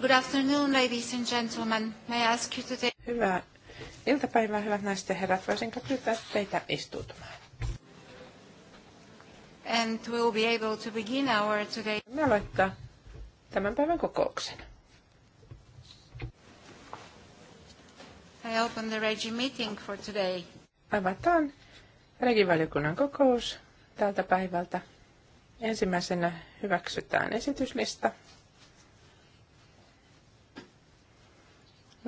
Good afternoon, ladies and gentlemen. May I ask you to Hyvää iltapäivää, hyvät naiset ja herrat. Voisinko pyytää teitä istuutumaan? And we'll be able to begin our today... Me aloittaa tämän päivän kokouksen. I open the Regi meeting for today. Avataan Regivaliokunnan kokous tältä päivältä. Ensimmäisenä hyväksytään esityslista.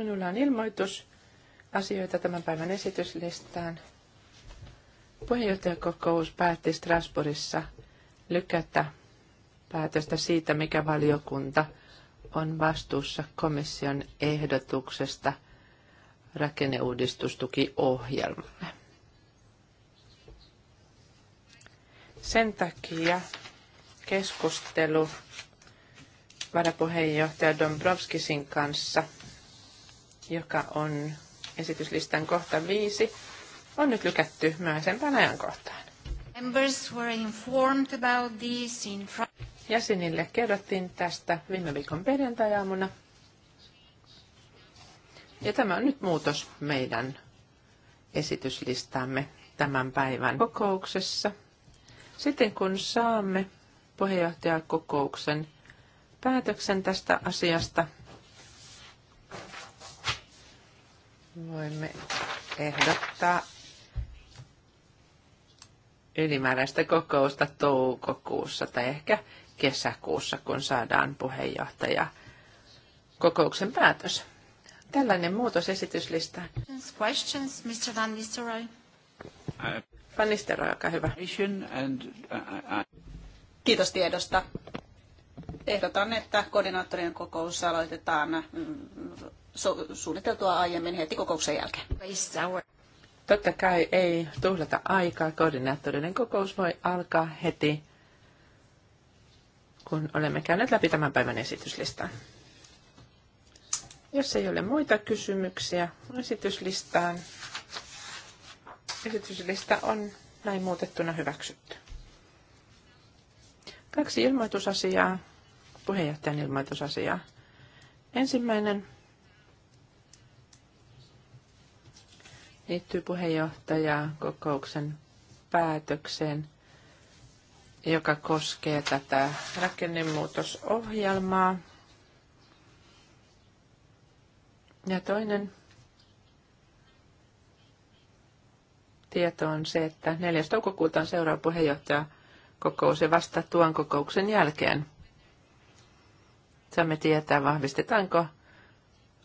Minulla on ilmoitus asioita tämän päivän esityslistaan. Puheenjohtajakokous päätti Strasbourgissa lykätä päätöstä siitä, mikä valiokunta on vastuussa komission ehdotuksesta rakenneuudistustukiohjelmalle. Sen takia keskustelu varapuheenjohtaja Dombrovskisin kanssa – joka on esityslistan kohta viisi, on nyt lykätty myöhäisempään ajankohtaan. Jäsenille kerrottiin tästä viime viikon perjantai Ja tämä on nyt muutos meidän esityslistamme tämän päivän kokouksessa. Sitten kun saamme puheenjohtajakokouksen päätöksen tästä asiasta, voimme ehdottaa ylimääräistä kokousta toukokuussa tai ehkä kesäkuussa, kun saadaan puheenjohtaja kokouksen päätös. Tällainen muutos esityslista. Questions, Mr. Van Nistelrooy. Äh. Van Nistelrooy, olkaa hyvä. Äh, äh, Kiitos tiedosta. Ehdotan, että koordinaattorien kokous aloitetaan mm, suunniteltua aiemmin heti kokouksen jälkeen. Totta kai ei tuhlata aikaa. Koordinaattorinen kokous voi alkaa heti, kun olemme käyneet läpi tämän päivän esityslistan. Jos ei ole muita kysymyksiä esityslistaan, esityslista on näin muutettuna hyväksytty. Kaksi ilmoitusasiaa, puheenjohtajan ilmoitusasiaa. Ensimmäinen liittyy puheenjohtajakokouksen päätökseen, joka koskee tätä rakennemuutosohjelmaa. Ja toinen tieto on se, että 4. toukokuuta on seuraava puheenjohtajakokous ja vasta tuon kokouksen jälkeen saamme tietää, vahvistetaanko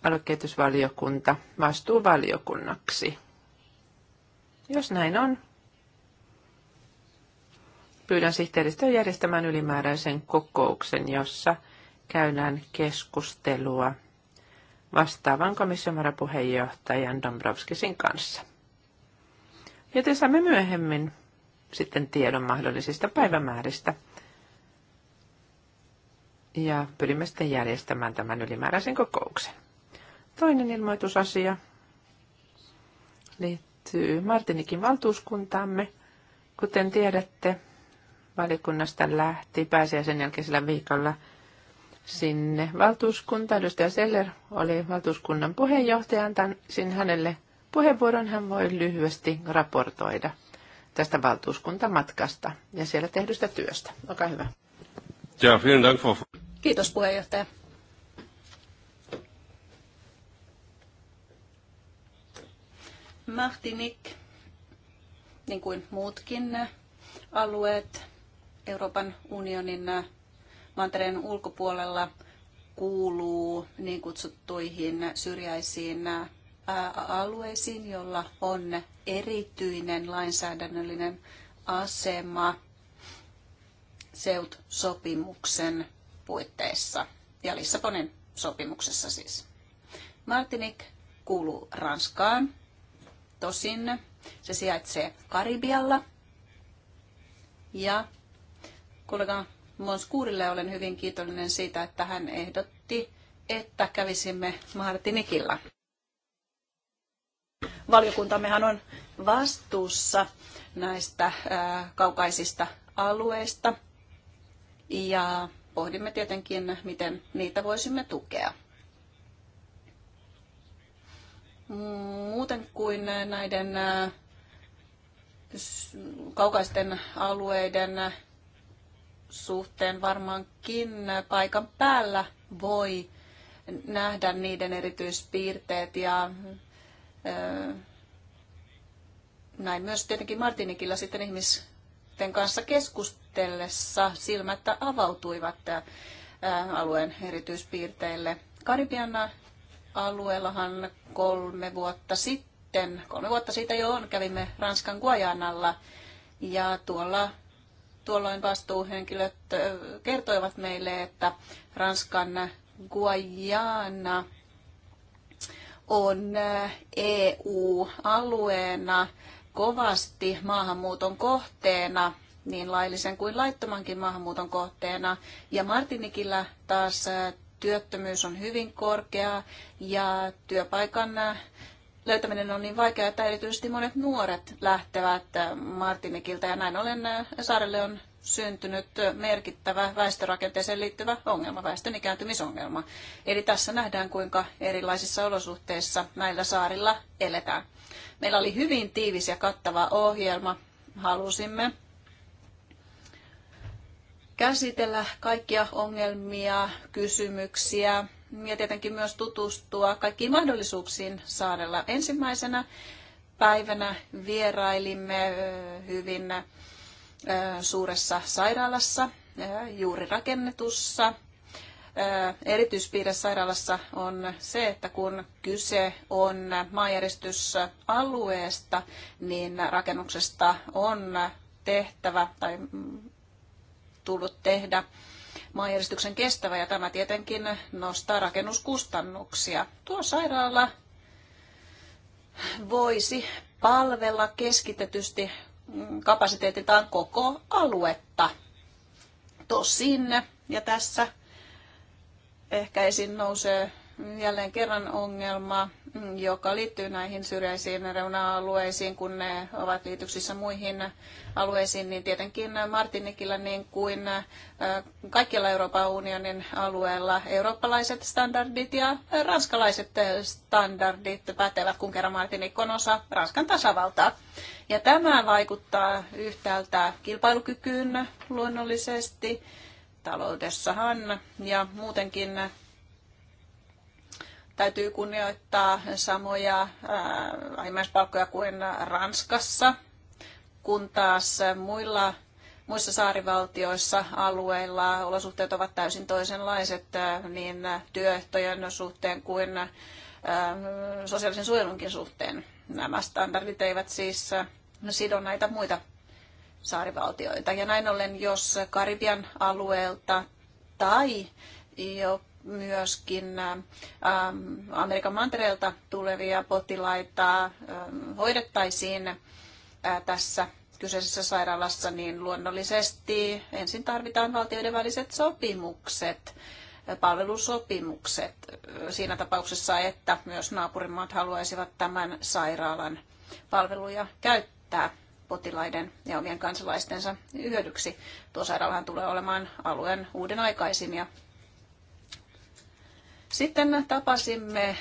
aluekehitysvaliokunta vastuuvaliokunnaksi. Jos näin on, pyydän sihteeristöä järjestämään ylimääräisen kokouksen, jossa käydään keskustelua vastaavan komission varapuheenjohtajan Dombrovskisin kanssa. Joten saamme myöhemmin sitten tiedon mahdollisista päivämääristä. Ja pyrimme sitten järjestämään tämän ylimääräisen kokouksen. Toinen ilmoitusasia liittyy liittyy Martinikin valtuuskuntaamme. Kuten tiedätte, valikunnasta lähti pääsiäisen jälkeisellä viikolla sinne valtuuskunta. Edustaja Seller oli valtuuskunnan puheenjohtaja. Antaisin hänelle puheenvuoron. Hän voi lyhyesti raportoida tästä valtuuskuntamatkasta ja siellä tehdystä työstä. Olkaa hyvä. Ja, vielen Dank, Kiitos puheenjohtaja. Mahtinik, niin kuin muutkin alueet Euroopan unionin mantereen ulkopuolella, kuuluu niin kutsuttuihin syrjäisiin alueisiin, jolla on erityinen lainsäädännöllinen asema SEUT-sopimuksen puitteissa ja Lissabonin sopimuksessa siis. Martinik kuuluu Ranskaan, Tosin se sijaitsee Karibialla. Ja kollega Monskuurille olen hyvin kiitollinen siitä, että hän ehdotti, että kävisimme Martinikilla. Valiokuntammehan on vastuussa näistä kaukaisista alueista ja pohdimme tietenkin, miten niitä voisimme tukea muuten kuin näiden äh, kaukaisten alueiden suhteen varmaankin paikan päällä voi nähdä niiden erityispiirteet ja äh, näin myös tietenkin Martinikilla sitten ihmisten kanssa keskustellessa silmät avautuivat äh, alueen erityispiirteille. Karibian alueellahan kolme vuotta sitten, kolme vuotta siitä jo on, kävimme Ranskan Guajanalla ja tuolla tuolloin vastuuhenkilöt kertoivat meille, että Ranskan Guajana on EU-alueena kovasti maahanmuuton kohteena, niin laillisen kuin laittomankin maahanmuuton kohteena. Ja Martinikillä taas työttömyys on hyvin korkea ja työpaikan äh, löytäminen on niin vaikeaa, että erityisesti monet nuoret lähtevät äh, Martinikilta ja näin ollen äh, saarelle on syntynyt merkittävä väestörakenteeseen liittyvä ongelma, väestön ikääntymisongelma. Eli tässä nähdään, kuinka erilaisissa olosuhteissa näillä saarilla eletään. Meillä oli hyvin tiivis ja kattava ohjelma. Halusimme käsitellä kaikkia ongelmia, kysymyksiä ja tietenkin myös tutustua kaikkiin mahdollisuuksiin saarella. Ensimmäisenä päivänä vierailimme hyvin suuressa sairaalassa, juuri rakennetussa. Erityispiirre sairaalassa on se, että kun kyse on maanjäristysalueesta, niin rakennuksesta on tehtävä tai tullut tehdä maanjäristyksen kestävä ja tämä tietenkin nostaa rakennuskustannuksia. Tuo sairaala voisi palvella keskitetysti mm, kapasiteetiltaan koko aluetta. Tosin, ja tässä ehkä esiin nousee jälleen kerran ongelma, joka liittyy näihin syrjäisiin reuna-alueisiin, kun ne ovat liityksissä muihin alueisiin, niin tietenkin Martinikilla niin kuin kaikilla Euroopan unionin alueella eurooppalaiset standardit ja ranskalaiset standardit pätevät, kun kerran Martinik on osa Ranskan tasavaltaa. Ja tämä vaikuttaa yhtäältä kilpailukykyyn luonnollisesti, taloudessahan ja muutenkin täytyy kunnioittaa samoja äh, vähimmäispalkkoja kuin Ranskassa, kun taas muilla muissa saarivaltioissa alueilla olosuhteet ovat täysin toisenlaiset äh, niin työehtojen suhteen kuin äh, sosiaalisen suojelunkin suhteen. Nämä standardit eivät siis sido näitä muita saarivaltioita. Ja näin ollen, jos Karibian alueelta tai jopa myöskin ähm, Amerikan mantereelta tulevia potilaita ähm, hoidettaisiin äh, tässä kyseisessä sairaalassa, niin luonnollisesti ensin tarvitaan valtioiden väliset sopimukset, äh, palvelusopimukset äh, siinä tapauksessa, että myös naapurimaat haluaisivat tämän sairaalan palveluja käyttää potilaiden ja omien kansalaistensa hyödyksi. Tuo sairaalahan tulee olemaan alueen uuden aikaisin ja sitten tapasimme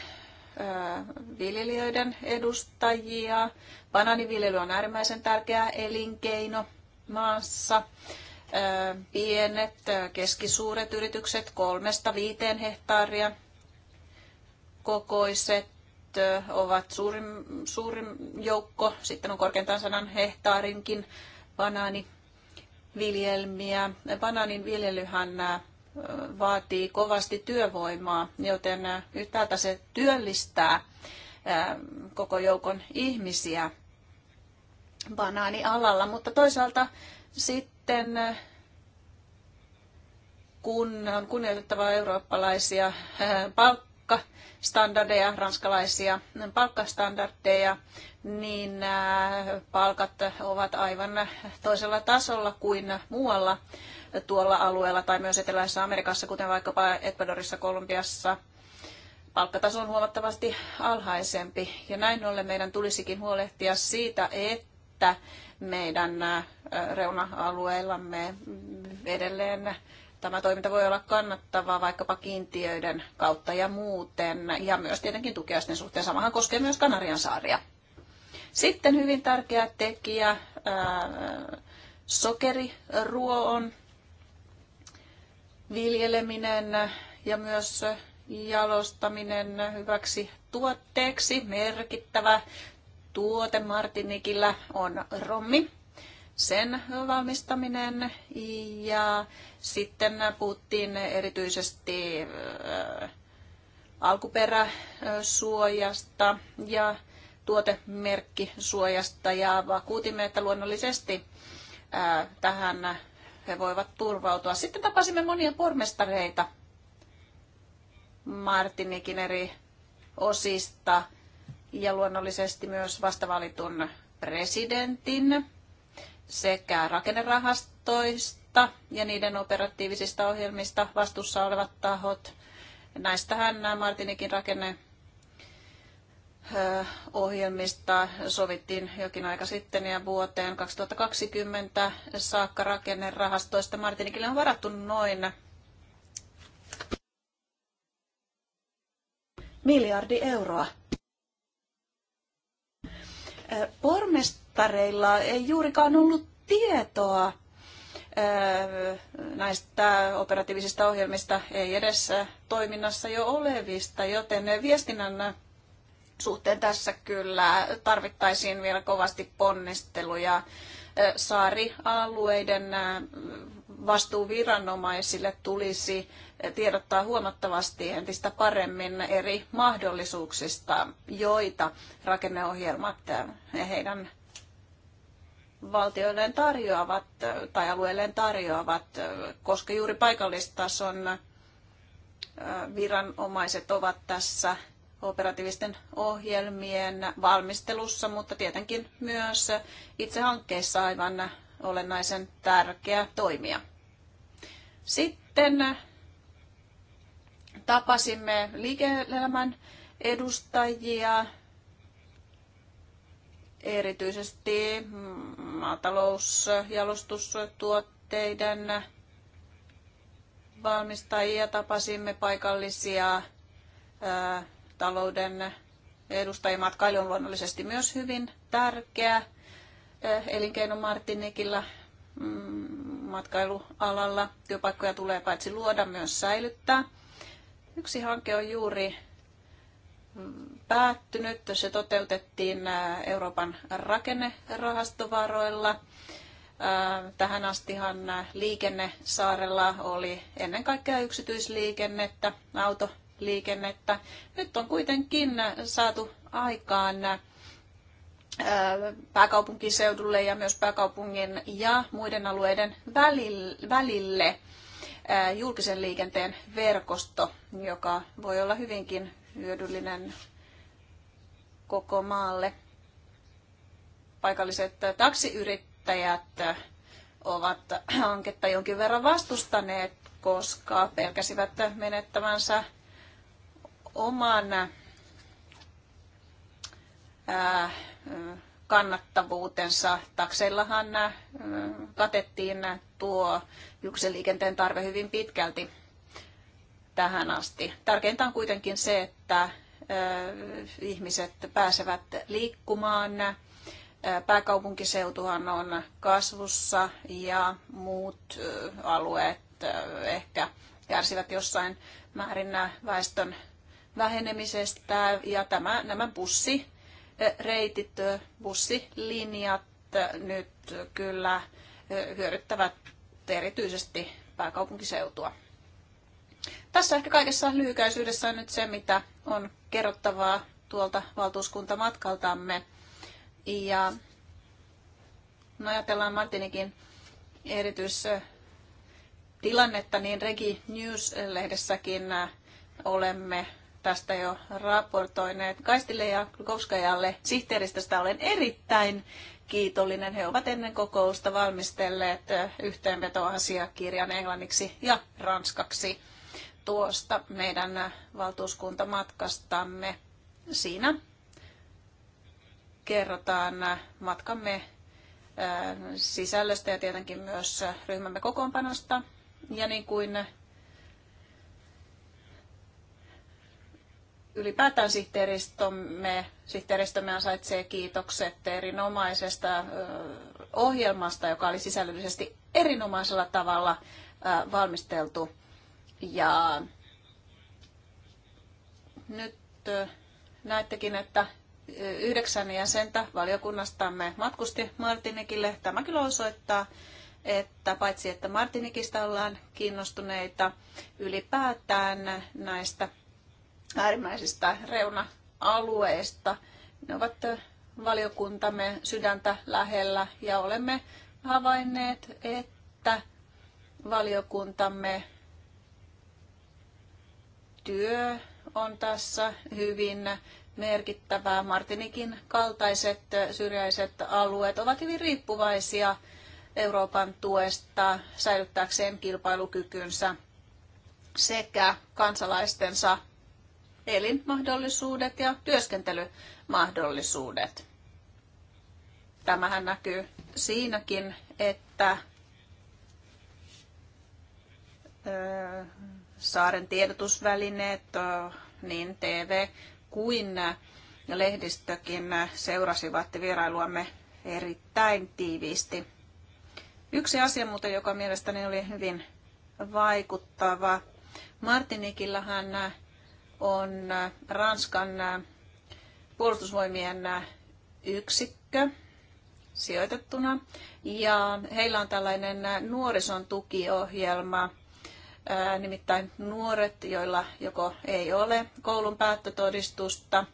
viljelijöiden edustajia. Bananiviljely on äärimmäisen tärkeä elinkeino maassa. Pienet, keskisuuret yritykset, kolmesta viiteen hehtaaria kokoiset ovat suurin, suurin joukko. Sitten on korkeintaan sanan hehtaarinkin banaaniviljelmiä. Banaanin viljelyhän vaatii kovasti työvoimaa, joten yhtäältä se työllistää koko joukon ihmisiä banaanialalla, mutta toisaalta sitten kun on kunnioitettava eurooppalaisia palkkastandardeja, ranskalaisia palkkastandardeja, niin palkat ovat aivan toisella tasolla kuin muualla tuolla alueella tai myös Eteläisessä Amerikassa, kuten vaikkapa Ecuadorissa, Kolumbiassa, palkkataso on huomattavasti alhaisempi. Ja näin ollen meidän tulisikin huolehtia siitä, että meidän reuna-alueillamme edelleen tämä toiminta voi olla kannattavaa vaikkapa kiintiöiden kautta ja muuten, ja myös tietenkin tukiaisten suhteen. Samahan koskee myös Kanarian saaria. Sitten hyvin tärkeä tekijä, sokeriruo on viljeleminen ja myös jalostaminen hyväksi tuotteeksi. Merkittävä tuote Martinikillä on rommi. Sen valmistaminen ja sitten puhuttiin erityisesti äh, alkuperäsuojasta ja tuotemerkkisuojasta ja vakuutimme, että luonnollisesti äh, tähän he voivat turvautua. Sitten tapasimme monia pormestareita Martinikin eri osista ja luonnollisesti myös vastavalitun presidentin sekä rakennerahastoista ja niiden operatiivisista ohjelmista vastuussa olevat tahot. Näistähän Martinikin rakenne ohjelmista sovittiin jokin aika sitten ja vuoteen 2020 saakka rakennerahastoista Martinikille on varattu noin miljardi euroa. Pormestareilla ei juurikaan ollut tietoa näistä operatiivisista ohjelmista, ei edes toiminnassa jo olevista, joten viestinnän suhteen tässä kyllä tarvittaisiin vielä kovasti ponnisteluja saarialueiden vastuuviranomaisille tulisi tiedottaa huomattavasti entistä paremmin eri mahdollisuuksista, joita rakenneohjelmat heidän valtioilleen tarjoavat tai alueelleen tarjoavat, koska juuri paikallistason viranomaiset ovat tässä operatiivisten ohjelmien valmistelussa, mutta tietenkin myös itse hankkeissa aivan olennaisen tärkeä toimija. Sitten tapasimme liike-elämän edustajia, erityisesti maatalousjalostustuotteiden valmistajia, tapasimme paikallisia talouden edustajia. Matkailu on luonnollisesti myös hyvin tärkeä eh, elinkeino Martinikilla mm, matkailualalla. Työpaikkoja tulee paitsi luoda, myös säilyttää. Yksi hanke on juuri mm, päättynyt. Se toteutettiin eh, Euroopan rakennerahastovaroilla. Eh, tähän astihan liikenne saarella oli ennen kaikkea yksityisliikennettä, auto liikennettä. Nyt on kuitenkin saatu aikaan äh, pääkaupunkiseudulle ja myös pääkaupungin ja muiden alueiden välille äh, julkisen liikenteen verkosto, joka voi olla hyvinkin hyödyllinen koko maalle. Paikalliset taksiyrittäjät äh, ovat hanketta jonkin verran vastustaneet, koska pelkäsivät menettävänsä oman kannattavuutensa. Takseillahan katettiin tuo julkisen liikenteen tarve hyvin pitkälti tähän asti. Tärkeintä on kuitenkin se, että ihmiset pääsevät liikkumaan. Pääkaupunkiseutuhan on kasvussa ja muut alueet ehkä kärsivät jossain määrin väestön vähenemisestä ja tämä, nämä bussireitit, eh, eh, bussilinjat eh, nyt kyllä hyödyttävät erityisesti pääkaupunkiseutua. Tässä ehkä kaikessa lyhykäisyydessä on nyt se, mitä on kerrottavaa tuolta valtuuskuntamatkaltamme. Ja no ajatellaan Martinikin erityistilannetta, niin Regi News-lehdessäkin olemme tästä jo raportoineet Kaistille ja Krukovskajalle sihteeristöstä olen erittäin kiitollinen. He ovat ennen kokousta valmistelleet yhteenvetoasiakirjan englanniksi ja ranskaksi tuosta meidän valtuuskuntamatkastamme. Siinä kerrotaan matkamme sisällöstä ja tietenkin myös ryhmämme kokoonpanosta. Ja niin kuin ylipäätään sihteeristömme, sihteeristömme ansaitsee kiitokset erinomaisesta ohjelmasta, joka oli sisällöllisesti erinomaisella tavalla valmisteltu. Ja nyt näettekin, että yhdeksän jäsentä valiokunnastamme matkusti Martinikille. Tämä kyllä osoittaa, että paitsi että Martinikista ollaan kiinnostuneita, ylipäätään näistä äärimmäisistä reuna-alueista. Ne ovat valiokuntamme sydäntä lähellä ja olemme havainneet, että valiokuntamme työ on tässä hyvin merkittävää. Martinikin kaltaiset syrjäiset alueet ovat hyvin riippuvaisia Euroopan tuesta säilyttääkseen kilpailukykynsä sekä kansalaistensa elinmahdollisuudet ja työskentelymahdollisuudet. Tämähän näkyy siinäkin, että saaren tiedotusvälineet, niin TV kuin lehdistökin seurasivat vierailuamme erittäin tiiviisti. Yksi asia muuten, joka mielestäni oli hyvin vaikuttava, Martinikillahan on Ranskan puolustusvoimien yksikkö sijoitettuna. Ja heillä on tällainen nuorison tukiohjelma, nimittäin nuoret, joilla joko ei ole koulun päättötodistusta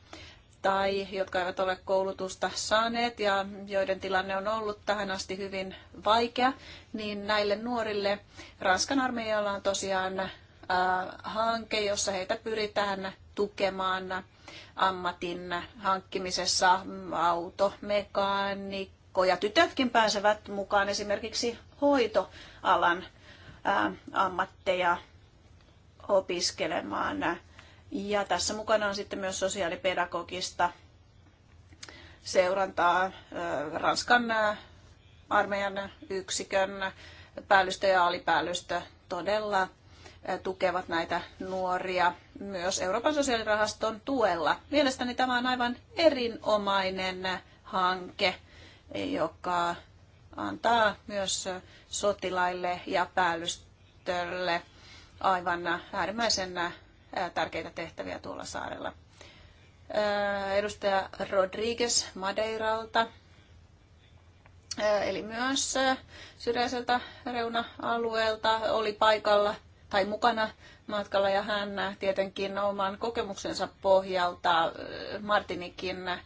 tai jotka eivät ole koulutusta saaneet ja joiden tilanne on ollut tähän asti hyvin vaikea, niin näille nuorille Ranskan armeijalla on tosiaan Äh, hanke, jossa heitä pyritään tukemaan ammatin hankkimisessa ja Tytötkin pääsevät mukaan esimerkiksi hoitoalan äh, ammatteja opiskelemaan. Ja tässä mukana on sitten myös sosiaalipedagogista seurantaa äh, Ranskan armeijan yksikön päällystö ja alipäällystö todella tukevat näitä nuoria myös Euroopan sosiaalirahaston tuella. Mielestäni tämä on aivan erinomainen hanke, joka antaa myös sotilaille ja päällystölle aivan äärimmäisen tärkeitä tehtäviä tuolla saarella. Edustaja Rodriguez Madeiralta, eli myös syrjäiseltä reuna-alueelta oli paikalla tai mukana matkalla ja hän tietenkin oman kokemuksensa pohjalta äh, Martinikin äh,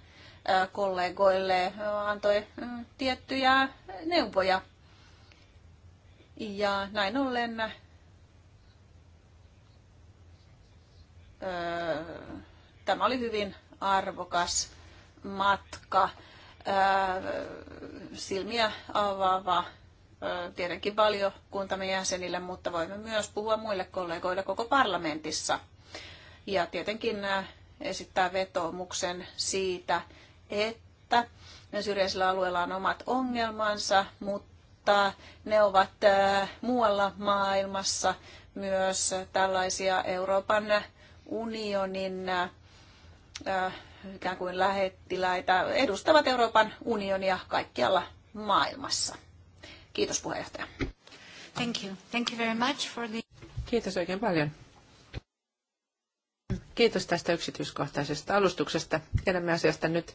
kollegoille antoi äh, tiettyjä neuvoja. Ja näin ollen tämä oli hyvin arvokas matka, silmiä avaava tietenkin valiokuntamme jäsenille, mutta voimme myös puhua muille kollegoille koko parlamentissa. Ja tietenkin esittää vetoomuksen siitä, että syrjäisillä alueilla on omat ongelmansa, mutta ne ovat muualla maailmassa myös tällaisia Euroopan unionin ikään kuin lähettiläitä, edustavat Euroopan unionia kaikkialla maailmassa. Kiitos puheenjohtaja. Thank you. Thank you very much for the... Kiitos oikein paljon. Kiitos tästä yksityiskohtaisesta alustuksesta. Tiedämme asiasta nyt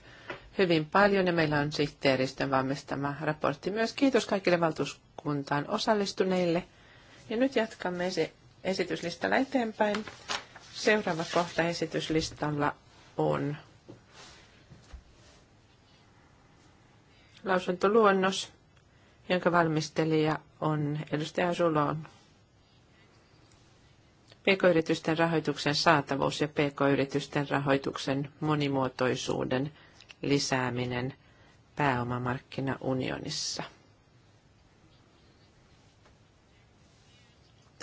hyvin paljon ja meillä on sihteeristön valmistama raportti myös. Kiitos kaikille valtuuskuntaan osallistuneille. Ja nyt jatkamme esi- esityslistalla eteenpäin. Seuraava kohta esityslistalla on lausuntoluonnos jonka valmistelija on edustaja Sulon. PK-yritysten rahoituksen saatavuus ja PK-yritysten rahoituksen monimuotoisuuden lisääminen pääomamarkkinaunionissa.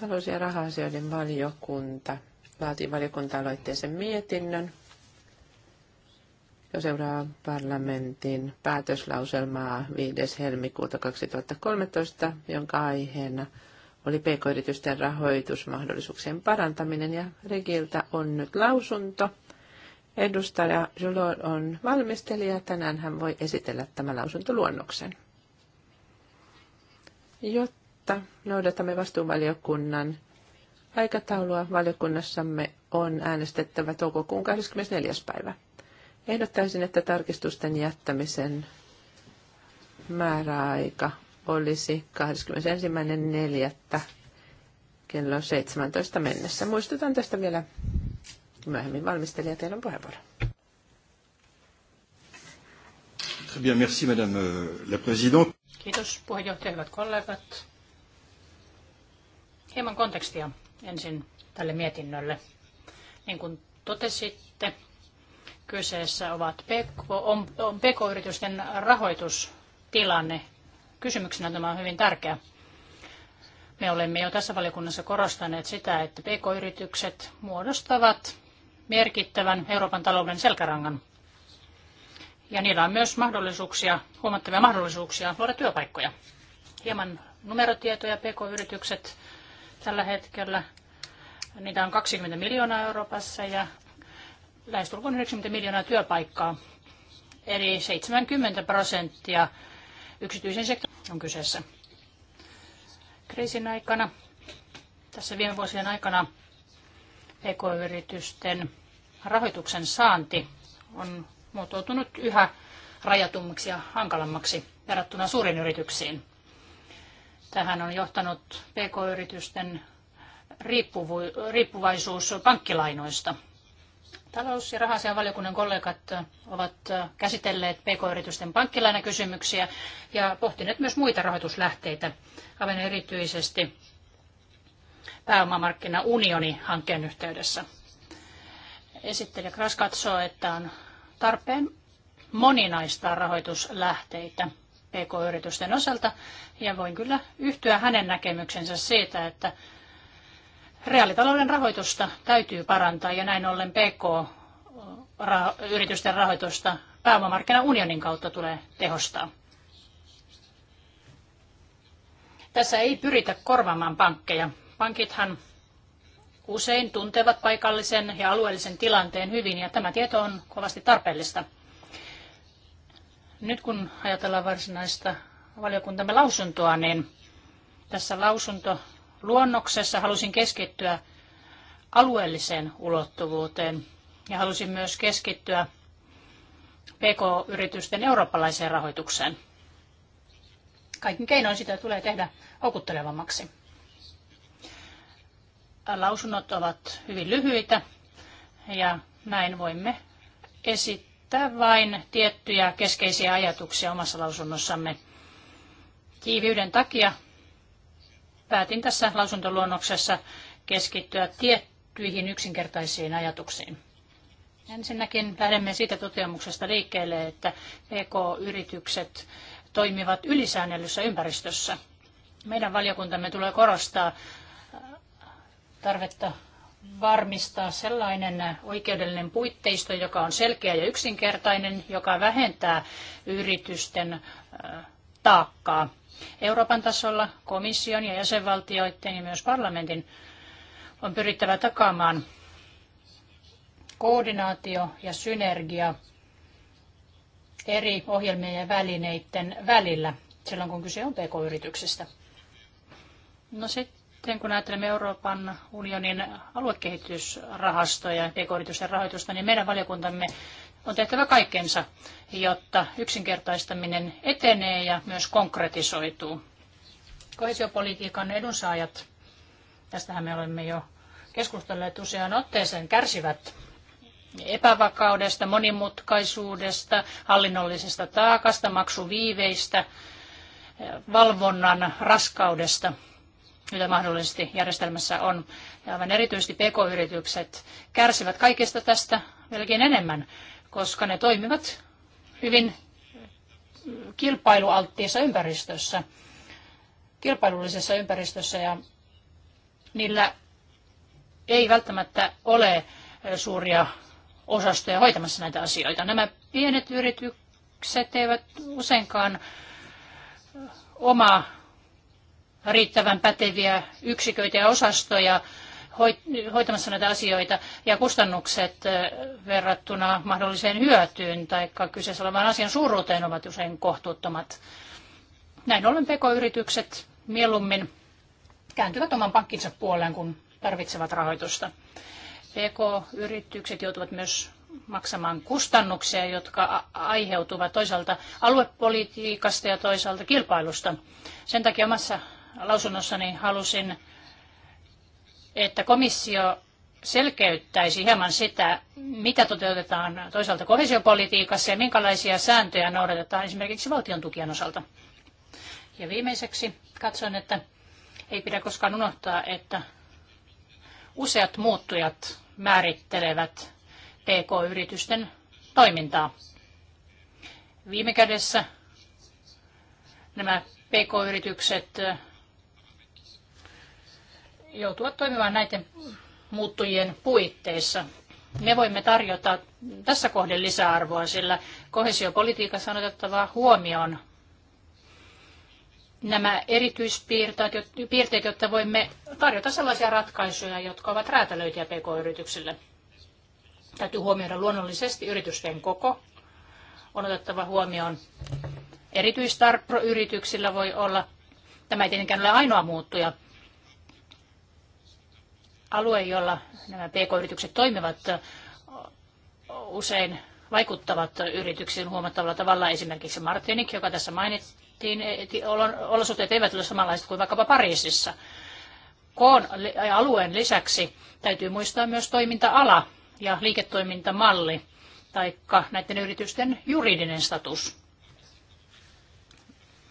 Talous- ja raha-asioiden valiokunta laatii valiokunta-aloitteisen mietinnön – joka seuraa parlamentin päätöslauselmaa 5. helmikuuta 2013, jonka aiheena oli pk-yritysten rahoitusmahdollisuuksien parantaminen ja Regiltä on nyt lausunto. Edustaja Jolot on valmistelija. Tänään hän voi esitellä tämän lausuntoluonnoksen. Jotta noudatamme vastuuvaliokunnan aikataulua, valiokunnassamme on äänestettävä toukokuun 24. päivä. Ehdottaisin, että tarkistusten jättämisen määräaika olisi 21.4. kello 17 mennessä. Muistutan tästä vielä myöhemmin valmistelija, teillä on puheenvuoro. Très bien, merci madame euh, la présidente. Kiitos puheenjohtaja, hyvät kollegat. Hieman kontekstia ensin tälle mietinnölle. Niin kuin totesitte, Kyseessä ovat PK-yritysten rahoitustilanne. Kysymyksenä tämä on hyvin tärkeä. Me olemme jo tässä valiokunnassa korostaneet sitä, että PK-yritykset muodostavat merkittävän Euroopan talouden selkärangan. Ja niillä on myös mahdollisuuksia, huomattavia mahdollisuuksia luoda työpaikkoja. Hieman numerotietoja PK-yritykset tällä hetkellä. Niitä on 20 miljoonaa Euroopassa ja lähestulkoon 90 miljoonaa työpaikkaa, eli 70 prosenttia yksityisen sektorin on kyseessä. Kriisin aikana, tässä viime vuosien aikana, pk-yritysten rahoituksen saanti on muotoutunut yhä rajatummaksi ja hankalammaksi verrattuna suurin yrityksiin. Tähän on johtanut pk-yritysten riippuvaisuus pankkilainoista – Talous- ja rahasianvaliokunnan kollegat ovat käsitelleet pk-yritysten pankkilainakysymyksiä ja pohtineet myös muita rahoituslähteitä, aivan erityisesti pääomamarkkinaunioni-hankkeen yhteydessä. Esittelijä Kras katsoo, että on tarpeen moninaistaa rahoituslähteitä pk-yritysten osalta, ja voin kyllä yhtyä hänen näkemyksensä siitä, että Reaalitalouden rahoitusta täytyy parantaa ja näin ollen PK-yritysten rahoitusta pääomamarkkinaunionin kautta tulee tehostaa. Tässä ei pyritä korvaamaan pankkeja. Pankithan usein tuntevat paikallisen ja alueellisen tilanteen hyvin ja tämä tieto on kovasti tarpeellista. Nyt kun ajatellaan varsinaista valiokuntamme lausuntoa, niin tässä lausunto luonnoksessa halusin keskittyä alueelliseen ulottuvuuteen ja halusin myös keskittyä PK-yritysten eurooppalaiseen rahoitukseen. Kaikin keinoin sitä tulee tehdä houkuttelevammaksi. Lausunnot ovat hyvin lyhyitä ja näin voimme esittää vain tiettyjä keskeisiä ajatuksia omassa lausunnossamme. Tiiviyden takia päätin tässä lausuntoluonnoksessa keskittyä tiettyihin yksinkertaisiin ajatuksiin. Ensinnäkin lähdemme siitä toteamuksesta liikkeelle, että PK-yritykset toimivat ylisäännellyssä ympäristössä. Meidän valiokuntamme tulee korostaa tarvetta varmistaa sellainen oikeudellinen puitteisto, joka on selkeä ja yksinkertainen, joka vähentää yritysten taakkaa Euroopan tasolla komission ja jäsenvaltioiden ja myös parlamentin on pyrittävä takaamaan koordinaatio ja synergia eri ohjelmien ja välineiden välillä silloin, kun kyse on pk-yrityksistä. No sitten kun ajattelemme Euroopan unionin aluekehitysrahastoja ja pk-yritysten rahoitusta, niin meidän valiokuntamme on tehtävä kaikkensa, jotta yksinkertaistaminen etenee ja myös konkretisoituu. Kohesiopolitiikan edunsaajat, tästähän me olemme jo keskustelleet useaan otteeseen, kärsivät epävakaudesta, monimutkaisuudesta, hallinnollisesta taakasta, maksuviiveistä, valvonnan raskaudesta, mitä mahdollisesti järjestelmässä on. Ja aivan erityisesti pk-yritykset kärsivät kaikesta tästä melkein enemmän koska ne toimivat hyvin kilpailualttiissa ympäristössä, kilpailullisessa ympäristössä ja niillä ei välttämättä ole suuria osastoja hoitamassa näitä asioita. Nämä pienet yritykset eivät useinkaan omaa riittävän päteviä yksiköitä ja osastoja hoitamassa näitä asioita ja kustannukset verrattuna mahdolliseen hyötyyn tai kyseessä olevan asian suuruuteen ovat usein kohtuuttomat. Näin ollen pk-yritykset mieluummin kääntyvät oman pankkinsa puoleen, kun tarvitsevat rahoitusta. PK-yritykset joutuvat myös maksamaan kustannuksia, jotka aiheutuvat toisaalta aluepolitiikasta ja toisaalta kilpailusta. Sen takia omassa lausunnossani halusin että komissio selkeyttäisi hieman sitä, mitä toteutetaan toisaalta kohesiopolitiikassa ja minkälaisia sääntöjä noudatetaan esimerkiksi valtion tukien osalta. Ja viimeiseksi katson, että ei pidä koskaan unohtaa, että useat muuttujat määrittelevät PK-yritysten toimintaa. Viime kädessä nämä PK-yritykset joutua toimimaan näiden muuttujien puitteissa. Me voimme tarjota tässä kohden lisäarvoa, sillä kohesiopolitiikassa on otettava huomioon nämä erityispiirteet, jotta voimme tarjota sellaisia ratkaisuja, jotka ovat räätälöityjä pk-yrityksille. Täytyy huomioida luonnollisesti yritysten koko. On otettava huomioon erityistarpro yrityksillä voi olla. Tämä ei tietenkään ole ainoa muuttuja alue, jolla nämä pk-yritykset toimivat, usein vaikuttavat yrityksiin huomattavalla tavalla. Esimerkiksi Martinik, joka tässä mainittiin, olosuhteet eivät ole samanlaiset kuin vaikkapa Pariisissa. Koon alueen lisäksi täytyy muistaa myös toiminta-ala ja liiketoimintamalli, tai näiden yritysten juridinen status.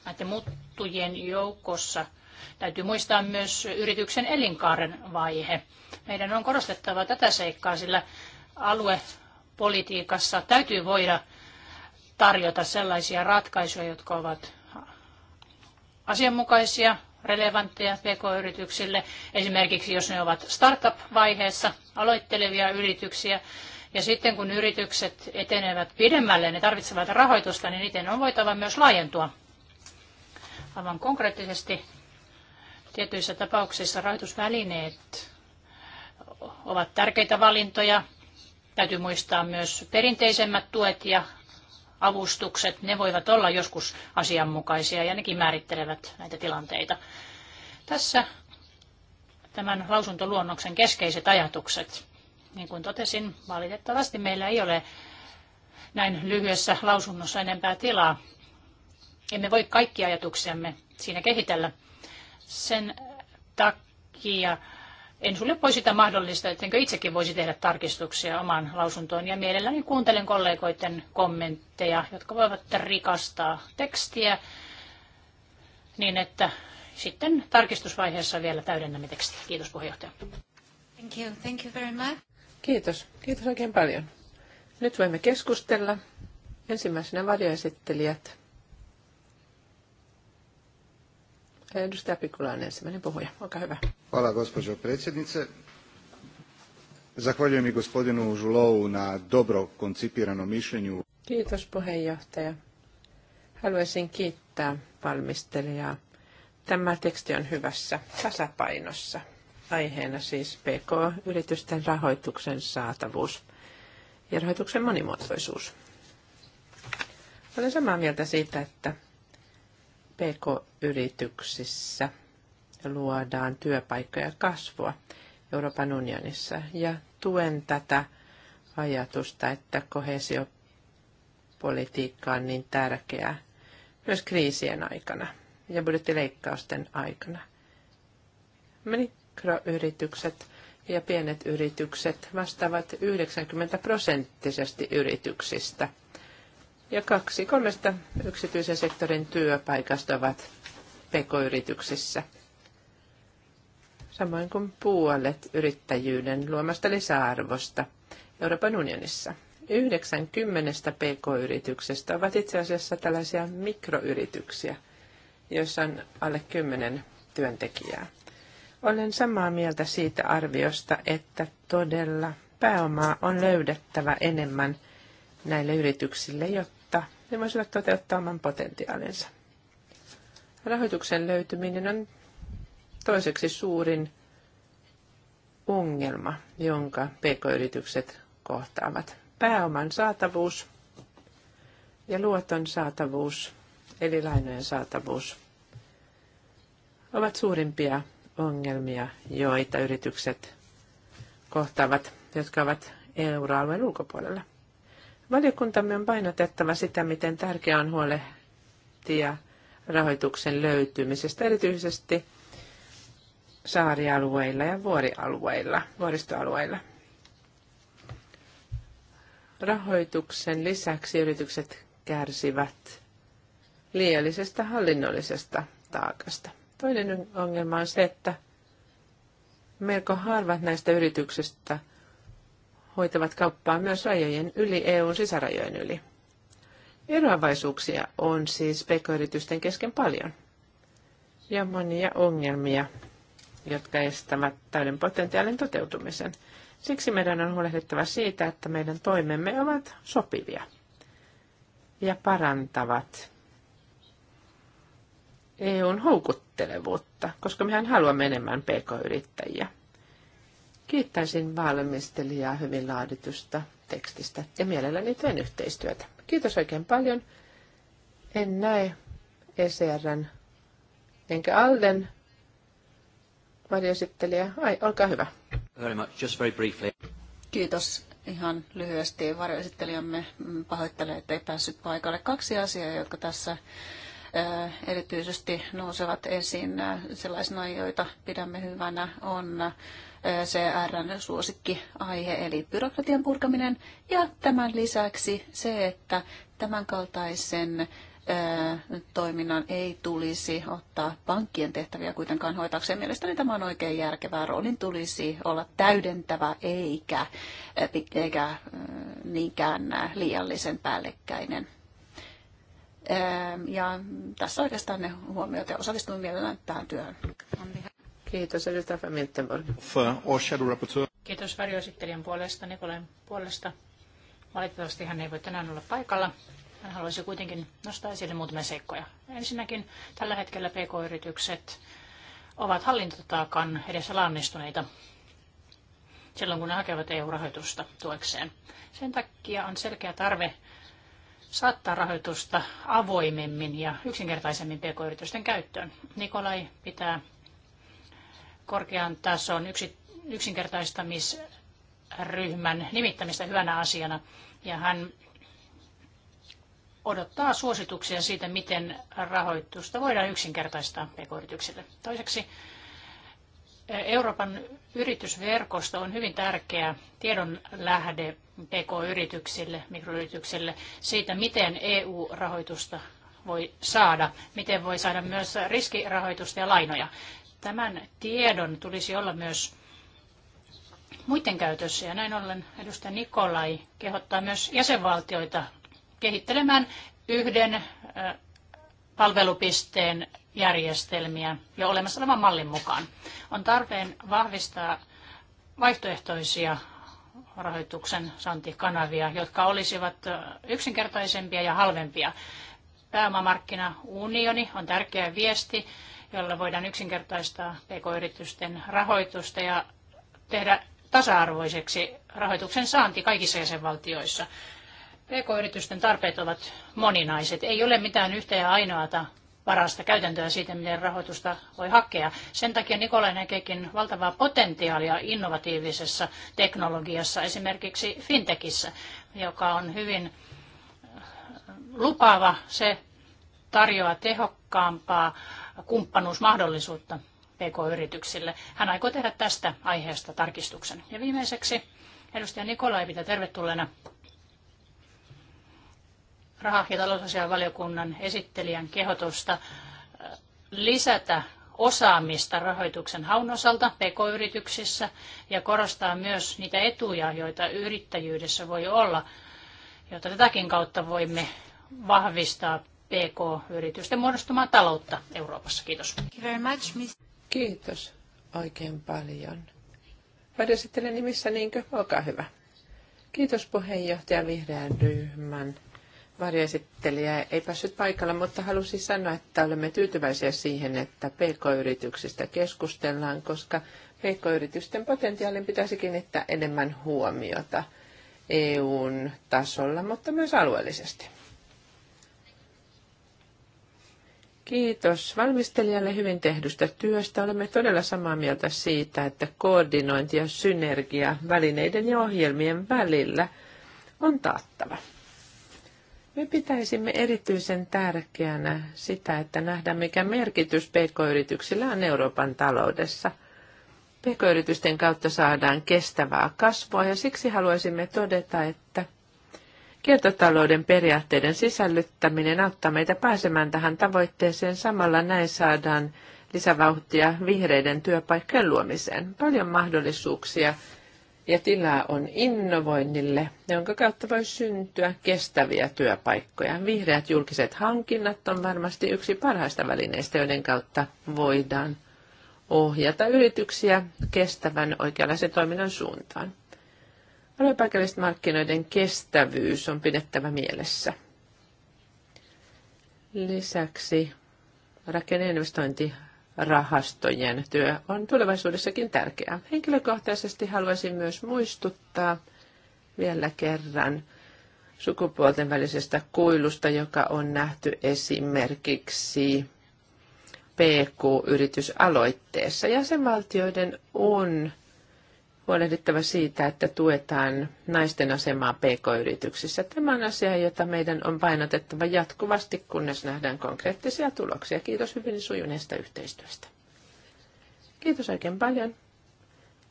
Näiden muuttujien joukossa – Täytyy muistaa myös yrityksen elinkaaren vaihe. Meidän on korostettava tätä seikkaa, sillä aluepolitiikassa täytyy voida tarjota sellaisia ratkaisuja, jotka ovat asianmukaisia, relevantteja pk-yrityksille. Esimerkiksi jos ne ovat startup-vaiheessa aloittelevia yrityksiä, ja sitten kun yritykset etenevät pidemmälle, ne tarvitsevat rahoitusta, niin niiden on voitava myös laajentua. Aivan konkreettisesti Tietyissä tapauksissa rahoitusvälineet ovat tärkeitä valintoja. Täytyy muistaa myös perinteisemmät tuet ja avustukset. Ne voivat olla joskus asianmukaisia ja nekin määrittelevät näitä tilanteita. Tässä tämän lausuntoluonnoksen keskeiset ajatukset. Niin kuin totesin, valitettavasti meillä ei ole näin lyhyessä lausunnossa enempää tilaa. Emme voi kaikki ajatuksiamme siinä kehitellä. Sen takia en sulle pois sitä mahdollista, ettenkö itsekin voisi tehdä tarkistuksia omaan lausuntoon. Ja mielelläni kuuntelen kollegoiden kommentteja, jotka voivat rikastaa tekstiä niin, että sitten tarkistusvaiheessa vielä täydennämme tekstiä. Kiitos puheenjohtaja. Thank you. Thank you very much. Kiitos. Kiitos oikein paljon. Nyt voimme keskustella. Ensimmäisenä varjoesittelijät. Edustaja Pikula on ensimmäinen puhuja. Olkaa hyvä. Hvala, gospođo predsjednice. Zahvaljujem i gospodinu Žulovu na dobro koncipiranom mišljenju. Kiitos puheenjohtaja. Haluaisin kiittää valmistelijaa. Tämä teksti on hyvässä tasapainossa. Aiheena siis PK-yritysten rahoituksen saatavuus ja rahoituksen monimuotoisuus. Olen samaa mieltä siitä, että PK-yrityksissä luodaan työpaikkoja kasvua Euroopan unionissa. Ja tuen tätä ajatusta, että kohesiopolitiikka on niin tärkeää myös kriisien aikana ja budjettileikkausten aikana. Mikroyritykset ja pienet yritykset vastaavat 90 prosenttisesti yrityksistä – ja kaksi kolmesta yksityisen sektorin työpaikasta ovat pekoyrityksissä, Samoin kuin puolet yrittäjyyden luomasta lisäarvosta Euroopan unionissa. 90 pk-yrityksestä ovat itse asiassa tällaisia mikroyrityksiä, joissa on alle 10 työntekijää. Olen samaa mieltä siitä arviosta, että todella pääomaa on löydettävä enemmän näille yrityksille, jotta ne voisivat toteuttaa oman potentiaalinsa. Rahoituksen löytyminen on toiseksi suurin ongelma, jonka pk-yritykset kohtaavat. Pääoman saatavuus ja luoton saatavuus, eli lainojen saatavuus, ovat suurimpia ongelmia, joita yritykset kohtaavat, jotka ovat euroalueen ulkopuolella. Valiokuntamme on painotettava sitä, miten tärkeää on huolehtia rahoituksen löytymisestä, erityisesti saarialueilla ja vuorialueilla, vuoristoalueilla. Rahoituksen lisäksi yritykset kärsivät liiallisesta hallinnollisesta taakasta. Toinen ongelma on se, että melko harvat näistä yrityksistä – hoitavat kauppaa myös rajojen yli, EUn sisärajojen yli. Eroavaisuuksia on siis pk-yritysten kesken paljon ja monia ongelmia, jotka estävät täyden potentiaalin toteutumisen. Siksi meidän on huolehdittava siitä, että meidän toimemme ovat sopivia ja parantavat EUn houkuttelevuutta, koska mehän haluamme enemmän pk-yrittäjiä. Kiittäisin valmistelijaa hyvin laaditusta tekstistä ja mielelläni teen yhteistyötä. Kiitos oikein paljon. En näe ECRn enkä Alden varjoesittelijä. Ai, olkaa hyvä. Very much. Just very briefly. Kiitos ihan lyhyesti. Varjoesittelijämme pahoittelee, ei päässyt paikalle. Kaksi asiaa, jotka tässä eh, erityisesti nousevat esiin eh, sellaisina, joita pidämme hyvänä, on CRn suosikkiaihe, eli byrokratian purkaminen. Ja tämän lisäksi se, että tämänkaltaisen toiminnan ei tulisi ottaa pankkien tehtäviä kuitenkaan hoitakseen. Mielestäni tämä on oikein järkevää. Roolin tulisi olla täydentävä eikä, eikä niinkään liiallisen päällekkäinen. Ja tässä oikeastaan ne huomiot ja osallistuin mielellään tähän työhön. Kiitos edustaja Femiettenborg. Kiitos varjoesittelijän puolesta, Nikolain puolesta. Valitettavasti hän ei voi tänään olla paikalla. Hän haluaisi kuitenkin nostaa esille muutamia seikkoja. Ensinnäkin tällä hetkellä pk-yritykset ovat hallintotaakan edessä lannistuneita silloin, kun ne hakevat EU-rahoitusta tuekseen. Sen takia on selkeä tarve saattaa rahoitusta avoimemmin ja yksinkertaisemmin pk-yritysten käyttöön. Nikolai pitää korkean tason yksinkertaistamisryhmän nimittämistä hyvänä asiana. Ja hän odottaa suosituksia siitä, miten rahoitusta voidaan yksinkertaistaa pk-yrityksille. Toiseksi Euroopan yritysverkosto on hyvin tärkeä tiedon lähde pk-yrityksille, mikroyrityksille siitä, miten EU-rahoitusta voi saada, miten voi saada myös riskirahoitusta ja lainoja. Tämän tiedon tulisi olla myös muiden käytössä. Ja näin ollen edustaja Nikolai kehottaa myös jäsenvaltioita kehittelemään yhden palvelupisteen järjestelmiä jo olemassa olevan mallin mukaan. On tarpeen vahvistaa vaihtoehtoisia rahoituksen saantikanavia, jotka olisivat yksinkertaisempia ja halvempia. Pääomamarkkinaunioni on tärkeä viesti jolla voidaan yksinkertaistaa pk-yritysten rahoitusta ja tehdä tasa-arvoiseksi rahoituksen saanti kaikissa jäsenvaltioissa. PK-yritysten tarpeet ovat moninaiset. Ei ole mitään yhtä ja ainoata parasta käytäntöä siitä, miten rahoitusta voi hakea. Sen takia Nikola näkeekin valtavaa potentiaalia innovatiivisessa teknologiassa, esimerkiksi fintechissä, joka on hyvin lupaava. Se tarjoaa tehokkaampaa kumppanuusmahdollisuutta PK-yrityksille. Hän aikoo tehdä tästä aiheesta tarkistuksen. Ja viimeiseksi edustaja Nikolai pitää tervetulleena raha- ja talousasianvaliokunnan esittelijän kehotusta äh, lisätä osaamista rahoituksen haun osalta PK-yrityksissä ja korostaa myös niitä etuja, joita yrittäjyydessä voi olla, jotta tätäkin kautta voimme vahvistaa PK-yritysten muodostumaa taloutta Euroopassa. Kiitos. Kiitos oikein paljon. Varjosittelen nimissä, niinkö? Olkaa hyvä. Kiitos puheenjohtaja Vihreän ryhmän varjoesittelijä ei päässyt paikalla, mutta halusin sanoa, että olemme tyytyväisiä siihen, että pk-yrityksistä keskustellaan, koska pk-yritysten potentiaalin pitäisi kiinnittää enemmän huomiota EUn tasolla, mutta myös alueellisesti. Kiitos valmistelijalle hyvin tehdystä työstä. Olemme todella samaa mieltä siitä, että koordinointi ja synergia välineiden ja ohjelmien välillä on taattava. Me pitäisimme erityisen tärkeänä sitä, että nähdään mikä merkitys pk-yrityksillä on Euroopan taloudessa. Pk-yritysten kautta saadaan kestävää kasvua ja siksi haluaisimme todeta, että Kiertotalouden periaatteiden sisällyttäminen auttaa meitä pääsemään tähän tavoitteeseen. Samalla näin saadaan lisävauhtia vihreiden työpaikkojen luomiseen. Paljon mahdollisuuksia ja tilaa on innovoinnille, jonka kautta voi syntyä kestäviä työpaikkoja. Vihreät julkiset hankinnat on varmasti yksi parhaista välineistä, joiden kautta voidaan ohjata yrityksiä kestävän oikeanlaisen toiminnan suuntaan. Aluepaikallisten markkinoiden kestävyys on pidettävä mielessä. Lisäksi rakenneinvestointirahastojen työ on tulevaisuudessakin tärkeää. Henkilökohtaisesti haluaisin myös muistuttaa vielä kerran sukupuolten välisestä kuilusta, joka on nähty esimerkiksi PK-yritysaloitteessa. Jäsenvaltioiden on huolehdittava siitä, että tuetaan naisten asemaa pk-yrityksissä. Tämä on asia, jota meidän on painotettava jatkuvasti, kunnes nähdään konkreettisia tuloksia. Kiitos hyvin sujuneesta yhteistyöstä. Kiitos oikein paljon.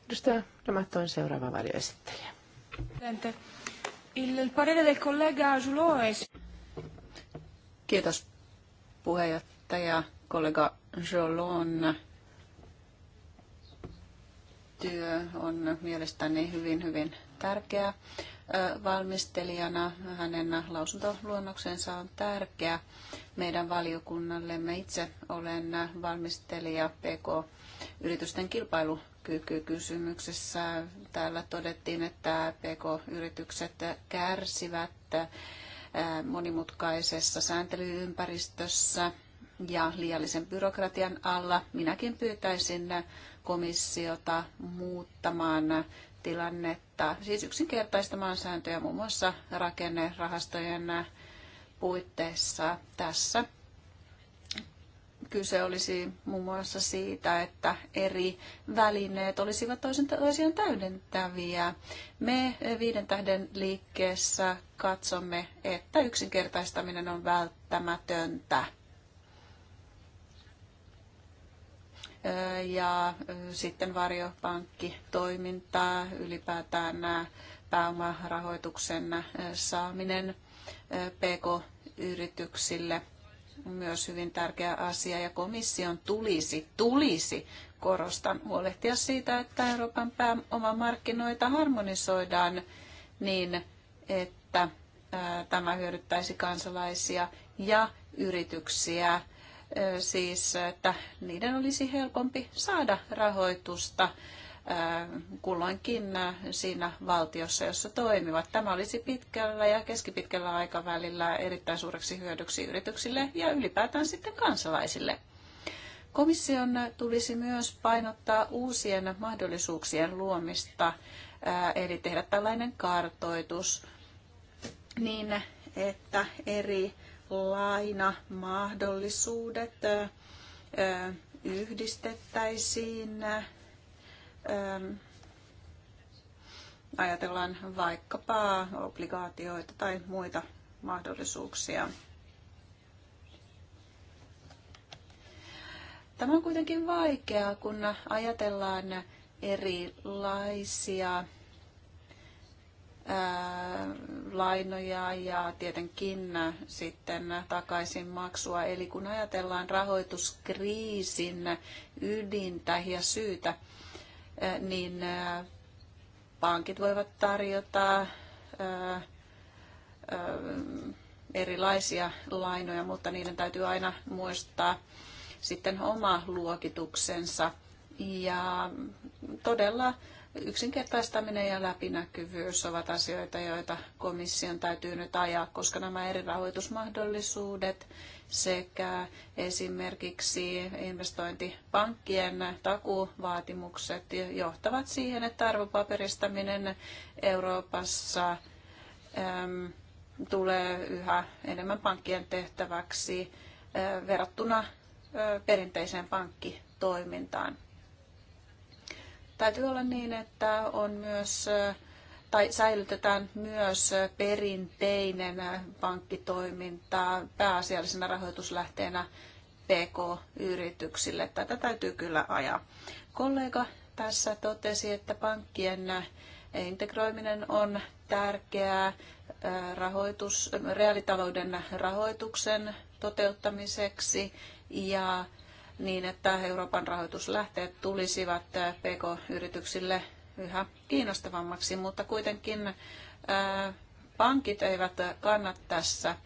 Edustaja Ramatto on seuraava varjoesittelijä. Il parere del collega Kiitos puheenjohtaja kollega Jolon työ on mielestäni hyvin, hyvin tärkeä valmistelijana. Hänen lausuntoluonnoksensa on tärkeä meidän valiokunnallemme. Itse olen valmistelija PK-yritysten kilpailukykykysymyksessä. Täällä todettiin, että PK-yritykset kärsivät monimutkaisessa sääntelyympäristössä – ja liiallisen byrokratian alla. Minäkin pyytäisin komissiota muuttamaan tilannetta, siis yksinkertaistamaan sääntöjä muun muassa rakennerahastojen puitteissa tässä. Kyse olisi muun muassa siitä, että eri välineet olisivat toisen toisiaan täydentäviä. Me viiden tähden liikkeessä katsomme, että yksinkertaistaminen on välttämätöntä. ja sitten varjopankkitoimintaa, ylipäätään nämä pääomarahoituksen saaminen PK-yrityksille myös hyvin tärkeä asia ja komission tulisi, tulisi korostan huolehtia siitä, että Euroopan pääomamarkkinoita harmonisoidaan niin, että tämä hyödyttäisi kansalaisia ja yrityksiä siis, että niiden olisi helpompi saada rahoitusta kulloinkin siinä valtiossa, jossa toimivat. Tämä olisi pitkällä ja keskipitkällä aikavälillä erittäin suureksi hyödyksi yrityksille ja ylipäätään sitten kansalaisille. Komission tulisi myös painottaa uusien mahdollisuuksien luomista, eli tehdä tällainen kartoitus niin, että eri lainamahdollisuudet yhdistettäisiin. Ajatellaan vaikkapa obligaatioita tai muita mahdollisuuksia. Tämä on kuitenkin vaikeaa, kun ajatellaan erilaisia lainoja ja tietenkin sitten takaisin maksua. Eli kun ajatellaan rahoituskriisin ydintä ja syytä, niin pankit voivat tarjota erilaisia lainoja, mutta niiden täytyy aina muistaa sitten oma luokituksensa. Ja todella yksinkertaistaminen ja läpinäkyvyys ovat asioita, joita komission täytyy nyt ajaa, koska nämä eri rahoitusmahdollisuudet sekä esimerkiksi investointipankkien takuvaatimukset johtavat siihen, että arvopaperistaminen Euroopassa äm, tulee yhä enemmän pankkien tehtäväksi äh, verrattuna äh, perinteiseen pankkitoimintaan. Täytyy olla niin, että on myös tai säilytetään myös perinteinen pankkitoiminta pääasiallisena rahoituslähteenä PK-yrityksille. Tätä täytyy kyllä ajaa. Kollega tässä totesi, että pankkien integroiminen on tärkeää rahoitus, reaalitalouden rahoituksen toteuttamiseksi ja niin, että Euroopan rahoituslähteet tulisivat äh, PK-yrityksille yhä kiinnostavammaksi, mutta kuitenkin äh, pankit eivät kanna tässä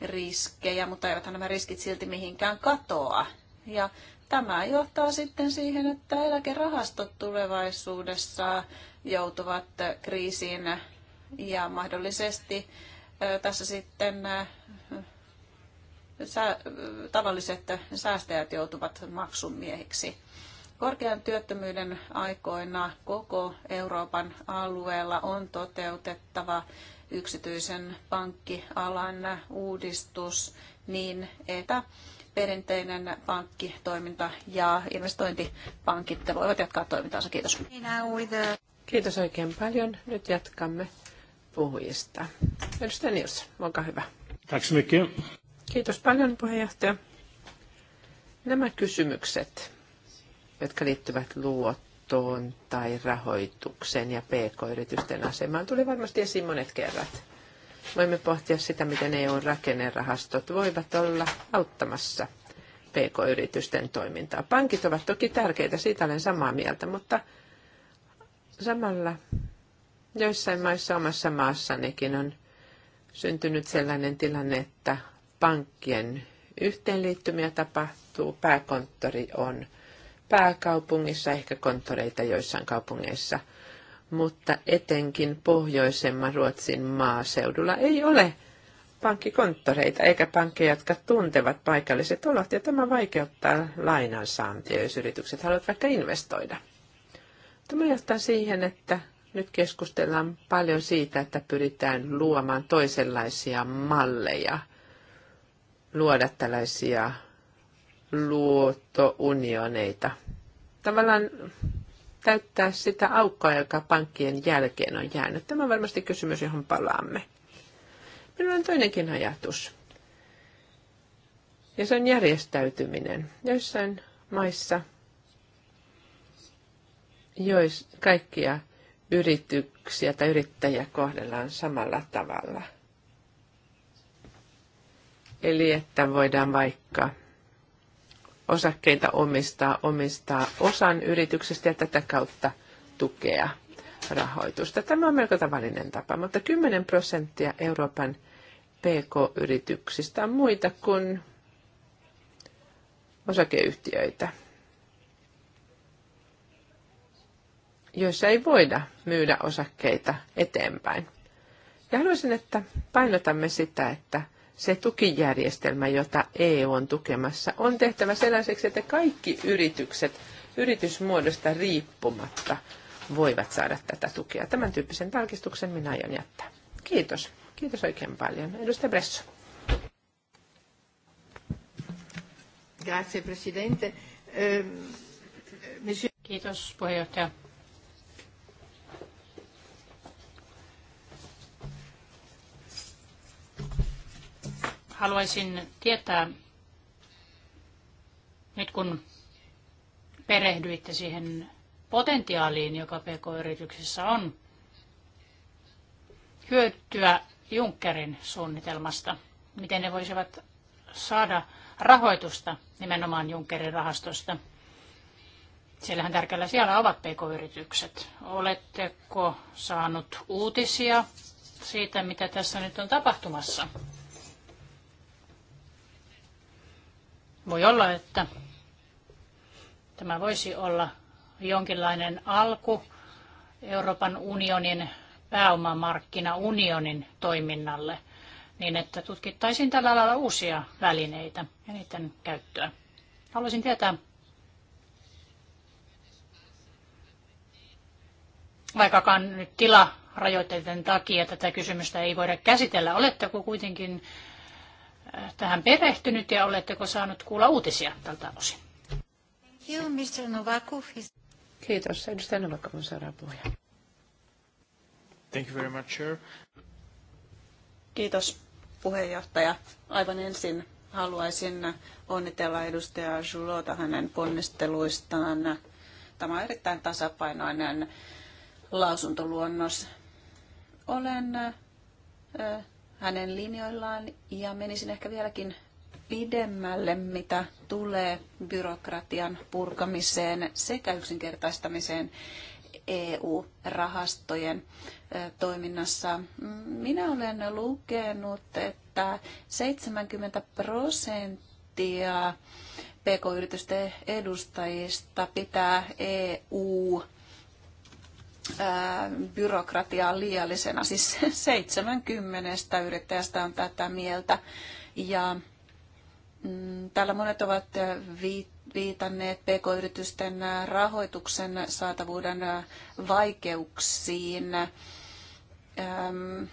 riskejä, mutta eiväthän nämä riskit silti mihinkään katoa. Ja tämä johtaa sitten siihen, että eläkerahastot tulevaisuudessa joutuvat kriisiin ja mahdollisesti äh, tässä sitten tavalliset säästäjät joutuvat maksumiehiksi. Korkean työttömyyden aikoina koko Euroopan alueella on toteutettava yksityisen pankkialan uudistus niin, että perinteinen pankkitoiminta ja investointipankit voivat jatkaa toimintaansa. Kiitos. Kiitos oikein paljon. Nyt jatkamme puhujista. Edustaja Nilsson, olkaa hyvä. Tack så mycket. Kiitos paljon puheenjohtaja. Nämä kysymykset, jotka liittyvät luottoon tai rahoitukseen ja pk-yritysten asemaan, tuli varmasti esiin monet kerrat. Voimme pohtia sitä, miten EU-rakennerahastot voivat olla auttamassa pk-yritysten toimintaa. Pankit ovat toki tärkeitä, siitä olen samaa mieltä, mutta samalla joissain maissa omassa maassanikin on syntynyt sellainen tilanne, että pankkien yhteenliittymiä tapahtuu. Pääkonttori on pääkaupungissa, ehkä konttoreita joissain kaupungeissa, mutta etenkin pohjoisemman Ruotsin maaseudulla ei ole pankkikonttoreita eikä pankkeja, jotka tuntevat paikalliset olot, ja tämä vaikeuttaa lainansaantia, jos yritykset haluavat vaikka investoida. Tämä johtaa siihen, että nyt keskustellaan paljon siitä, että pyritään luomaan toisenlaisia malleja – luoda tällaisia luottounioneita. Tavallaan täyttää sitä aukkoa, joka pankkien jälkeen on jäänyt. Tämä on varmasti kysymys, johon palaamme. Minulla on toinenkin ajatus. Ja se on järjestäytyminen. Joissain maissa jois, kaikkia yrityksiä tai yrittäjiä kohdellaan samalla tavalla – Eli että voidaan vaikka osakkeita omistaa, omistaa osan yrityksestä ja tätä kautta tukea rahoitusta. Tämä on melko tavallinen tapa, mutta 10 prosenttia Euroopan PK-yrityksistä on muita kuin osakeyhtiöitä, joissa ei voida myydä osakkeita eteenpäin. Ja haluaisin, että painotamme sitä, että – se tukijärjestelmä, jota EU on tukemassa, on tehtävä sellaiseksi, että kaikki yritykset yritysmuodosta riippumatta voivat saada tätä tukea. Tämän tyyppisen tarkistuksen minä aion jättää. Kiitos. Kiitos oikein paljon. Edustaja Bresso. Grazie, Presidente. Ehm, Kiitos puheenjohtaja. Haluaisin tietää, nyt kun perehdyitte siihen potentiaaliin, joka pk yrityksessä on, hyötyä Junckerin suunnitelmasta? Miten ne voisivat saada rahoitusta nimenomaan Junckerin rahastosta? Siellähän tärkeällä siellä ovat pk-yritykset. Oletteko saanut uutisia siitä, mitä tässä nyt on tapahtumassa? Voi olla, että tämä voisi olla jonkinlainen alku Euroopan unionin pääomamarkkinaunionin toiminnalle, niin että tutkittaisiin tällä lailla uusia välineitä ja niiden käyttöä. Haluaisin tietää, vaikkakaan nyt tilarajoitteiden takia tätä kysymystä ei voida käsitellä, oletteko kuitenkin tähän perehtynyt ja oletteko saanut kuulla uutisia tältä osin? Kiitos. Edustaja Novakov on puhuja. Thank you very much, sir. Kiitos puheenjohtaja. Aivan ensin haluaisin onnitella edustaja Julota hänen ponnisteluistaan. Tämä on erittäin tasapainoinen lausuntoluonnos. Olen hänen linjoillaan ja menisin ehkä vieläkin pidemmälle, mitä tulee byrokratian purkamiseen sekä yksinkertaistamiseen EU-rahastojen toiminnassa. Minä olen lukenut, että 70 prosenttia pk-yritysten edustajista pitää EU- Äh, byrokratiaa liiallisena. Siis 70 yrittäjästä on tätä mieltä. Ja mm, täällä monet ovat viitanneet pk-yritysten rahoituksen saatavuuden äh, vaikeuksiin. Ähm,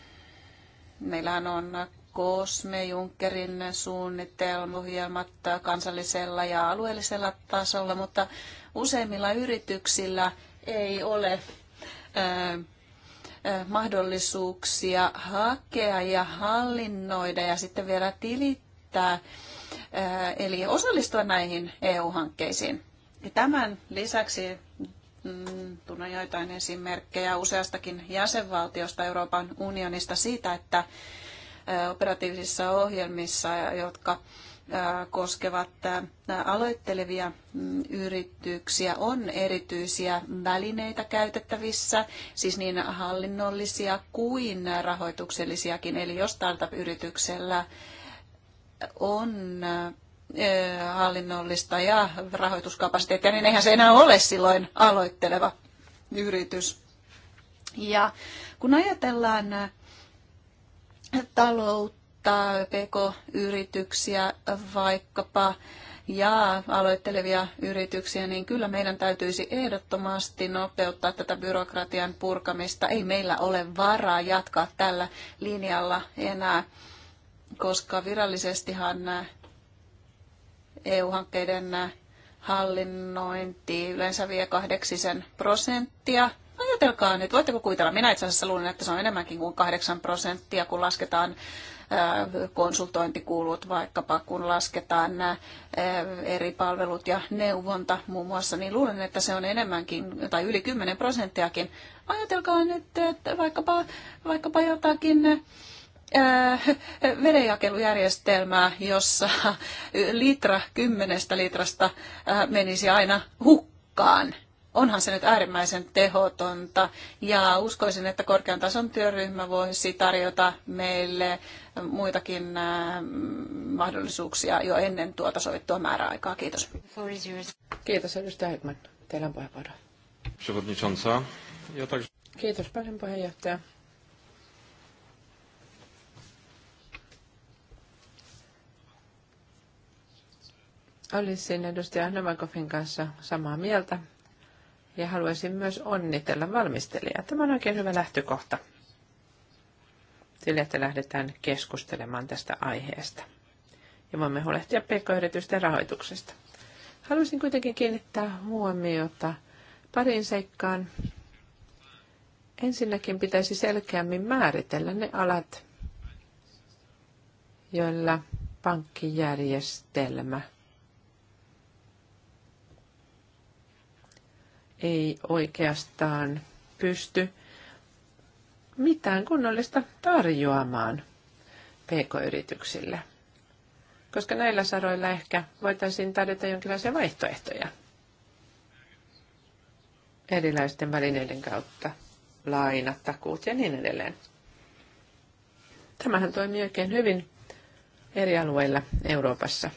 meillähän on Kosme, Junckerin suunnitelmohjelmat kansallisella ja alueellisella tasolla, mutta useimmilla yrityksillä ei ole mahdollisuuksia hakea ja hallinnoida ja sitten vielä tilittää, eli osallistua näihin EU-hankkeisiin. Tämän lisäksi mm, tunnen joitain esimerkkejä useastakin jäsenvaltiosta Euroopan unionista siitä, että operatiivisissa ohjelmissa, jotka koskevat aloittelevia mm, yrityksiä on erityisiä välineitä käytettävissä, siis niin hallinnollisia kuin rahoituksellisiakin. Eli jos startup-yrityksellä on hallinnollista ja rahoituskapasiteettia, niin eihän se enää ole silloin aloitteleva yritys. Ja kun ajatellaan taloutta, auttaa pk-yrityksiä vaikkapa ja aloittelevia yrityksiä, niin kyllä meidän täytyisi ehdottomasti nopeuttaa tätä byrokratian purkamista. Ei meillä ole varaa jatkaa tällä linjalla enää, koska virallisestihan EU-hankkeiden hallinnointi yleensä vie kahdeksisen prosenttia. Ajatelkaa nyt, voitteko kuvitella, minä itse asiassa luulen, että se on enemmänkin kuin kahdeksan prosenttia, kun lasketaan Äh, konsultointikulut vaikkapa, kun lasketaan nämä äh, eri palvelut ja neuvonta muun muassa, niin luulen, että se on enemmänkin tai yli 10 prosenttiakin. Ajatelkaa nyt että vaikkapa, vaikkapa jotakin äh, vedenjakelujärjestelmää, jossa litra kymmenestä litrasta menisi aina hukkaan onhan se nyt äärimmäisen tehotonta ja uskoisin, että korkean tason työryhmä voisi tarjota meille muitakin äh, mahdollisuuksia jo ennen tuota sovittua määräaikaa. Kiitos. Kiitos edustaja Hegman. Teillä on puheenvuoro. Kiitos paljon puheenjohtaja. Olisin edustaja Novakovin kanssa samaa mieltä ja haluaisin myös onnitella valmistelijaa. Tämä on oikein hyvä lähtökohta sille, että lähdetään keskustelemaan tästä aiheesta. Ja voimme huolehtia pk-yritysten rahoituksesta. Haluaisin kuitenkin kiinnittää huomiota pariin seikkaan. Ensinnäkin pitäisi selkeämmin määritellä ne alat, joilla pankkijärjestelmä – ei oikeastaan pysty mitään kunnollista tarjoamaan pk-yrityksille, koska näillä saroilla ehkä voitaisiin tarjota jonkinlaisia vaihtoehtoja erilaisten välineiden kautta, lainat, takuut ja niin edelleen. Tämähän toimii oikein hyvin eri alueilla Euroopassa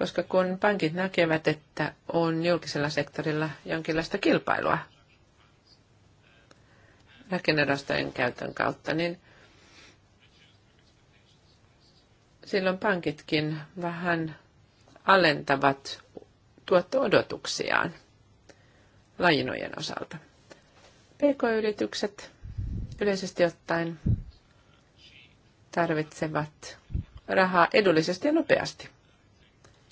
koska kun pankit näkevät, että on julkisella sektorilla jonkinlaista kilpailua rakennerastojen käytön kautta, niin silloin pankitkin vähän alentavat tuotto-odotuksiaan lainojen osalta. PK-yritykset yleisesti ottaen tarvitsevat rahaa edullisesti ja nopeasti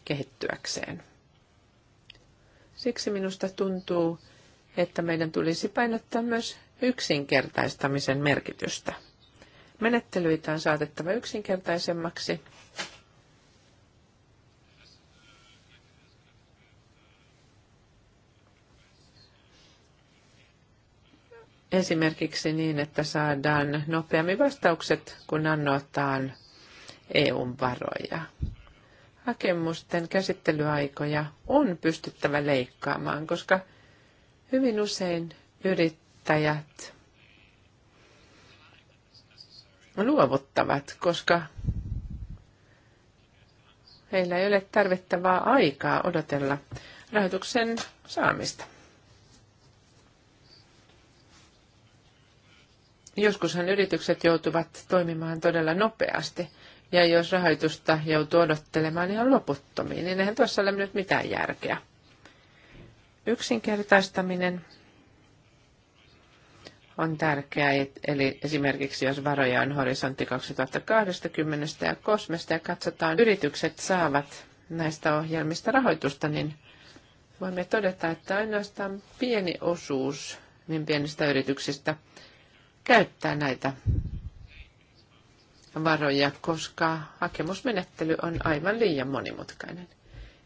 kehittyäkseen. Siksi minusta tuntuu, että meidän tulisi painottaa myös yksinkertaistamisen merkitystä. Menettelyitä on saatettava yksinkertaisemmaksi. Esimerkiksi niin, että saadaan nopeammin vastaukset, kun annotaan EUn varoja hakemusten käsittelyaikoja on pystyttävä leikkaamaan, koska hyvin usein yrittäjät luovuttavat, koska heillä ei ole tarvittavaa aikaa odotella rahoituksen saamista. Joskushan yritykset joutuvat toimimaan todella nopeasti. Ja jos rahoitusta joutuu odottelemaan ihan loputtomiin, niin eihän tuossa ole nyt mitään järkeä. Yksinkertaistaminen on tärkeää, eli esimerkiksi jos varoja on horisontti 2020 ja kosmesta ja katsotaan, yritykset saavat näistä ohjelmista rahoitusta, niin voimme todeta, että ainoastaan pieni osuus niin pienistä yrityksistä käyttää näitä varoja, koska hakemusmenettely on aivan liian monimutkainen.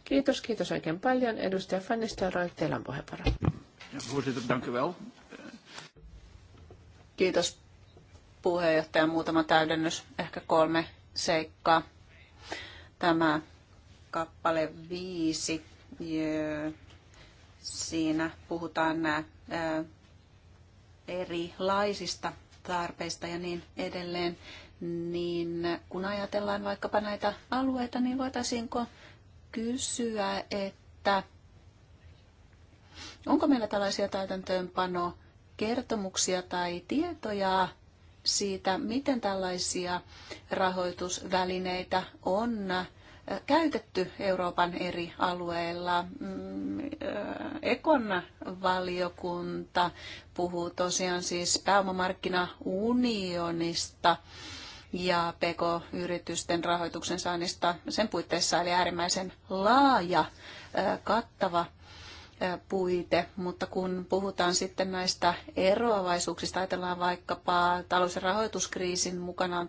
Kiitos, kiitos oikein paljon. Edustaja Fanny teillä on puheenvuoro. Kiitos puheenjohtaja. Muutama täydennys, ehkä kolme seikkaa. Tämä kappale viisi, siinä puhutaan nämä erilaisista tarpeista ja niin edelleen niin kun ajatellaan vaikkapa näitä alueita, niin voitaisiinko kysyä, että onko meillä tällaisia täytäntöönpano kertomuksia tai tietoja siitä, miten tällaisia rahoitusvälineitä on käytetty Euroopan eri alueilla. Mm, Ekon valiokunta puhuu tosiaan siis pääomamarkkinaunionista ja PK-yritysten rahoituksen saannista sen puitteissa, eli äärimmäisen laaja, kattava puite, mutta kun puhutaan sitten näistä eroavaisuuksista, ajatellaan vaikkapa talous- ja rahoituskriisin mukanaan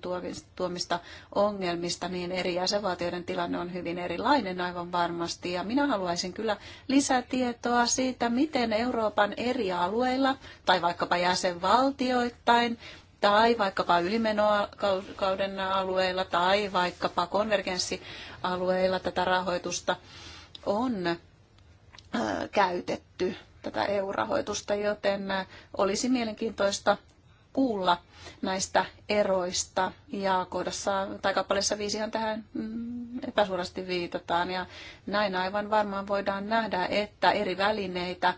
tuomista ongelmista, niin eri jäsenvaltioiden tilanne on hyvin erilainen aivan varmasti. Ja minä haluaisin kyllä lisätietoa siitä, miten Euroopan eri alueilla tai vaikkapa jäsenvaltioittain tai vaikkapa ylimenokauden alueilla tai vaikkapa konvergenssialueilla tätä rahoitusta on käytetty, tätä EU-rahoitusta, joten olisi mielenkiintoista kuulla näistä eroista. Ja kohdassa tai kappaleessa viisihan tähän mm, epäsuorasti viitataan. Ja näin aivan varmaan voidaan nähdä, että eri välineitä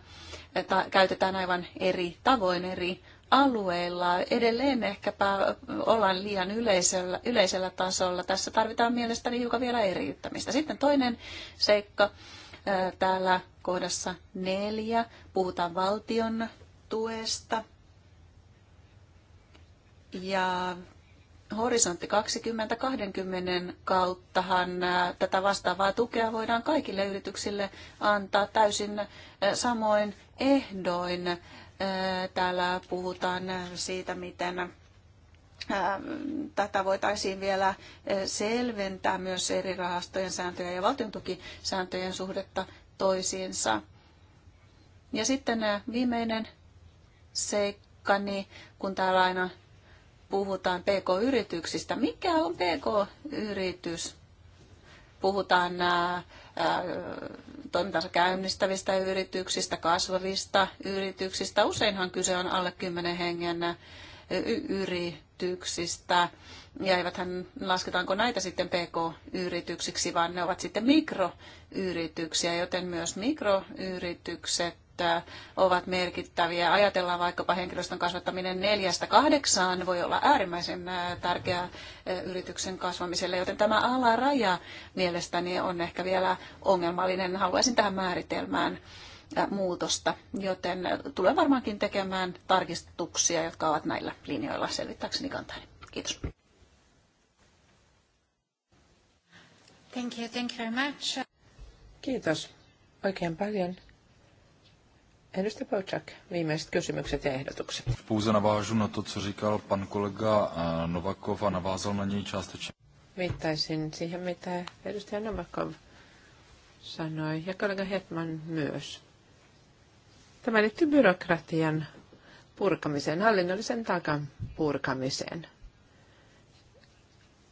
että käytetään aivan eri tavoin eri alueilla. Edelleen ehkäpä ollaan liian yleisellä, yleisellä tasolla. Tässä tarvitaan mielestäni hiukan vielä eriyttämistä. Sitten toinen seikka täällä kohdassa neljä. Puhutaan valtion tuesta. Ja Horisontti 2020 kauttahan tätä vastaavaa tukea voidaan kaikille yrityksille antaa täysin samoin ehdoin Täällä puhutaan siitä, miten tätä voitaisiin vielä selventää myös eri rahastojen sääntöjä ja valtiontukisääntöjen suhdetta toisiinsa. Ja sitten viimeinen seikka, niin kun täällä aina puhutaan PK-yrityksistä. Mikä on PK-yritys? Puhutaan ää, toimintansa käynnistävistä yrityksistä, kasvavista yrityksistä. Useinhan kyse on alle 10 hengen yrityksistä. Ja eiväthän lasketaanko näitä sitten pk-yrityksiksi, vaan ne ovat sitten mikroyrityksiä, joten myös mikroyritykset ovat merkittäviä. Ajatellaan vaikkapa henkilöstön kasvattaminen neljästä kahdeksaan voi olla äärimmäisen tärkeä yrityksen kasvamiselle, joten tämä alaraja mielestäni on ehkä vielä ongelmallinen. Haluaisin tähän määritelmään muutosta, joten tulen varmaankin tekemään tarkistuksia, jotka ovat näillä linjoilla selvittääkseni kantani. Kiitos. Thank you, thank you very much. Kiitos oikein paljon. Edustaja Polchak, viimeiset kysymykset ja ehdotukset. Pouze navážu na to, co říkal pan kollega eh, Novakov a navázal na něj částečně. Viittaisin siihen, mitä edustaja Novakov sanoi ja kollega Hetman myös. Tämä liittyy byrokratian purkamiseen, hallinnollisen takan purkamiseen.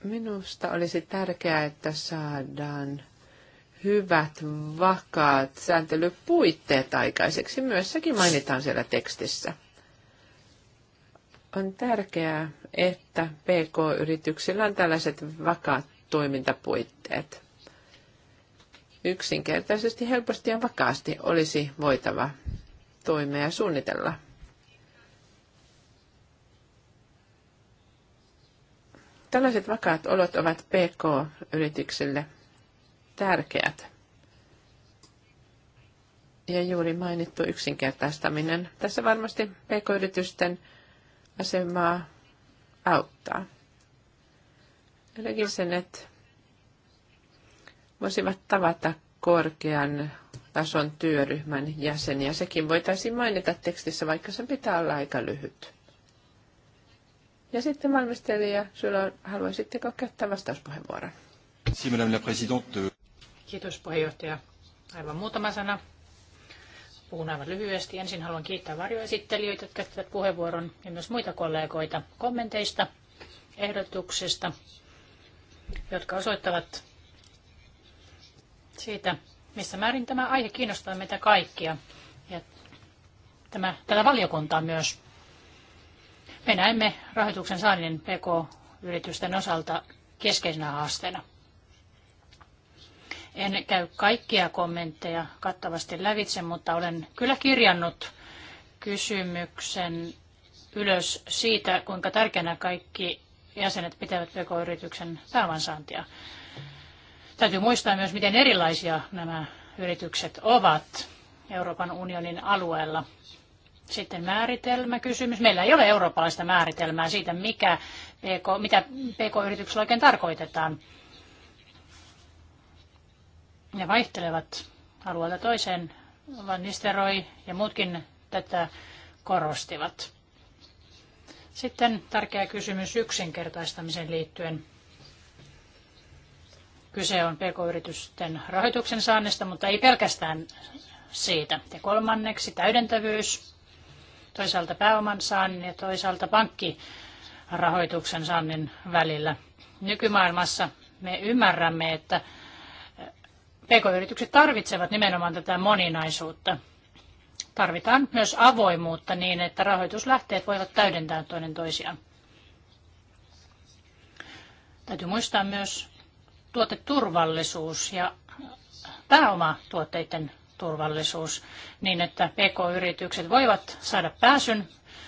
Minusta olisi tärkeää, että saadaan hyvät, vakaat sääntelypuitteet aikaiseksi. Myös mainitaan siellä tekstissä. On tärkeää, että PK-yrityksillä on tällaiset vakaat toimintapuitteet. Yksinkertaisesti, helposti ja vakaasti olisi voitava toimia ja suunnitella. Tällaiset vakaat olot ovat PK-yrityksille – tärkeät. Ja juuri mainittu yksinkertaistaminen. Tässä varmasti pk-yritysten asemaa auttaa. että voisivat tavata korkean tason työryhmän jäseniä. Sekin voitaisiin mainita tekstissä, vaikka sen pitää olla aika lyhyt. Ja sitten valmistelija, sinulla haluaisitteko käyttää vastauspuheenvuoron? Si, madame la présidente. Kiitos puheenjohtaja. Aivan muutama sana. Puhun aivan lyhyesti. Ensin haluan kiittää varjoesittelijöitä, jotka käyttävät puheenvuoron, ja myös muita kollegoita kommenteista, ehdotuksista, jotka osoittavat siitä, missä määrin tämä aihe kiinnostaa meitä kaikkia ja tämä, tällä valiokuntaa myös. Me näemme rahoituksen saannin PK-yritysten osalta keskeisenä haasteena. En käy kaikkia kommentteja kattavasti lävitse, mutta olen kyllä kirjannut kysymyksen ylös siitä, kuinka tärkeänä kaikki jäsenet pitävät pk-yrityksen pääomansaantia. Täytyy muistaa myös, miten erilaisia nämä yritykset ovat Euroopan unionin alueella. Sitten määritelmäkysymys. Meillä ei ole eurooppalaista määritelmää siitä, mikä PK, mitä PK-yrityksellä oikein tarkoitetaan. Ne vaihtelevat alueelta toiseen. Van Nisteroi ja muutkin tätä korostivat. Sitten tärkeä kysymys yksinkertaistamiseen liittyen. Kyse on pk-yritysten rahoituksen saannista, mutta ei pelkästään siitä. Ja kolmanneksi täydentävyys, toisaalta pääoman saannin ja toisaalta pankkirahoituksen saannin välillä. Nykymaailmassa me ymmärrämme, että PK-yritykset tarvitsevat nimenomaan tätä moninaisuutta. Tarvitaan myös avoimuutta niin, että rahoituslähteet voivat täydentää toinen toisiaan. Täytyy muistaa myös tuoteturvallisuus ja pääomatuotteiden turvallisuus niin, että PK-yritykset voivat saada pääsyn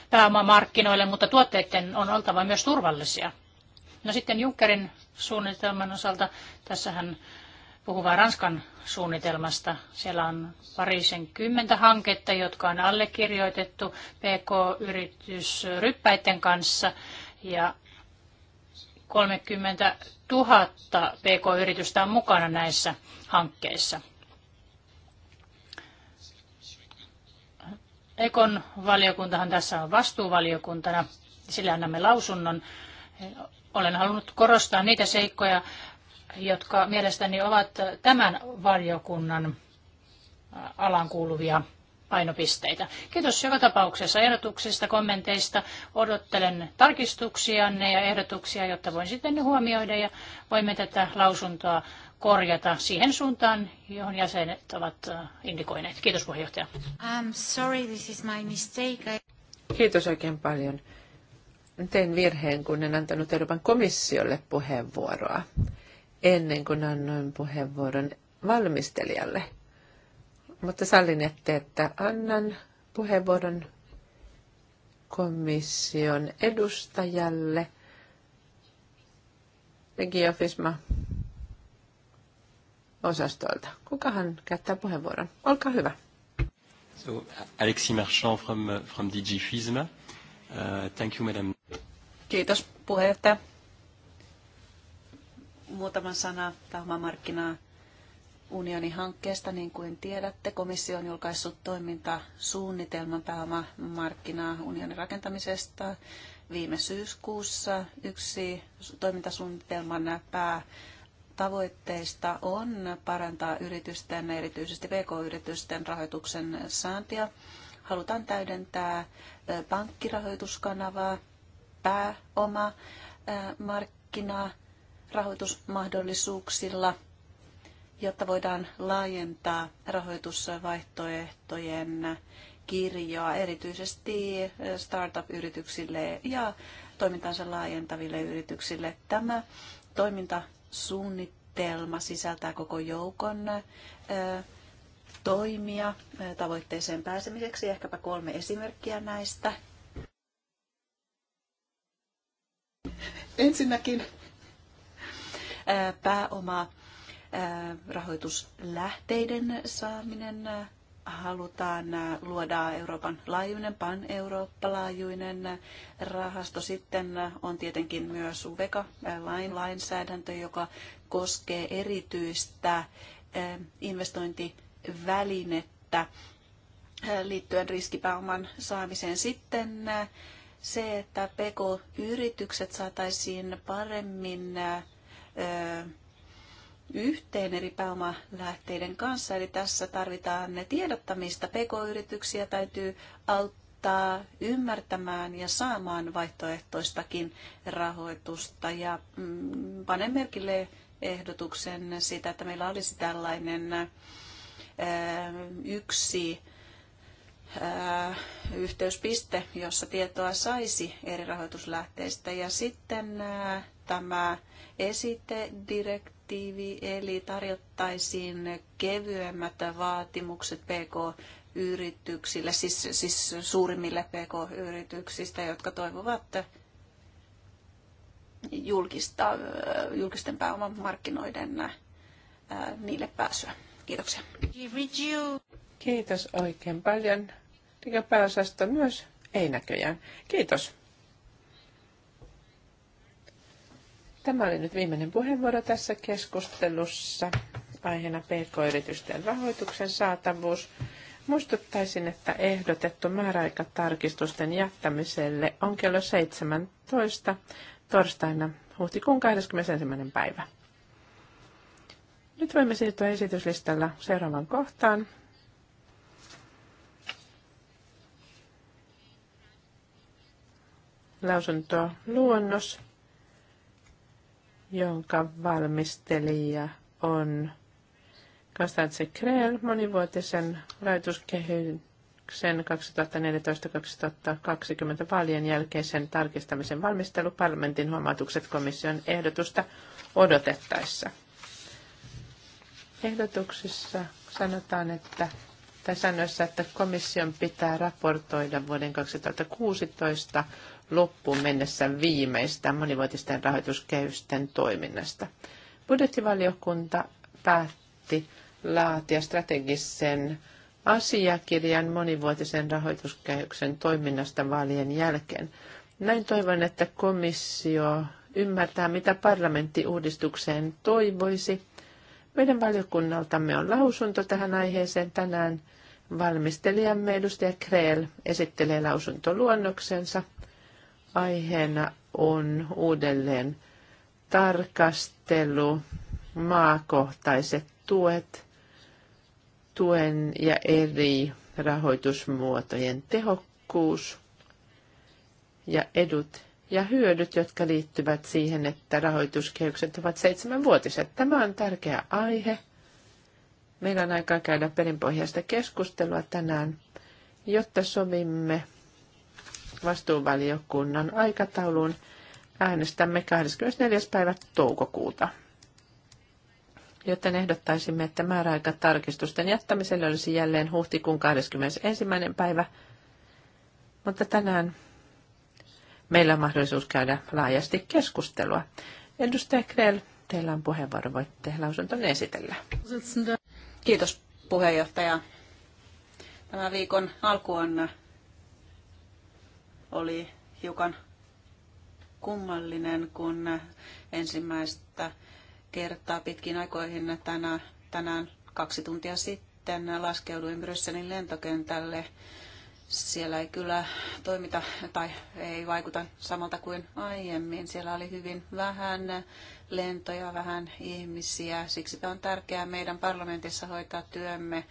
pääomamarkkinoille, mutta tuotteiden on oltava myös turvallisia. No sitten Junckerin suunnitelman osalta, tässähän puhuvaa Ranskan suunnitelmasta. Siellä on parisen kymmentä hanketta, jotka on allekirjoitettu PK-yritysryppäiden kanssa ja 30 000 PK-yritystä on mukana näissä hankkeissa. Ekon valiokuntahan tässä on vastuuvaliokuntana, sillä annamme lausunnon. Olen halunnut korostaa niitä seikkoja, jotka mielestäni ovat tämän valiokunnan alan kuuluvia painopisteitä. Kiitos joka tapauksessa ehdotuksista, kommenteista. Odottelen tarkistuksianne ja ehdotuksia, jotta voin sitten ne huomioida ja voimme tätä lausuntoa korjata siihen suuntaan, johon jäsenet ovat indikoineet. Kiitos puheenjohtaja. I'm sorry, this is my mistake. I... Kiitos oikein paljon. Tein virheen, kun en antanut Euroopan komissiolle puheenvuoroa ennen kuin annoin puheenvuoron valmistelijalle. Mutta sallinette, että annan puheenvuoron komission edustajalle. Regiofisma osastolta. Kukahan käyttää puheenvuoron? Olkaa hyvä. So, Alexis Marchand from, from DG FISMA. Uh, thank you, madam. Kiitos puheenjohtaja muutaman sana pääomamarkkinaa unionin hankkeesta. Niin kuin tiedätte, komissio on julkaissut toimintasuunnitelman pääomamarkkinaa unionin rakentamisesta viime syyskuussa. Yksi toimintasuunnitelman päätavoitteista tavoitteista on parantaa yritysten, erityisesti pk-yritysten rahoituksen saantia. Halutaan täydentää pankkirahoituskanavaa, pääoma, markkinaa rahoitusmahdollisuuksilla, jotta voidaan laajentaa rahoitusvaihtoehtojen kirjoa erityisesti startup-yrityksille ja toimintansa laajentaville yrityksille. Tämä toimintasuunnitelma sisältää koko joukon toimia tavoitteeseen pääsemiseksi. Ehkäpä kolme esimerkkiä näistä. Ensinnäkin pääoma äh, rahoituslähteiden saaminen. Äh, halutaan äh, luoda Euroopan laajuinen, pan-eurooppalaajuinen rahasto. Sitten on tietenkin myös UVECA-lainsäädäntö, joka koskee erityistä investointivälinettä liittyen riskipääoman saamiseen. Sitten se, että PK-yritykset saataisiin paremmin yhteen eri pääomalähteiden kanssa. Eli tässä tarvitaan tiedottamista. PK-yrityksiä täytyy auttaa ymmärtämään ja saamaan vaihtoehtoistakin rahoitusta. Ja mm, panen merkille ehdotuksen siitä, että meillä olisi tällainen yksi yhteyspiste, jossa tietoa saisi eri rahoituslähteistä. Ja sitten tämä esitedirektiivi, eli tarjottaisiin kevyemmät vaatimukset PK yrityksille, siis, siis suurimmille PK-yrityksistä, jotka toivovat julkista, julkisten markkinoiden äh, niille pääsyä. Kiitoksia. Kiitos oikein paljon. Niin pääosasta myös ei näköjään. Kiitos. Tämä oli nyt viimeinen puheenvuoro tässä keskustelussa. Aiheena PK-yritysten rahoituksen saatavuus. Muistuttaisin, että ehdotettu määräaika tarkistusten jättämiselle on kello 17 torstaina huhtikuun 21. päivä. Nyt voimme siirtyä esityslistalla seuraavaan kohtaan. Lausunto luonnos jonka valmistelija on Konstantse Krell monivuotisen rahoituskehyksen 2014-2020 vaalien jälkeisen tarkistamisen valmistelu parlamentin huomautukset komission ehdotusta odotettaessa. Ehdotuksissa sanotaan, että tässä säännössä, että komission pitää raportoida vuoden 2016 loppuun mennessä viimeistään monivuotisten rahoituskehysten toiminnasta. Budjettivaliokunta päätti laatia strategisen asiakirjan monivuotisen rahoituskehyksen toiminnasta vaalien jälkeen. Näin toivon, että komissio ymmärtää, mitä parlamentti uudistukseen toivoisi. Meidän valiokunnaltamme on lausunto tähän aiheeseen tänään. Valmistelijamme edustaja Kreel esittelee lausuntoluonnoksensa. Aiheena on uudelleen tarkastelu, maakohtaiset tuet, tuen ja eri rahoitusmuotojen tehokkuus ja edut ja hyödyt, jotka liittyvät siihen, että rahoituskehykset ovat seitsemänvuotiset. Tämä on tärkeä aihe. Meillä on aikaa käydä perinpohjaista keskustelua tänään, jotta sovimme vastuuvaliokunnan aikatauluun. Äänestämme 24. päivä toukokuuta. Joten ehdottaisimme, että määräaika tarkistusten jättämiselle olisi jälleen huhtikuun 21. päivä. Mutta tänään meillä on mahdollisuus käydä laajasti keskustelua. Edustaja Krell, teillä on puheenvuoro, voitte lausuntonne esitellä. Kiitos puheenjohtaja. Tämän viikon alku on oli hiukan kummallinen, kun ensimmäistä kertaa pitkin aikoihin tänä, tänään kaksi tuntia sitten laskeuduin Brysselin lentokentälle. Siellä ei kyllä toimita tai ei vaikuta samalta kuin aiemmin. Siellä oli hyvin vähän lentoja, vähän ihmisiä. Siksi on tärkeää meidän parlamentissa hoitaa työmme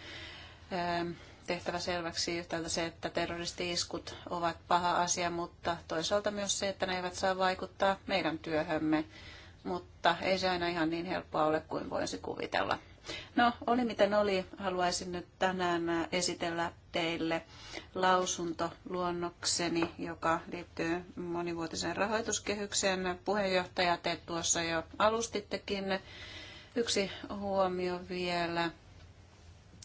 tehtävä selväksi yhtäältä se, että terroristi-iskut ovat paha asia, mutta toisaalta myös se, että ne eivät saa vaikuttaa meidän työhömme. Mutta ei se aina ihan niin helppoa ole kuin voisi kuvitella. No, oli miten oli. Haluaisin nyt tänään esitellä teille lausuntoluonnokseni, joka liittyy monivuotiseen rahoituskehykseen. Puheenjohtaja, te tuossa jo alustittekin. Yksi huomio vielä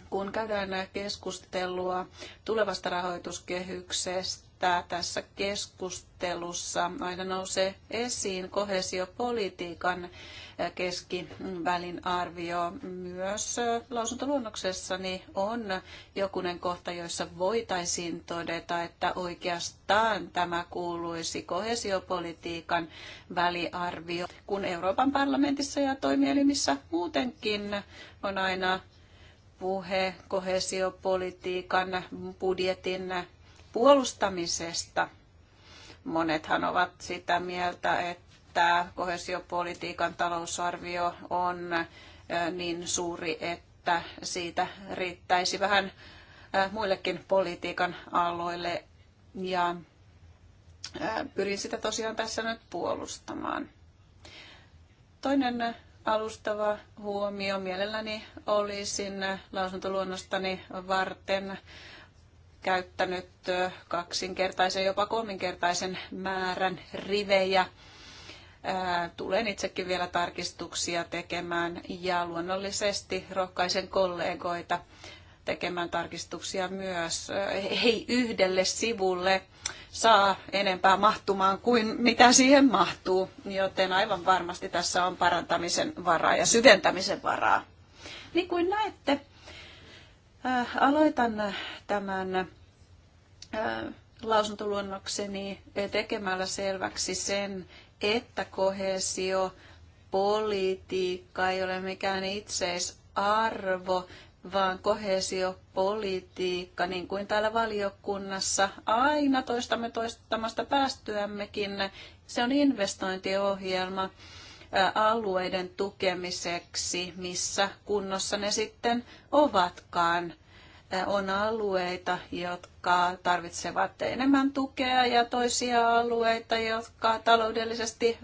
kun käydään keskustelua tulevasta rahoituskehyksestä, tässä keskustelussa aina nousee esiin kohesiopolitiikan keskivälin arvio. Myös lausuntoluonnoksessani on jokunen kohta, joissa voitaisiin todeta, että oikeastaan tämä kuuluisi kohesiopolitiikan väliarvio, kun Euroopan parlamentissa ja toimielimissä muutenkin on aina puhe kohesiopolitiikan budjetin puolustamisesta. Monethan ovat sitä mieltä, että kohesiopolitiikan talousarvio on niin suuri, että siitä riittäisi vähän muillekin politiikan aloille. Ja pyrin sitä tosiaan tässä nyt puolustamaan. Toinen alustava huomio. Mielelläni olisin lausuntoluonnostani varten käyttänyt kaksinkertaisen, jopa kolminkertaisen määrän rivejä. Tulen itsekin vielä tarkistuksia tekemään ja luonnollisesti rohkaisen kollegoita tekemään tarkistuksia myös. Hei yhdelle sivulle saa enempää mahtumaan kuin mitä siihen mahtuu, joten aivan varmasti tässä on parantamisen varaa ja syventämisen varaa. Niin kuin näette, äh, aloitan tämän äh, lausuntoluonnokseni tekemällä selväksi sen, että kohesio politiikka ei ole mikään itseisarvo, vaan kohesiopolitiikka, niin kuin täällä valiokunnassa aina toistamme toistamasta päästyämmekin, se on investointiohjelma alueiden tukemiseksi, missä kunnossa ne sitten ovatkaan. On alueita, jotka tarvitsevat enemmän tukea ja toisia alueita, jotka taloudellisesti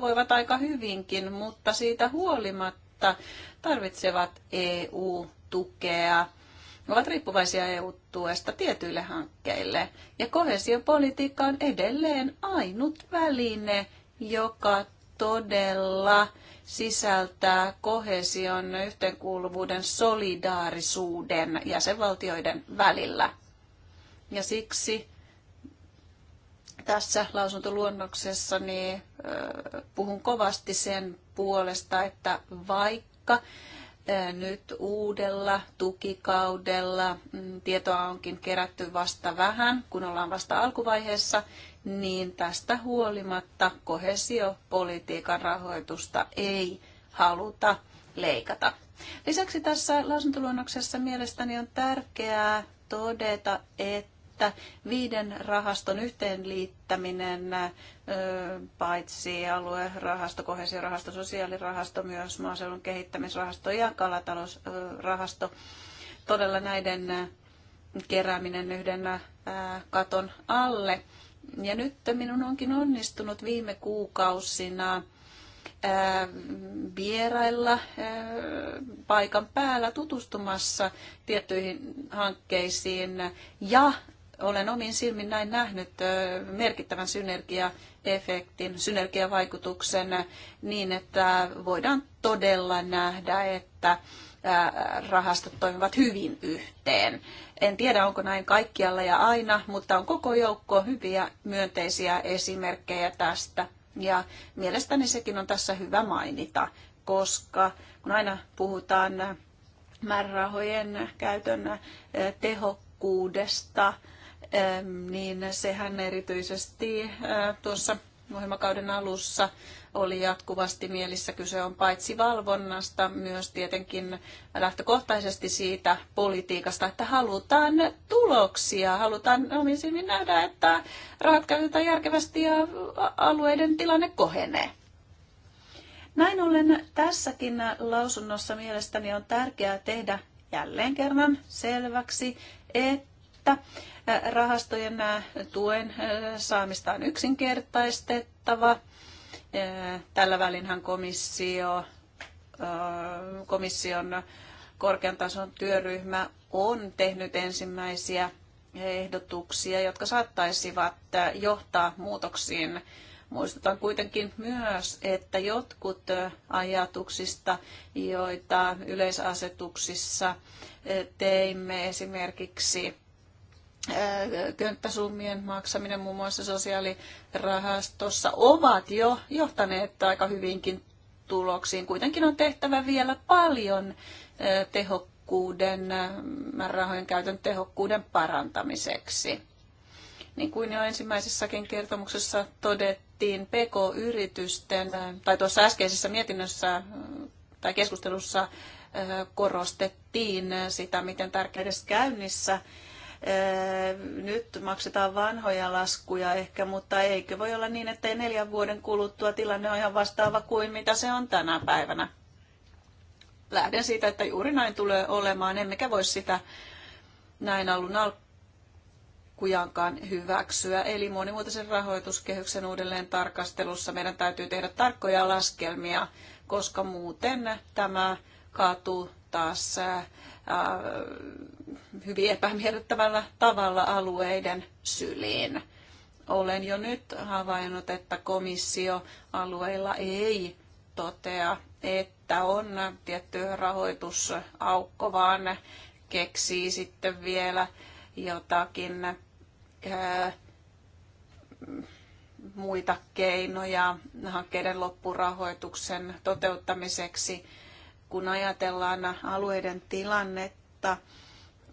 voivat aika hyvinkin, mutta siitä huolimatta tarvitsevat EU tukea ovat riippuvaisia EU-tuesta tietyille hankkeille. Ja kohesiopolitiikka on edelleen ainut väline, joka todella sisältää kohesion yhteenkuuluvuuden solidaarisuuden jäsenvaltioiden välillä. Ja siksi tässä lausuntoluonnoksessa niin, puhun kovasti sen puolesta, että vaikka nyt uudella tukikaudella, mm, tietoa onkin kerätty vasta vähän, kun ollaan vasta alkuvaiheessa, niin tästä huolimatta kohesiopolitiikan rahoitusta ei haluta leikata. Lisäksi tässä lausuntoluonnoksessa mielestäni on tärkeää todeta, että että viiden rahaston yhteenliittäminen, paitsi aluerahasto, kohesiorahasto, sosiaalirahasto, myös maaseudun kehittämisrahasto ja kalatalousrahasto, todella näiden kerääminen yhden katon alle. Ja nyt minun onkin onnistunut viime kuukausina vierailla paikan päällä tutustumassa tiettyihin hankkeisiin ja olen omin silmin näin nähnyt merkittävän synergiaefektin, synergiavaikutuksen niin, että voidaan todella nähdä, että rahastot toimivat hyvin yhteen. En tiedä, onko näin kaikkialla ja aina, mutta on koko joukko hyviä myönteisiä esimerkkejä tästä. Ja mielestäni sekin on tässä hyvä mainita, koska kun aina puhutaan määrärahojen käytön tehokkuudesta, niin sehän erityisesti tuossa ohjelmakauden alussa oli jatkuvasti mielissä. Kyse on paitsi valvonnasta, myös tietenkin lähtökohtaisesti siitä politiikasta, että halutaan tuloksia, halutaan omisiin niin nähdä, että rahat käytetään järkevästi ja alueiden tilanne kohenee. Näin ollen tässäkin lausunnossa mielestäni on tärkeää tehdä jälleen kerran selväksi, että että rahastojen tuen saamista on yksinkertaistettava. Tällä välinhän komissio, komission korkean tason työryhmä on tehnyt ensimmäisiä ehdotuksia, jotka saattaisivat johtaa muutoksiin. Muistutan kuitenkin myös, että jotkut ajatuksista, joita yleisasetuksissa teimme esimerkiksi könttäsummien maksaminen muun muassa sosiaalirahastossa ovat jo johtaneet aika hyvinkin tuloksiin. Kuitenkin on tehtävä vielä paljon tehokkuuden, rahojen käytön tehokkuuden parantamiseksi. Niin kuin jo ensimmäisessäkin kertomuksessa todettiin, PK-yritysten, tai tuossa äskeisessä mietinnössä tai keskustelussa korostettiin sitä, miten tärkeässä käynnissä nyt maksetaan vanhoja laskuja ehkä, mutta eikö voi olla niin, että neljän vuoden kuluttua tilanne on ihan vastaava kuin mitä se on tänä päivänä. Lähden siitä, että juuri näin tulee olemaan, emmekä voi sitä näin alun alkujaankaan hyväksyä. Eli monimuotoisen rahoituskehyksen uudelleen tarkastelussa meidän täytyy tehdä tarkkoja laskelmia, koska muuten tämä kaatuu taas Äh, hyvin epämiellyttävällä tavalla alueiden syliin. Olen jo nyt havainnut, että komissio alueilla ei totea, että on tietty rahoitusaukko, vaan keksii sitten vielä jotakin ää, äh, muita keinoja hankkeiden loppurahoituksen toteuttamiseksi kun ajatellaan alueiden tilannetta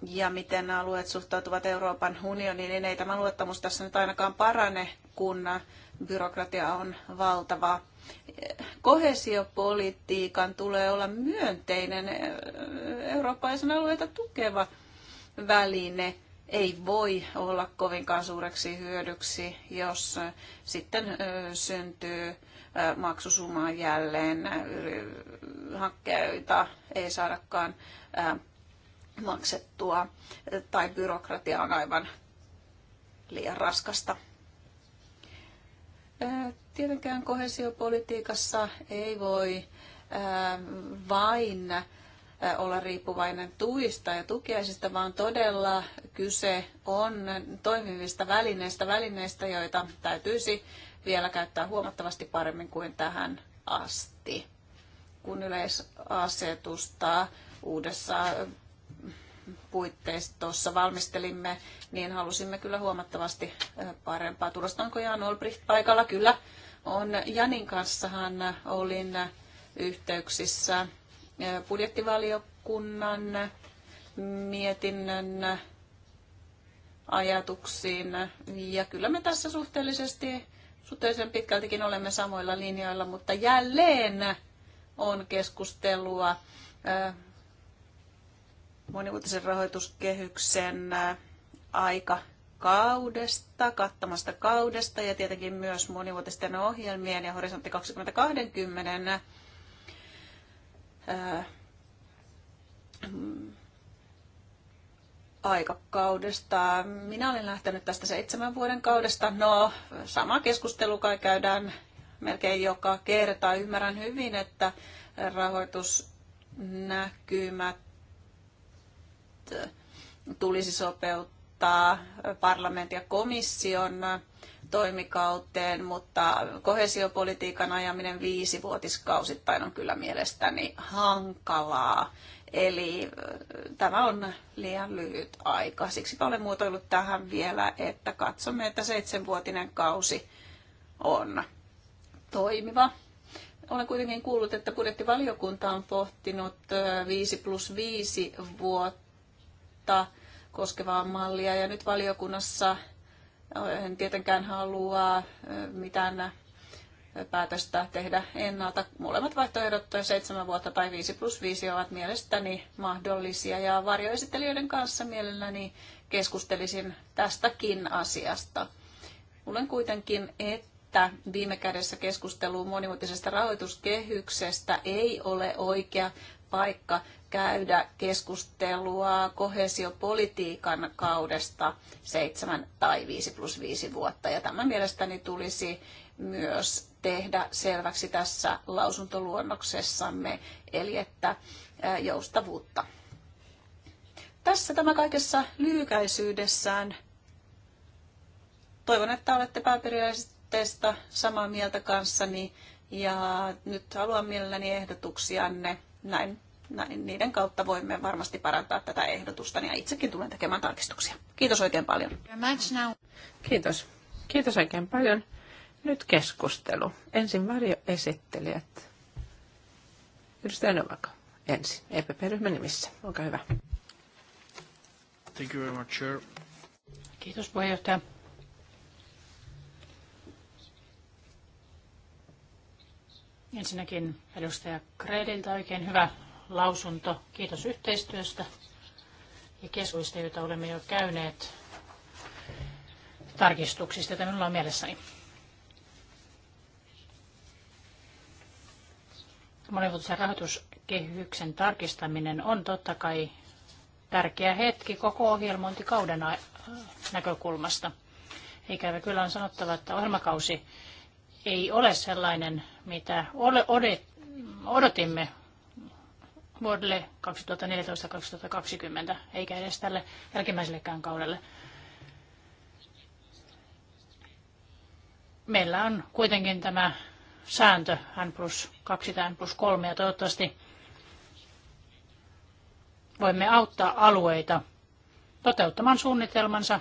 ja miten alueet suhtautuvat Euroopan unioniin, niin ei tämä luottamus tässä nyt ainakaan parane, kun byrokratia on valtava. Kohesiopolitiikan tulee olla myönteinen eh, eurooppalaisen alueita tukeva väline ei voi olla kovinkaan suureksi hyödyksi, jos sitten eh, syntyy maksusumaa jälleen. Hankkeita ei saadakaan maksettua tai byrokratia on aivan liian raskasta. Tietenkään kohesiopolitiikassa ei voi vain olla riippuvainen tuista ja tukiaisista, vaan todella kyse on toimivista välineistä, välineistä, joita täytyisi vielä käyttää huomattavasti paremmin kuin tähän asti, kun yleisasetusta uudessa puitteistossa valmistelimme, niin halusimme kyllä huomattavasti eh, parempaa tulosta. Onko Jan Olbricht paikalla? Kyllä on. Janin kanssahan olin yhteyksissä eh, budjettivaliokunnan mietinnön ajatuksiin. Ja kyllä me tässä suhteellisesti suhteellisen pitkältikin olemme samoilla linjoilla, mutta jälleen on keskustelua äh, monivuotisen rahoituskehyksen äh, aika kaudesta, kattamasta kaudesta ja tietenkin myös monivuotisten ohjelmien ja horisontti 2020 aikakaudesta. Minä olen lähtenyt tästä seitsemän vuoden kaudesta. No, sama keskustelu kai käydään melkein joka kerta. Ymmärrän hyvin, että rahoitusnäkymät tulisi sopeuttaa parlamentin ja komission toimikauteen, mutta kohesiopolitiikan ajaminen viisivuotiskausittain on kyllä mielestäni hankalaa. Eli tämä on liian lyhyt aika. Siksi olen muotoillut tähän vielä, että katsomme, että seitsemänvuotinen kausi on toimiva. Olen kuitenkin kuullut, että budjettivaliokunta on pohtinut 5 plus 5 vuotta koskevaa mallia ja nyt valiokunnassa en tietenkään halua mitään päätöstä tehdä ennalta. Molemmat vaihtoehdot, seitsemän vuotta tai 5 plus 5, ovat mielestäni mahdollisia. Ja varjoesittelijöiden kanssa mielelläni keskustelisin tästäkin asiasta. Luulen kuitenkin, että viime kädessä keskustelu monimuotoisesta rahoituskehyksestä ei ole oikea paikka käydä keskustelua kohesiopolitiikan kaudesta 7 tai 5 plus 5 vuotta. Ja tämä mielestäni tulisi myös tehdä selväksi tässä lausuntoluonnoksessamme, eli että joustavuutta. Tässä tämä kaikessa lyhykäisyydessään. Toivon, että olette pääperiaisteista samaa mieltä kanssani ja nyt haluan mielelläni ehdotuksianne näin, näin niiden kautta voimme varmasti parantaa tätä ehdotusta ja itsekin tulen tekemään tarkistuksia. Kiitos oikein paljon. Kiitos. Kiitos oikein paljon. Nyt keskustelu. Ensin varjoesittelijät. Edustaja Novaka ensin, EPP-ryhmän nimissä. Olkaa hyvä. Thank you very much, Chair. Kiitos puheenjohtaja. Ensinnäkin edustaja Krediltä oikein hyvä lausunto. Kiitos yhteistyöstä ja kesuista, joita olemme jo käyneet tarkistuksista, joita minulla on mielessäni. Monivuotisen rahoituskehyksen tarkistaminen on totta kai tärkeä hetki koko ohjelmointikauden näkökulmasta. Ikävä kyllä on sanottava, että ohjelmakausi ei ole sellainen, mitä odotimme vuodelle 2014-2020, eikä edes tälle jälkimmäisellekään kaudelle. Meillä on kuitenkin tämä sääntö N plus 2 tai N plus 3 ja toivottavasti voimme auttaa alueita toteuttamaan suunnitelmansa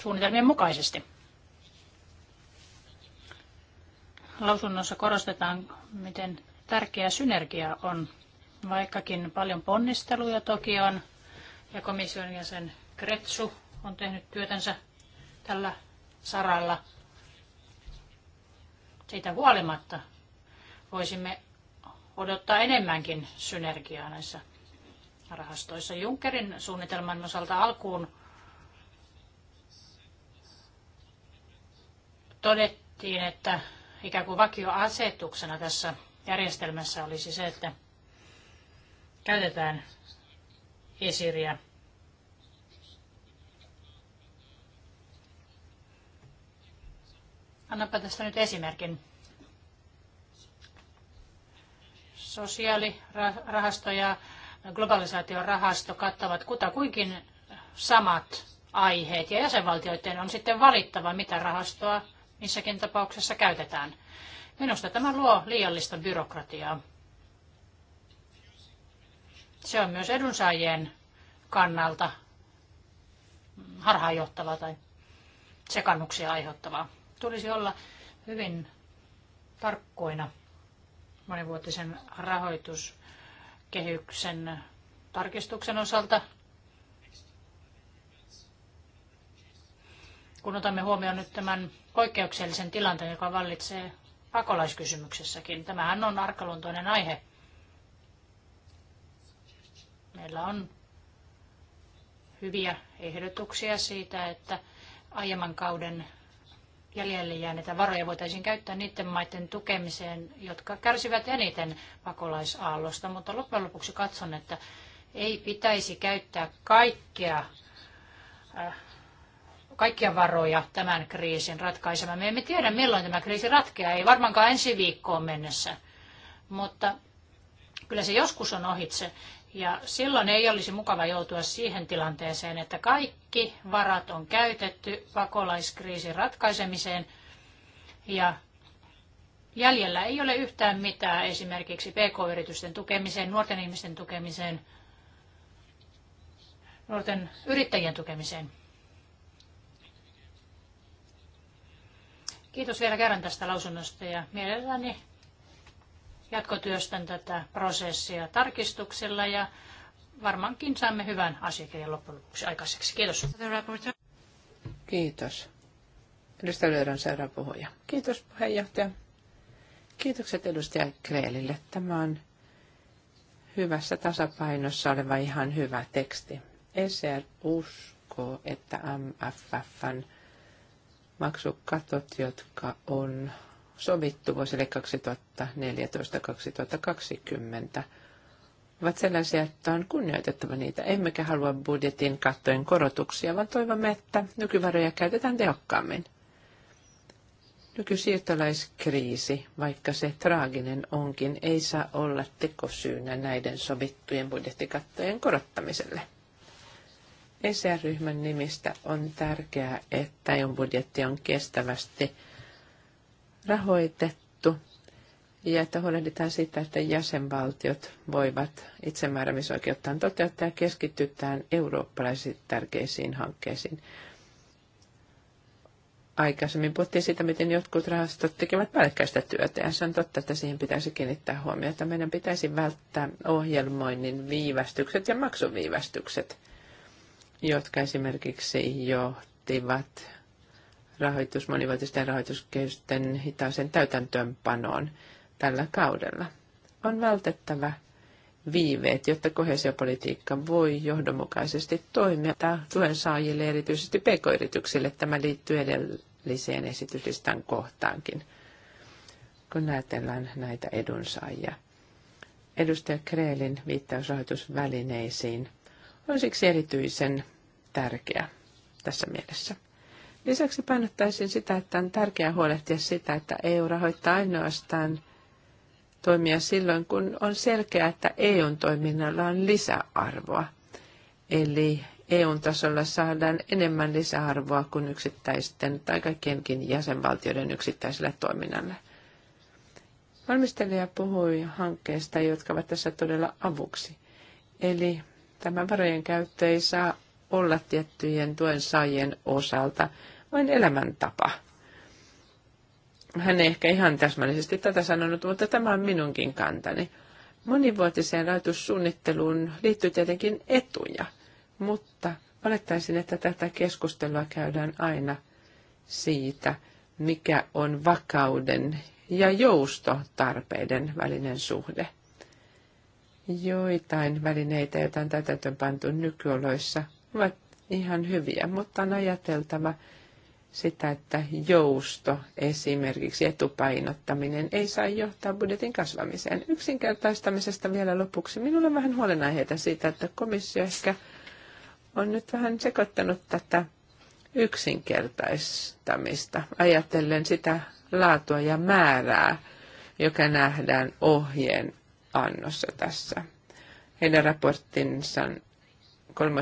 suunnitelmien mukaisesti. Lausunnossa korostetaan, miten tärkeä synergia on, vaikkakin paljon ponnisteluja toki on, ja komission jäsen Kretsu on tehnyt työtänsä tällä saralla. Siitä huolimatta voisimme odottaa enemmänkin synergiaa näissä rahastoissa. Junckerin suunnitelman osalta alkuun todettiin, että ikään kuin vakioasetuksena tässä järjestelmässä olisi se, että käytetään esiriä Annapa tästä nyt esimerkin. Sosiaalirahasto ja globalisaation rahasto kattavat kutakuinkin samat aiheet ja jäsenvaltioiden on sitten valittava, mitä rahastoa missäkin tapauksessa käytetään. Minusta tämä luo liiallista byrokratiaa. Se on myös edunsaajien kannalta harhaanjohtavaa tai sekannuksia aiheuttavaa. Tulisi olla hyvin tarkkoina monivuotisen rahoituskehyksen tarkistuksen osalta kun otamme huomioon nyt tämän poikkeuksellisen tilanteen, joka vallitsee pakolaiskysymyksessäkin. Tämähän on arkaluontoinen aihe. Meillä on hyviä ehdotuksia siitä, että aiemman kauden jäljelle jääneitä varoja voitaisiin käyttää niiden maiden tukemiseen, jotka kärsivät eniten pakolaisaallosta, mutta loppujen lopuksi katson, että ei pitäisi käyttää kaikkea äh, kaikkia varoja tämän kriisin ratkaisemaan. Me emme tiedä, milloin tämä kriisi ratkeaa, ei varmaankaan ensi viikkoon mennessä, mutta kyllä se joskus on ohitse. Ja silloin ei olisi mukava joutua siihen tilanteeseen, että kaikki varat on käytetty pakolaiskriisin ratkaisemiseen ja jäljellä ei ole yhtään mitään esimerkiksi pk-yritysten tukemiseen, nuorten ihmisten tukemiseen, nuorten yrittäjien tukemiseen. Kiitos vielä kerran tästä lausunnosta ja mielelläni jatkotyöstän tätä prosessia tarkistuksella ja varmaankin saamme hyvän asiakirjan loppujen lopuksi aikaiseksi. Kiitos. Kiitos. Edustaja Löydän seuraava puhuja. Kiitos puheenjohtaja. Kiitokset edustaja Kreelille. Tämä on hyvässä tasapainossa oleva ihan hyvä teksti. ECR uskoo, että MFFn maksukatot, jotka on sovittu vuosille 2014-2020, ovat sellaisia, että on kunnioitettava niitä. Emmekä halua budjetin kattojen korotuksia, vaan toivomme, että nykyvaroja käytetään tehokkaammin. Nykysiirtolaiskriisi, vaikka se traaginen onkin, ei saa olla tekosyynä näiden sovittujen budjettikattojen korottamiselle. ESR-ryhmän nimistä on tärkeää, että EUn budjetti on kestävästi rahoitettu ja että huolehditaan siitä, että jäsenvaltiot voivat itsemääräämisoikeuttaan toteuttaa ja keskitytään eurooppalaisiin tärkeisiin hankkeisiin. Aikaisemmin puhuttiin siitä, miten jotkut rahastot tekevät päällekkäistä työtä, ja se on totta, että siihen pitäisi kiinnittää huomiota. Meidän pitäisi välttää ohjelmoinnin viivästykset ja maksuviivästykset – jotka esimerkiksi johtivat rahoitus, monivuotisten rahoituskehysten hitaaseen täytäntöönpanoon tällä kaudella. On vältettävä viiveet, jotta kohesiopolitiikka voi johdonmukaisesti toimia tuen saajille, erityisesti pk-yrityksille. Tämä liittyy edelliseen esityslistan kohtaankin, kun ajatellaan näitä edunsaajia. Edustaja Kreelin viittausrahoitusvälineisiin. rahoitusvälineisiin – on siksi erityisen tärkeä tässä mielessä. Lisäksi painottaisin sitä, että on tärkeää huolehtia sitä, että EU rahoittaa ainoastaan toimia silloin, kun on selkeää, että EUn toiminnalla on lisäarvoa. Eli EUn tasolla saadaan enemmän lisäarvoa kuin yksittäisten tai kaikkienkin jäsenvaltioiden yksittäiselle toiminnalle. Valmistelija puhui hankkeesta jotka ovat tässä todella avuksi. Eli Tämä varojen käyttö ei saa olla tiettyjen tuen saajien osalta, vain elämäntapa. Hän ei ehkä ihan täsmällisesti tätä sanonut, mutta tämä on minunkin kantani. Monivuotiseen rahoitussuunnitteluun liittyy tietenkin etuja, mutta olettaisin, että tätä keskustelua käydään aina siitä, mikä on vakauden ja joustotarpeiden välinen suhde – joitain välineitä, joita on täytäntöön pantu nykyoloissa, ovat ihan hyviä, mutta on ajateltava sitä, että jousto, esimerkiksi etupainottaminen, ei saa johtaa budjetin kasvamiseen. Yksinkertaistamisesta vielä lopuksi. Minulla on vähän huolenaiheita siitä, että komissio ehkä on nyt vähän sekoittanut tätä yksinkertaistamista, ajatellen sitä laatua ja määrää, joka nähdään ohjeen annossa tässä. Heidän raporttinsa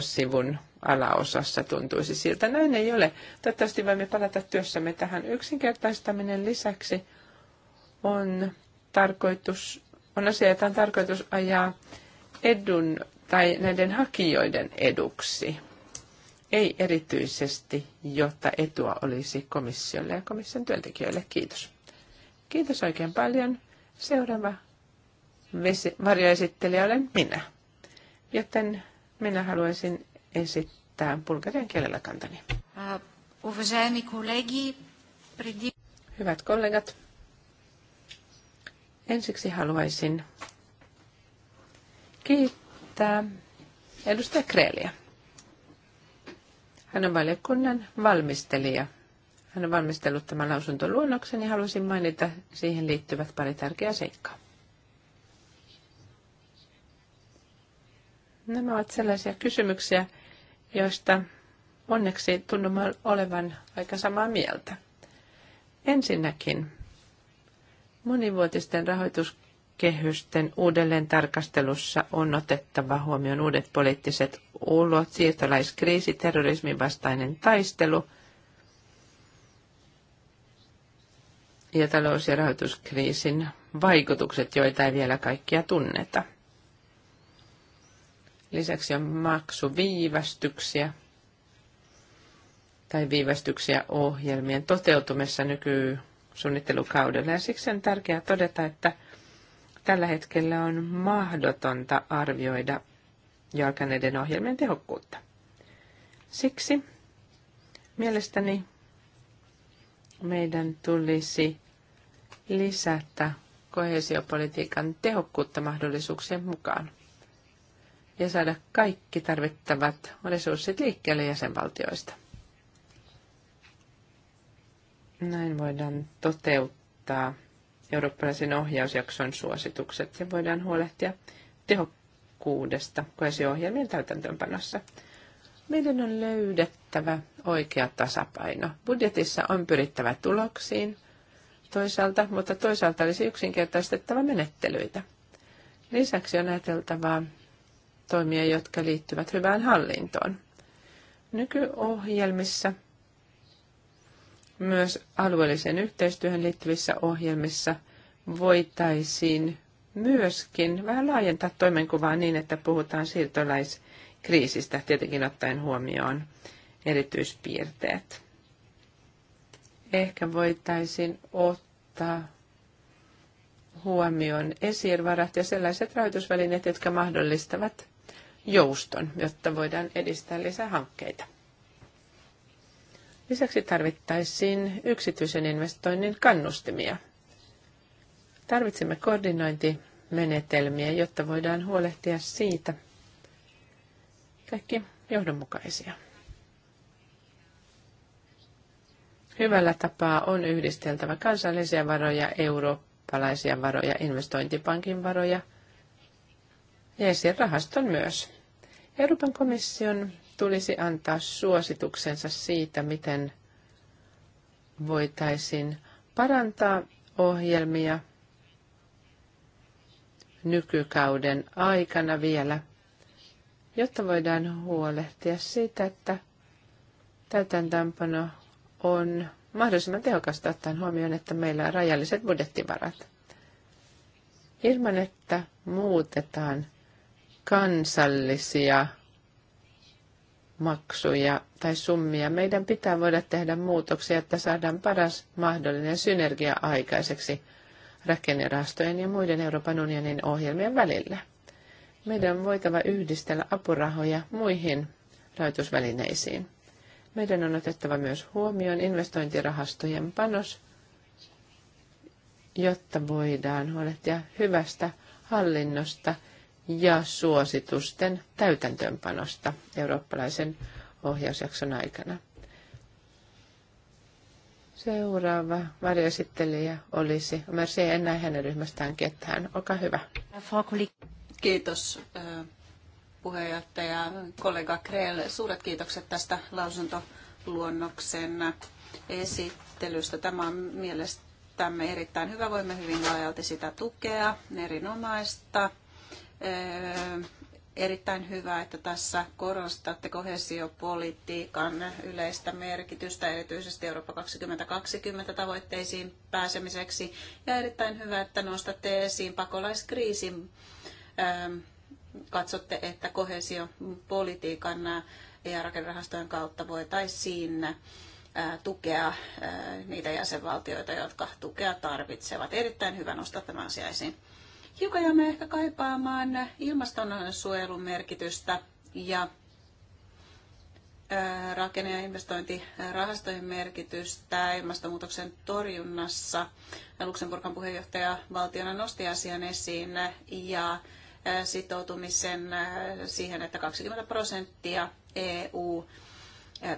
sivun alaosassa tuntuisi siltä. Näin ei ole. Toivottavasti voimme palata työssämme tähän. Yksinkertaistaminen lisäksi on, tarkoitus, on asia, jota on tarkoitus ajaa edun tai näiden hakijoiden eduksi. Ei erityisesti, jotta etua olisi komissiolle ja komission työntekijöille. Kiitos. Kiitos oikein paljon. Seuraava varjoesittelijä olen minä. Joten minä haluaisin esittää bulgarian kielellä kantani. Uh, Hyvät kollegat, ensiksi haluaisin kiittää edustaja Kreelia. Hän on valiokunnan valmistelija. Hän on valmistellut tämän lausuntoluonnoksen ja haluaisin mainita siihen liittyvät pari tärkeää seikkaa. Nämä ovat sellaisia kysymyksiä, joista onneksi tunnumme olevan aika samaa mieltä. Ensinnäkin monivuotisten rahoituskehysten uudelleen tarkastelussa on otettava huomioon uudet poliittiset ulot, siirtolaiskriisi, terrorismin vastainen taistelu ja talous- ja rahoituskriisin vaikutukset, joita ei vielä kaikkia tunneta – Lisäksi on maksuviivästyksiä tai viivästyksiä ohjelmien toteutumessa nykysuunnittelukaudella. Ja siksi on tärkeää todeta, että tällä hetkellä on mahdotonta arvioida jalkaneiden ohjelmien tehokkuutta. Siksi mielestäni meidän tulisi lisätä kohesiopolitiikan tehokkuutta mahdollisuuksien mukaan ja saada kaikki tarvittavat resurssit liikkeelle jäsenvaltioista. Näin voidaan toteuttaa eurooppalaisen ohjausjakson suositukset ja voidaan huolehtia tehokkuudesta koesio ohjelmien täytäntöönpanossa. Meidän on löydettävä oikea tasapaino. Budjetissa on pyrittävä tuloksiin toisaalta, mutta toisaalta olisi yksinkertaistettava menettelyitä. Lisäksi on ajateltava toimia, jotka liittyvät hyvään hallintoon. Nykyohjelmissa, myös alueelliseen yhteistyöhön liittyvissä ohjelmissa voitaisiin myöskin vähän laajentaa toimenkuvaa niin, että puhutaan siirtolaiskriisistä, tietenkin ottaen huomioon erityispiirteet. Ehkä voitaisiin ottaa huomioon esirvarat ja sellaiset rahoitusvälineet, jotka mahdollistavat jouston, jotta voidaan edistää lisähankkeita. Lisäksi tarvittaisiin yksityisen investoinnin kannustimia. Tarvitsemme koordinointimenetelmiä, jotta voidaan huolehtia siitä kaikki johdonmukaisia. Hyvällä tapaa on yhdisteltävä kansallisia varoja, eurooppalaisia varoja, investointipankin varoja ja rahaston myös. Euroopan komission tulisi antaa suosituksensa siitä, miten voitaisiin parantaa ohjelmia nykykauden aikana vielä, jotta voidaan huolehtia siitä, että täytäntöönpano on mahdollisimman tehokasta ottaen huomioon, että meillä on rajalliset budjettivarat. Ilman, että muutetaan kansallisia maksuja tai summia. Meidän pitää voida tehdä muutoksia, että saadaan paras mahdollinen synergia aikaiseksi rakennerahastojen ja muiden Euroopan unionin ohjelmien välillä. Meidän on voitava yhdistellä apurahoja muihin rahoitusvälineisiin. Meidän on otettava myös huomioon investointirahastojen panos, jotta voidaan huolehtia hyvästä hallinnosta – ja suositusten täytäntöönpanosta eurooppalaisen ohjausjakson aikana. Seuraava varjoesittelijä olisi Merci, en näe hänen ryhmästään ketään. Olkaa hyvä. Kiitos puheenjohtaja, kollega Kreel. Suuret kiitokset tästä lausuntoluonnoksen esittelystä. Tämä on mielestämme erittäin hyvä. Voimme hyvin laajalti sitä tukea. Erinomaista erittäin hyvä, että tässä korostatte kohesiopolitiikan yleistä merkitystä, erityisesti Eurooppa 2020 tavoitteisiin pääsemiseksi. Ja erittäin hyvä, että nostatte esiin pakolaiskriisin. Katsotte, että kohesiopolitiikan ja rakennerahastojen kautta voitaisiin tukea niitä jäsenvaltioita, jotka tukea tarvitsevat. Erittäin hyvä nostaa tämä asia esiin. Hiukan jäämme ehkä kaipaamaan ilmastonsuojelun merkitystä ja rakenne- ja investointirahastojen merkitystä ilmastonmuutoksen torjunnassa. Luxemburgan puheenjohtaja valtiona nosti asian esiin ja sitoutumisen siihen, että 20 prosenttia EU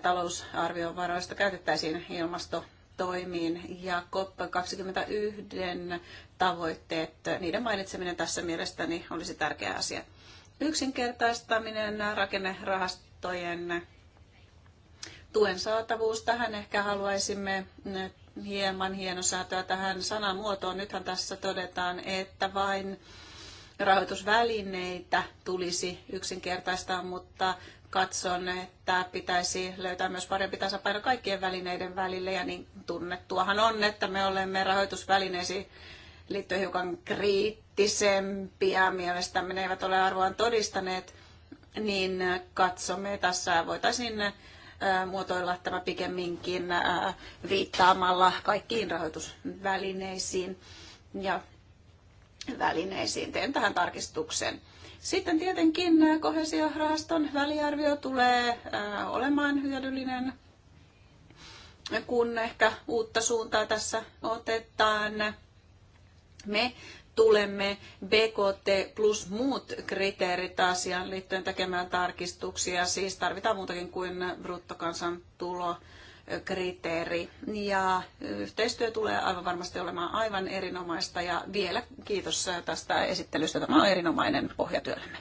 talousarvion varoista käytettäisiin ilmastotoimiin ja COP21 tavoitteet, niiden mainitseminen tässä mielestäni olisi tärkeä asia. Yksinkertaistaminen, rakennerahastojen tuen saatavuus. Tähän ehkä haluaisimme hieman hienosäätöä tähän sanamuotoon. Nythän tässä todetaan, että vain rahoitusvälineitä tulisi yksinkertaistaa, mutta katson, että pitäisi löytää myös parempi tasapaino kaikkien välineiden välille. Ja niin tunnettuahan on, että me olemme rahoitusvälineisiin liittyen hiukan kriittisempiä, mielestämme ne eivät ole arvoaan todistaneet, niin katsomme tässä voitaisiin muotoilla tämä pikemminkin viittaamalla kaikkiin rahoitusvälineisiin ja välineisiin. Teen tähän tarkistuksen. Sitten tietenkin kohesiorahaston väliarvio tulee olemaan hyödyllinen, kun ehkä uutta suuntaa tässä otetaan. Me tulemme BKT plus muut kriteerit asiaan liittyen tekemään tarkistuksia. Siis tarvitaan muutakin kuin bruttokansantulo kriteeri. Ja yhteistyö tulee aivan varmasti olemaan aivan erinomaista ja vielä kiitos tästä esittelystä. Tämä on erinomainen pohja työllemme.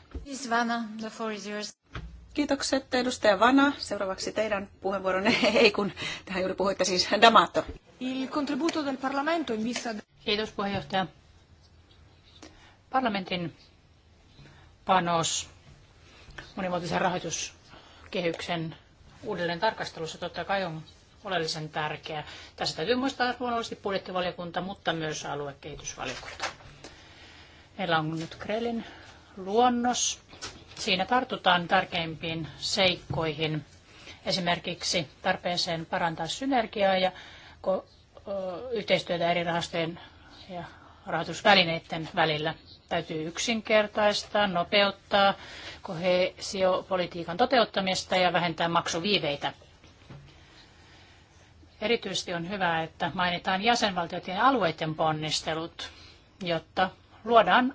Kiitokset edustaja Vana. Seuraavaksi teidän puheenvuoronne, ei kun tähän juuri puhuitte siis Damato. Il contributo del Parlamento in vista... Kiitos puheenjohtaja. Parlamentin panos monimuotoisen rahoituskehyksen uudelleen tarkastelussa totta kai on oleellisen tärkeä. Tässä täytyy muistaa luonnollisesti budjettivaliokunta, mutta myös aluekehitysvaliokunta. Meillä on nyt Krelin luonnos Siinä tartutaan tärkeimpiin seikkoihin, esimerkiksi tarpeeseen parantaa synergiaa ja yhteistyötä eri rahastojen ja rahoitusvälineiden välillä. Täytyy yksinkertaistaa, nopeuttaa kohesiopolitiikan toteuttamista ja vähentää maksuviiveitä. Erityisesti on hyvä, että mainitaan jäsenvaltioiden ja alueiden ponnistelut, jotta luodaan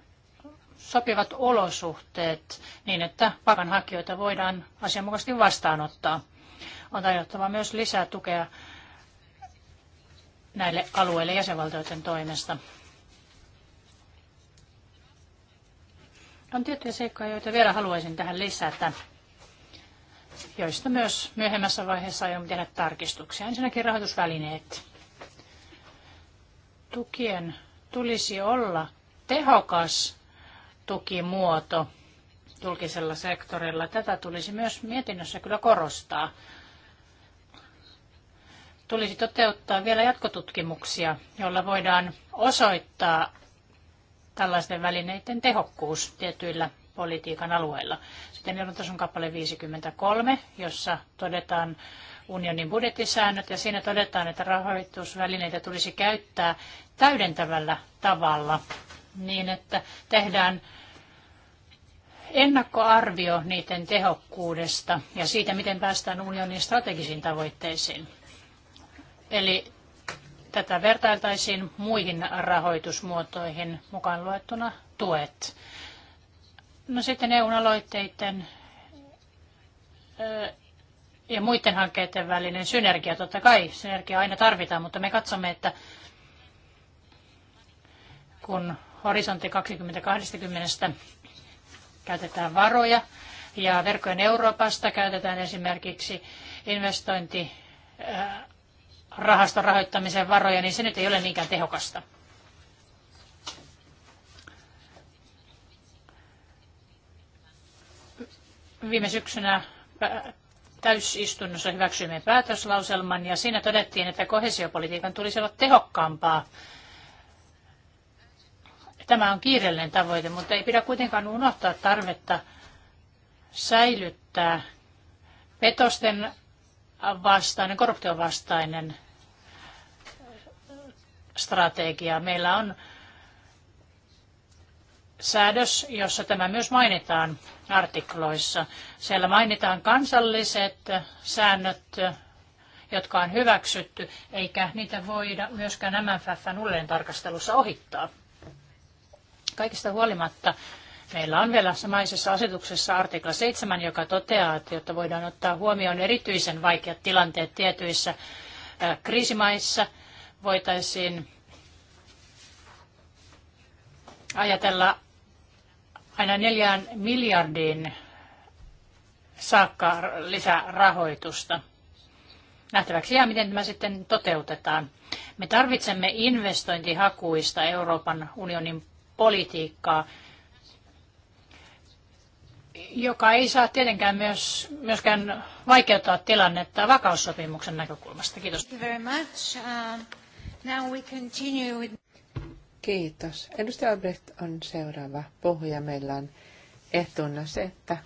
sopivat olosuhteet niin, että pakanhakijoita voidaan asianmukaisesti vastaanottaa. On tarjottava myös lisää tukea näille alueille jäsenvaltioiden toimesta. On tiettyjä seikkoja, joita vielä haluaisin tähän lisätä, joista myös myöhemmässä vaiheessa aion tehdä tarkistuksia. Ensinnäkin rahoitusvälineet. Tukien tulisi olla tehokas tukimuoto julkisella sektorilla. Tätä tulisi myös mietinnössä kyllä korostaa. Tulisi toteuttaa vielä jatkotutkimuksia, joilla voidaan osoittaa tällaisten välineiden tehokkuus tietyillä politiikan alueilla. Sitten on kappale 53, jossa todetaan unionin budjettisäännöt ja siinä todetaan, että rahoitusvälineitä tulisi käyttää täydentävällä tavalla niin, että tehdään ennakkoarvio niiden tehokkuudesta ja siitä, miten päästään unionin strategisiin tavoitteisiin. Eli tätä vertailtaisiin muihin rahoitusmuotoihin, mukaan luettuna tuet. No sitten eu aloitteiden ja muiden hankkeiden välinen synergia, totta kai synergia aina tarvitaan, mutta me katsomme, että kun horisontti 2020 käytetään varoja ja verkkojen Euroopasta käytetään esimerkiksi investointi äh, rahaston rahoittamisen varoja, niin se nyt ei ole niinkään tehokasta. Viime syksynä äh, täysistunnossa hyväksyimme päätöslauselman ja siinä todettiin, että kohesiopolitiikan tulisi olla tehokkaampaa Tämä on kiireellinen tavoite, mutta ei pidä kuitenkaan unohtaa tarvetta säilyttää petosten vastainen, korruption vastainen strategia. Meillä on säädös, jossa tämä myös mainitaan artikloissa. Siellä mainitaan kansalliset säännöt, jotka on hyväksytty, eikä niitä voida myöskään MFFn uudelleen tarkastelussa ohittaa. Kaikista huolimatta meillä on vielä samaisessa asetuksessa artikla 7, joka toteaa, että jotta voidaan ottaa huomioon erityisen vaikeat tilanteet tietyissä kriisimaissa, voitaisiin ajatella aina neljään miljardiin saakka lisärahoitusta. Nähtäväksi jää, miten tämä sitten toteutetaan. Me tarvitsemme investointihakuista Euroopan unionin politiikkaa, joka ei saa tietenkään myös, myöskään vaikeuttaa tilannetta vakaussopimuksen näkökulmasta. Kiitos. Um, Kiitos. Edustaja Albrecht on seuraava puhuja. Meillä on ehtona se, että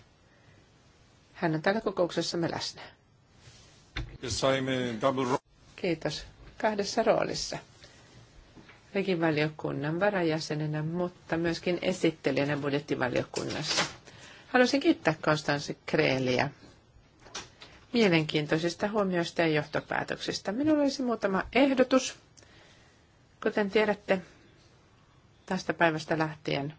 hän on täällä me läsnä. Kiitos. Kahdessa roolissa regivaliokunnan varajäsenenä, mutta myöskin esittelijänä budjettivaliokunnassa. Haluaisin kiittää Konstansi Kreeliä mielenkiintoisista huomioista ja johtopäätöksistä. Minulla olisi muutama ehdotus. Kuten tiedätte, tästä päivästä lähtien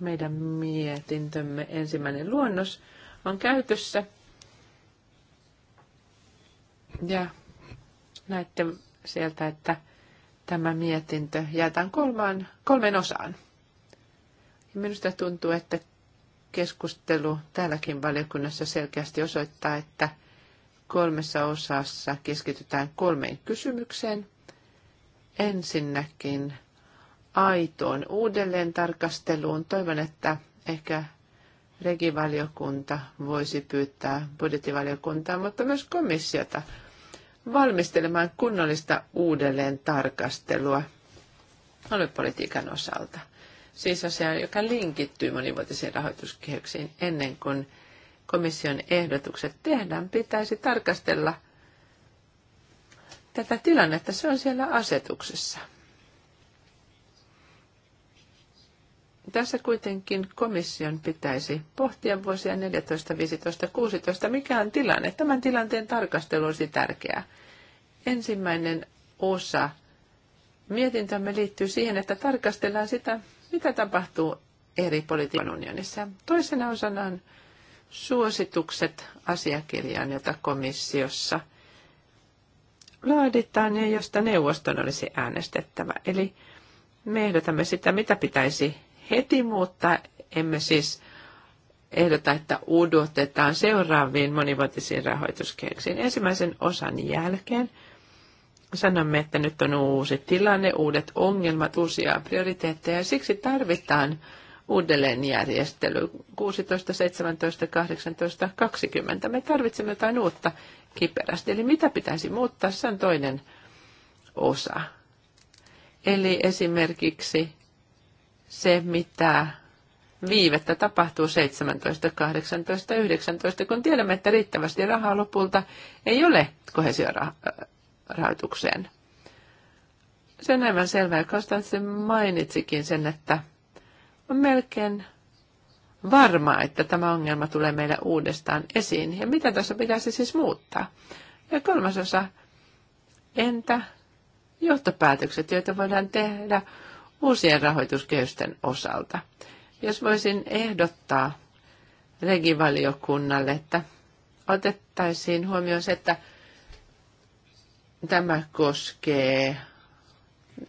meidän mietintömme ensimmäinen luonnos on käytössä. Ja näette sieltä, että tämä mietintö jaetaan kolmaan, kolmen osaan. Ja minusta tuntuu, että keskustelu täälläkin valiokunnassa selkeästi osoittaa, että kolmessa osassa keskitytään kolmeen kysymykseen. Ensinnäkin aitoon uudelleen tarkasteluun. Toivon, että ehkä regivaliokunta voisi pyytää budjettivaliokuntaa, mutta myös komissiota valmistelemaan kunnollista uudelleen tarkastelua aluepolitiikan osalta. Siis asia, joka linkittyy monivuotisiin rahoituskehyksiin ennen kuin komission ehdotukset tehdään, pitäisi tarkastella tätä tilannetta. Se on siellä asetuksessa. Tässä kuitenkin komission pitäisi pohtia vuosia 14, 15, 16, mikä on tilanne. Tämän tilanteen tarkastelu olisi tärkeää. Ensimmäinen osa mietintämme liittyy siihen, että tarkastellaan sitä, mitä tapahtuu eri politiikan unionissa. Toisena osana on suositukset asiakirjaan, jota komissiossa laaditaan ja josta neuvoston olisi äänestettävä. Eli me ehdotamme sitä, mitä pitäisi heti, mutta emme siis ehdota, että udotetaan seuraaviin monivuotisiin rahoituskehyksiin. Ensimmäisen osan jälkeen sanomme, että nyt on uusi tilanne, uudet ongelmat, uusia prioriteetteja ja siksi tarvitaan uudelleenjärjestely 16, 17, 18, 20. Me tarvitsemme jotain uutta kiperästi. Eli mitä pitäisi muuttaa, se on toinen osa. Eli esimerkiksi se, mitä viivettä tapahtuu 17, 18, 19, kun tiedämme, että riittävästi rahaa lopulta ei ole kohesiorahoitukseen. Se on aivan selvää. se mainitsikin sen, että on melkein varma, että tämä ongelma tulee meille uudestaan esiin. Ja mitä tässä pitäisi siis muuttaa? Ja kolmas osa, entä johtopäätökset, joita voidaan tehdä uusien rahoituskehysten osalta. Jos voisin ehdottaa regivaliokunnalle, että otettaisiin huomioon se, että tämä koskee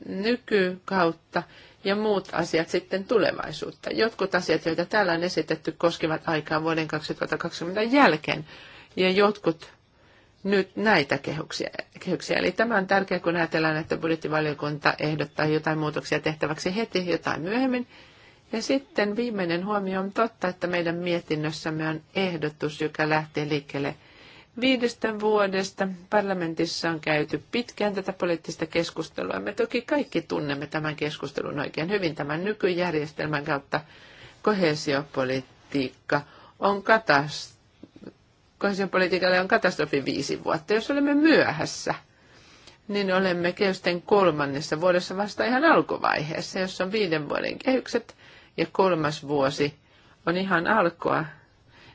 nykykautta ja muut asiat sitten tulevaisuutta. Jotkut asiat, joita täällä on esitetty, koskevat aikaa vuoden 2020 jälkeen ja jotkut nyt näitä kehyksiä, kehyksiä. Eli tämä on tärkeää, kun ajatellaan, että budjettivaliokunta ehdottaa jotain muutoksia tehtäväksi heti, jotain myöhemmin. Ja sitten viimeinen huomio on totta, että meidän mietinnössämme on ehdotus, joka lähtee liikkeelle viidestä vuodesta. Parlamentissa on käyty pitkään tätä poliittista keskustelua. Me toki kaikki tunnemme tämän keskustelun oikein hyvin tämän nykyjärjestelmän kautta. Kohesiopolitiikka on katastrofi kohesiopolitiikalle on katastrofi viisi vuotta. Jos olemme myöhässä, niin olemme kehysten kolmannessa vuodessa vasta ihan alkuvaiheessa, jos on viiden vuoden kehykset ja kolmas vuosi on ihan alkua,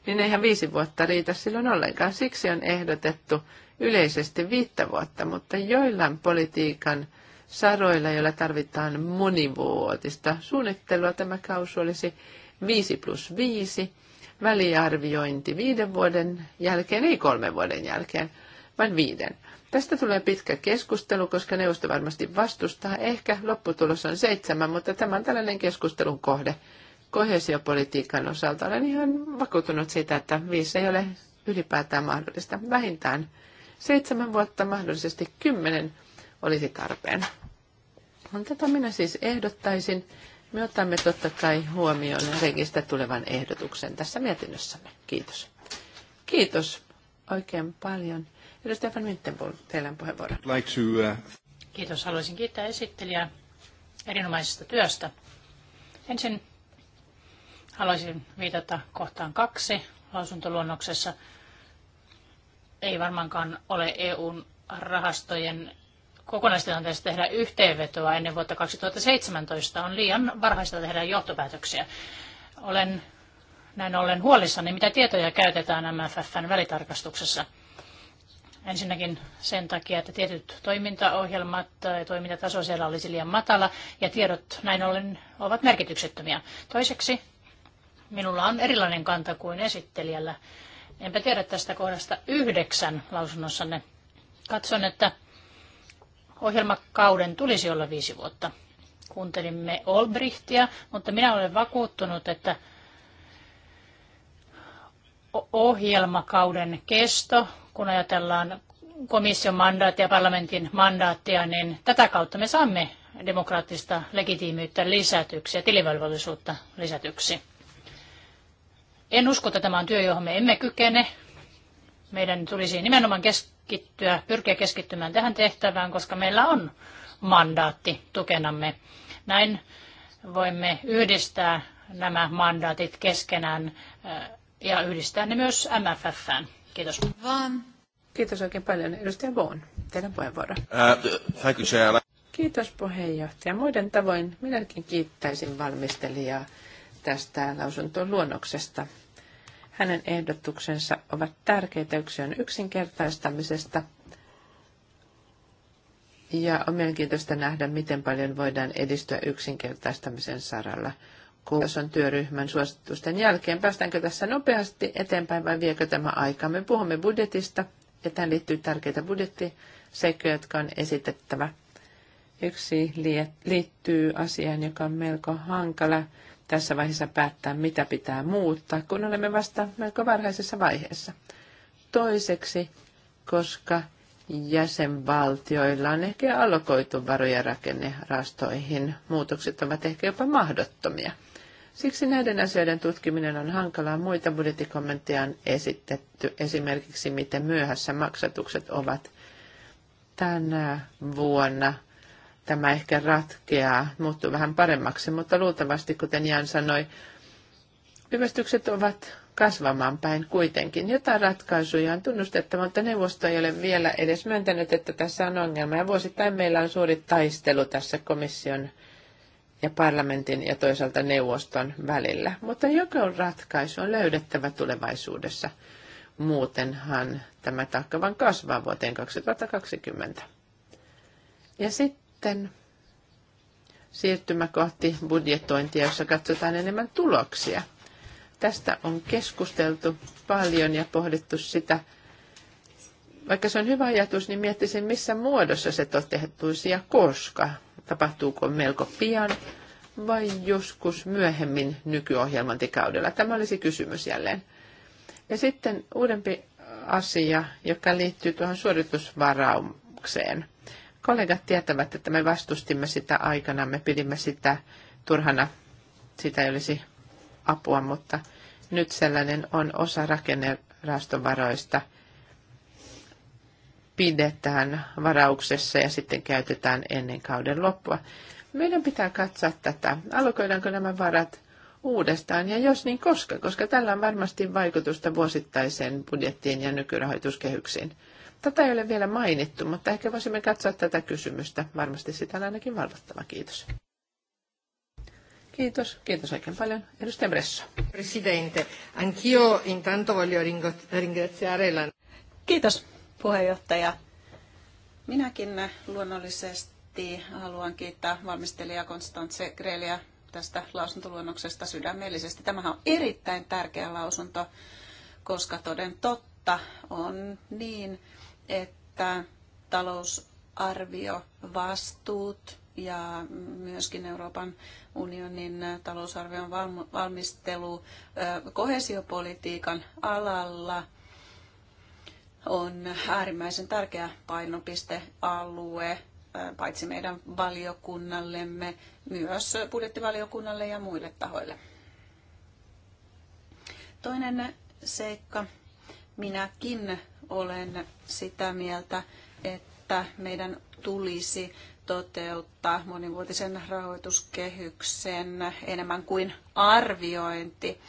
niin eihän viisi vuotta riitä silloin ollenkaan. Siksi on ehdotettu yleisesti viittä vuotta, mutta joillain politiikan saroilla, joilla tarvitaan monivuotista suunnittelua, tämä kausi olisi 5 plus 5, väliarviointi viiden vuoden jälkeen, ei kolmen vuoden jälkeen, vaan viiden. Tästä tulee pitkä keskustelu, koska neuvosto varmasti vastustaa. Ehkä lopputulos on seitsemän, mutta tämä on tällainen keskustelun kohde kohesiopolitiikan osalta. Olen ihan vakuutunut siitä, että viisi ei ole ylipäätään mahdollista. Vähintään seitsemän vuotta, mahdollisesti kymmenen olisi tarpeen. Tätä minä siis ehdottaisin. Me otamme totta kai huomioon Registä tulevan ehdotuksen tässä mietinnössämme. Kiitos. Kiitos oikein paljon. Edustaja Van Mittenburg, teillä on puheenvuoro. Like to, uh... Kiitos. Haluaisin kiittää esittelijää erinomaisesta työstä. Ensin haluaisin viitata kohtaan kaksi lausuntoluonnoksessa. Ei varmaankaan ole EUn rahastojen kokonaistilanteesta tehdä yhteenvetoa ennen vuotta 2017. On liian varhaista tehdä johtopäätöksiä. Olen näin ollen huolissani, mitä tietoja käytetään MFFn välitarkastuksessa. Ensinnäkin sen takia, että tietyt toimintaohjelmat ja toimintataso siellä olisi liian matala ja tiedot näin ollen ovat merkityksettömiä. Toiseksi minulla on erilainen kanta kuin esittelijällä. Enpä tiedä tästä kohdasta yhdeksän lausunnossanne. Katson, että ohjelmakauden tulisi olla viisi vuotta. Kuuntelimme Olbrichtia, mutta minä olen vakuuttunut, että ohjelmakauden kesto, kun ajatellaan komission mandaattia ja parlamentin mandaattia, niin tätä kautta me saamme demokraattista legitiimiyttä lisätyksi ja tilivelvollisuutta lisätyksi. En usko, että tämä on työ, johon me emme kykene. Meidän tulisi nimenomaan kes- keskittyä, pyrkiä keskittymään tähän tehtävään, koska meillä on mandaatti tukenamme. Näin voimme yhdistää nämä mandaatit keskenään eh, ja yhdistää ne myös MFFään. Kiitos. Vaan. Kiitos oikein paljon. Edustaja Boon, teidän puheenvuoro. Uh, thank you, Kiitos puheenjohtaja. Muiden tavoin minäkin kiittäisin valmistelijaa tästä lausuntoluonnoksesta. luonnoksesta hänen ehdotuksensa ovat tärkeitä. yksilön yksinkertaistamisesta. Ja on mielenkiintoista nähdä, miten paljon voidaan edistyä yksinkertaistamisen saralla. Kuulos on työryhmän suositusten jälkeen. Päästäänkö tässä nopeasti eteenpäin vai viekö tämä aikaa? Me puhumme budjetista ja tähän liittyy tärkeitä budjettiseikkoja, jotka on esitettävä. Yksi liittyy asiaan, joka on melko hankala tässä vaiheessa päättää, mitä pitää muuttaa, kun olemme vasta melko varhaisessa vaiheessa. Toiseksi, koska jäsenvaltioilla on ehkä alokoitu varoja rakennerastoihin, muutokset ovat ehkä jopa mahdottomia. Siksi näiden asioiden tutkiminen on hankalaa. Muita budjettikommentteja on esitetty, esimerkiksi miten myöhässä maksatukset ovat tänä vuonna – tämä ehkä ratkeaa, muuttuu vähän paremmaksi, mutta luultavasti, kuten Jan sanoi, Hyvästykset ovat kasvamaan päin kuitenkin. Jotain ratkaisuja on tunnustettava, mutta neuvosto ei ole vielä edes myöntänyt, että tässä on ongelma. Ja vuosittain meillä on suuri taistelu tässä komission ja parlamentin ja toisaalta neuvoston välillä. Mutta on ratkaisu on löydettävä tulevaisuudessa. Muutenhan tämä taakka vain kasvaa vuoteen 2020. Ja sitten sitten siirtymä kohti budjetointia, jossa katsotaan enemmän tuloksia. Tästä on keskusteltu paljon ja pohdittu sitä, vaikka se on hyvä ajatus, niin miettisin, missä muodossa se toteutuisi ja koska. Tapahtuuko melko pian vai joskus myöhemmin nykyohjelmantikaudella? Tämä olisi kysymys jälleen. Ja sitten uudempi asia, joka liittyy tuohon suoritusvaraukseen. Kollegat tietävät, että me vastustimme sitä aikana, me pidimme sitä turhana, sitä ei olisi apua, mutta nyt sellainen on osa rakennerastovaroista pidetään varauksessa ja sitten käytetään ennen kauden loppua. Meidän pitää katsoa tätä, alkoidaanko nämä varat uudestaan ja jos niin koska, koska tällä on varmasti vaikutusta vuosittaiseen budjettiin ja nykyrahoituskehyksiin. Tätä ei ole vielä mainittu, mutta ehkä voisimme katsoa tätä kysymystä. Varmasti sitä on ainakin valvottava. Kiitos. Kiitos, kiitos oikein paljon. Edustaja Bresso. Presidente, anch'io intanto voglio ringraziare la... Kiitos puheenjohtaja. Minäkin luonnollisesti haluan kiittää valmistelija Konstantse Grelia tästä lausuntoluonnoksesta sydämellisesti. Tämähän on erittäin tärkeä lausunto, koska toden totta on niin, että talousarvio, vastuut ja myöskin Euroopan unionin talousarvion valmistelu kohesiopolitiikan alalla on äärimmäisen tärkeä painopistealue paitsi meidän valiokunnallemme, myös budjettivaliokunnalle ja muille tahoille. Toinen seikka, Minäkin olen sitä mieltä, että meidän tulisi toteuttaa monivuotisen rahoituskehyksen enemmän kuin arviointi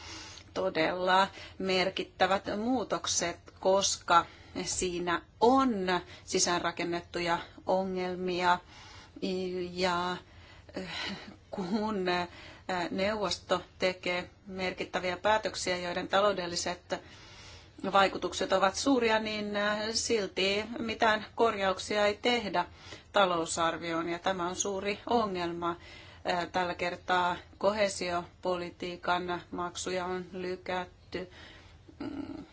todella merkittävät muutokset, koska siinä on sisäänrakennettuja ongelmia ja kun neuvosto tekee merkittäviä päätöksiä, joiden taloudelliset vaikutukset ovat suuria, niin äh, silti mitään korjauksia ei tehdä talousarvioon ja tämä on suuri ongelma. Äh, tällä kertaa kohesiopolitiikan maksuja on lykätty mm,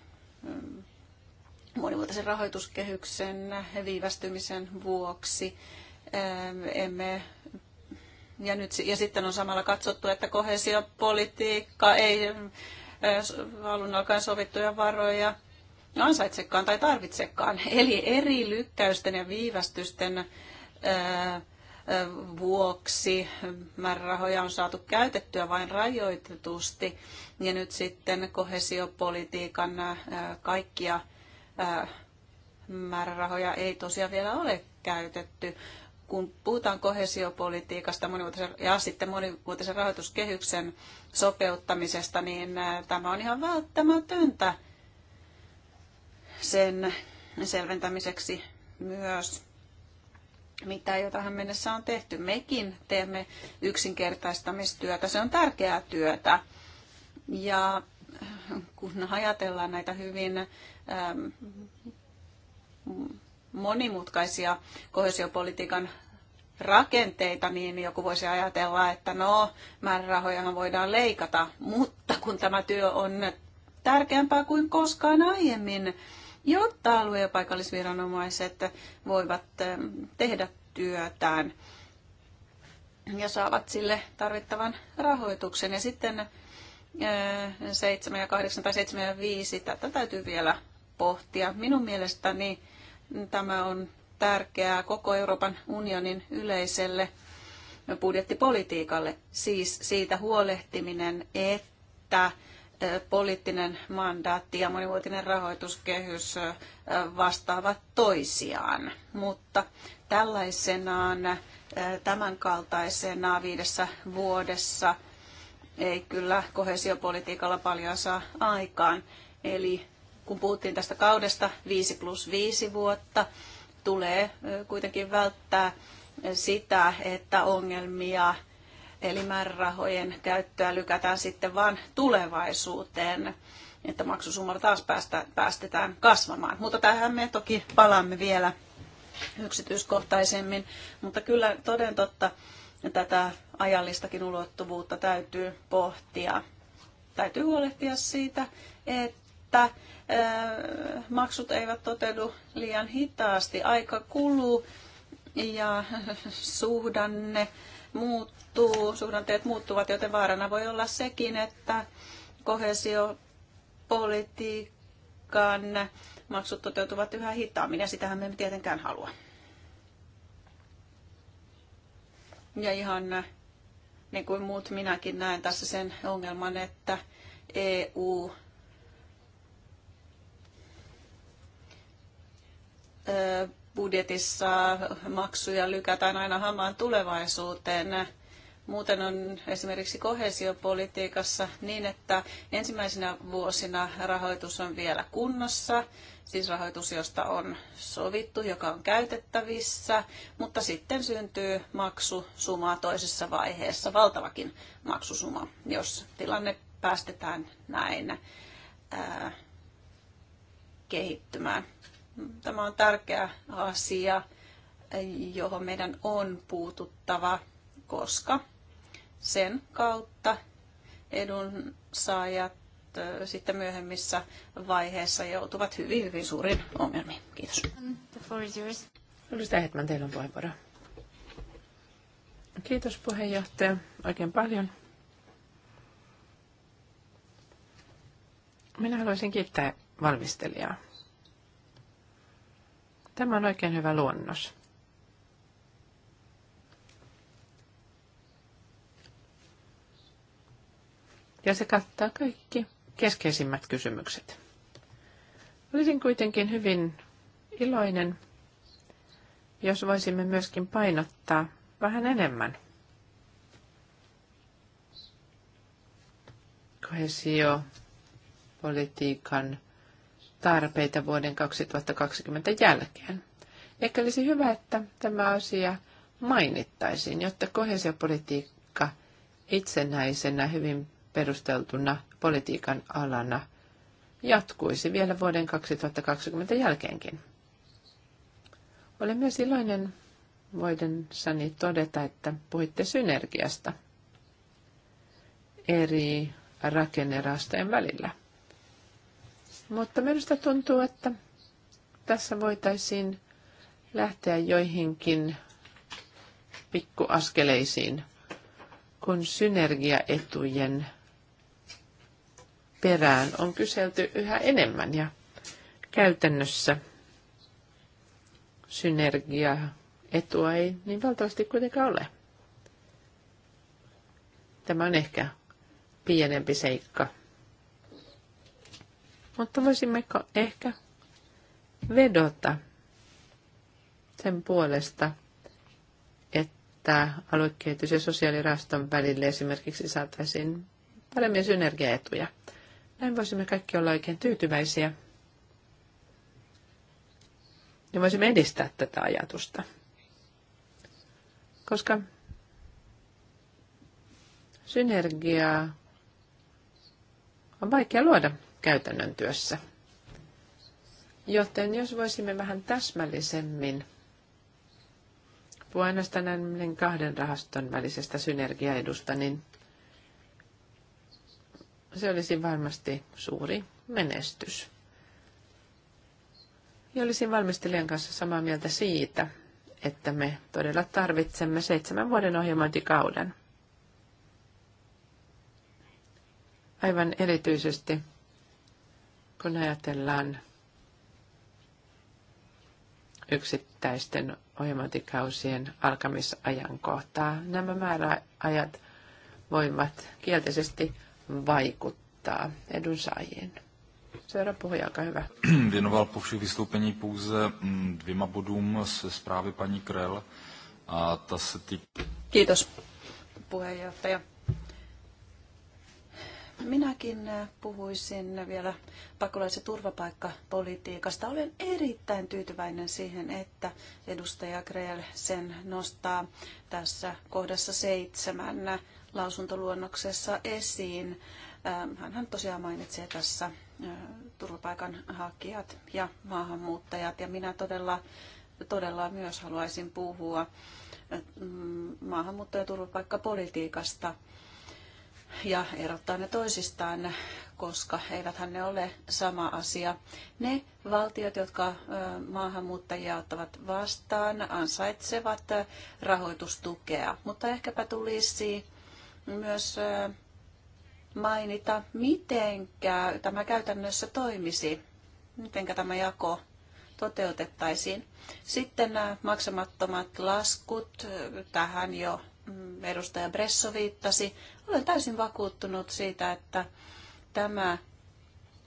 monivuotisen rahoituskehyksen viivästymisen vuoksi. Äh, emme ja, nyt, ja sitten on samalla katsottu, että kohesiopolitiikka ei alun alkaen sovittuja varoja ansaitsekaan tai tarvitsekaan. Eli eri lykkäysten ja viivästysten vuoksi määrärahoja on saatu käytettyä vain rajoitetusti. Ja nyt sitten kohesiopolitiikan kaikkia määrärahoja ei tosiaan vielä ole käytetty kun puhutaan kohesiopolitiikasta ja sitten monivuotisen rahoituskehyksen sopeuttamisesta, niin tämä on ihan välttämätöntä sen selventämiseksi myös, mitä jo tähän mennessä on tehty. Mekin teemme yksinkertaistamistyötä, se on tärkeää työtä. Ja kun ajatellaan näitä hyvin monimutkaisia kohesiopolitiikan rakenteita, niin joku voisi ajatella, että no, määrärahojahan voidaan leikata, mutta kun tämä työ on tärkeämpää kuin koskaan aiemmin, jotta alue- ja paikallisviranomaiset voivat ähm, tehdä työtään ja saavat sille tarvittavan rahoituksen. Ja sitten 7 äh, ja 8 tai 7 ja 5, tätä täytyy vielä pohtia. Minun mielestäni Tämä on tärkeää koko Euroopan unionin yleiselle budjettipolitiikalle, siis siitä huolehtiminen, että poliittinen mandaatti ja monivuotinen rahoituskehys vastaavat toisiaan. Mutta tällaisenaan, tämänkaltaisena viidessä vuodessa ei kyllä kohesiopolitiikalla paljon saa aikaan. Eli kun puhuttiin tästä kaudesta 5 plus 5 vuotta, tulee kuitenkin välttää sitä, että ongelmia eli määrärahojen käyttöä lykätään sitten vain tulevaisuuteen, että maksusumma taas päästä, päästetään kasvamaan. Mutta tähän me toki palaamme vielä yksityiskohtaisemmin, mutta kyllä toden totta tätä ajallistakin ulottuvuutta täytyy pohtia. Täytyy huolehtia siitä, että että maksut eivät toteudu liian hitaasti. Aika kuluu ja suhdanne muuttuu, suhdanteet muuttuvat, joten vaarana voi olla sekin, että kohesiopolitiikan maksut toteutuvat yhä hitaammin ja sitähän me emme tietenkään halua. Ja ihan äh, niin kuin muut minäkin näen tässä sen ongelman, että EU budjetissa maksuja lykätään aina hamaan tulevaisuuteen. Muuten on esimerkiksi kohesiopolitiikassa niin, että ensimmäisenä vuosina rahoitus on vielä kunnossa, siis rahoitus, josta on sovittu, joka on käytettävissä, mutta sitten syntyy maksusuma toisessa vaiheessa, valtavakin maksusuma, jos tilanne päästetään näin ää, kehittymään. Tämä on tärkeä asia, johon meidän on puututtava, koska sen kautta edunsaajat sitten myöhemmissä vaiheissa joutuvat hyvin, hyvin suurin ongelmiin. Kiitos. The Hetman, teillä on puheenvuoro. Kiitos puheenjohtaja oikein paljon. Minä haluaisin kiittää valmistelijaa Tämä on oikein hyvä luonnos. Ja se kattaa kaikki keskeisimmät kysymykset. Olisin kuitenkin hyvin iloinen, jos voisimme myöskin painottaa vähän enemmän Kohesio politiikan tarpeita vuoden 2020 jälkeen. Ehkä olisi hyvä, että tämä asia mainittaisiin, jotta kohesiopolitiikka itsenäisenä hyvin perusteltuna politiikan alana jatkuisi vielä vuoden 2020 jälkeenkin. Olen myös iloinen voidensani todeta, että puhitte synergiasta eri rakennerastojen välillä – mutta minusta tuntuu, että tässä voitaisiin lähteä joihinkin pikkuaskeleisiin, kun synergiaetujen perään on kyselty yhä enemmän ja käytännössä synergiaetua ei niin valtavasti kuitenkaan ole. Tämä on ehkä pienempi seikka mutta voisimmeko ehkä vedota sen puolesta, että aluekehitys- ja sosiaaliraston välille esimerkiksi saataisiin paremmin synergiaetuja. Näin voisimme kaikki olla oikein tyytyväisiä. Ja voisimme edistää tätä ajatusta. Koska synergiaa on vaikea luoda käytännön työssä. Joten jos voisimme vähän täsmällisemmin puhua ainoastaan näiden kahden rahaston välisestä synergiaedusta, niin se olisi varmasti suuri menestys. Ja olisin valmistelijan kanssa samaa mieltä siitä, että me todella tarvitsemme seitsemän vuoden ohjelmointikauden. Aivan erityisesti kun ajatellaan yksittäisten ohjelmointikausien alkamisajankohtaa, nämä määräajat voivat kielteisesti vaikuttaa edunsaajien. Seuraava puhuja, olkaa hyvä. Vienoval po všech vystoupení pouze mm, dvěma bodům se zprávy paní Krell. A ta se tý... Kiitos, puheenjohtaja Minäkin puhuisin vielä pakolais- ja turvapaikkapolitiikasta. Olen erittäin tyytyväinen siihen, että edustaja Greel sen nostaa tässä kohdassa seitsemän lausuntoluonnoksessa esiin. Ähm, Hän tosiaan mainitsee tässä äh, turvapaikanhakijat ja maahanmuuttajat ja minä todella, todella myös haluaisin puhua äh, mm, maahanmuutto- ja turvapaikkapolitiikasta – ja erottaa ne toisistaan, koska eiväthän ne ole sama asia. Ne valtiot, jotka maahanmuuttajia ottavat vastaan, ansaitsevat rahoitustukea, mutta ehkäpä tulisi myös mainita, miten tämä käytännössä toimisi, miten tämä jako toteutettaisiin. Sitten nämä maksamattomat laskut, tähän jo Mm, edustaja Bresso viittasi. Olen täysin vakuuttunut siitä, että tämä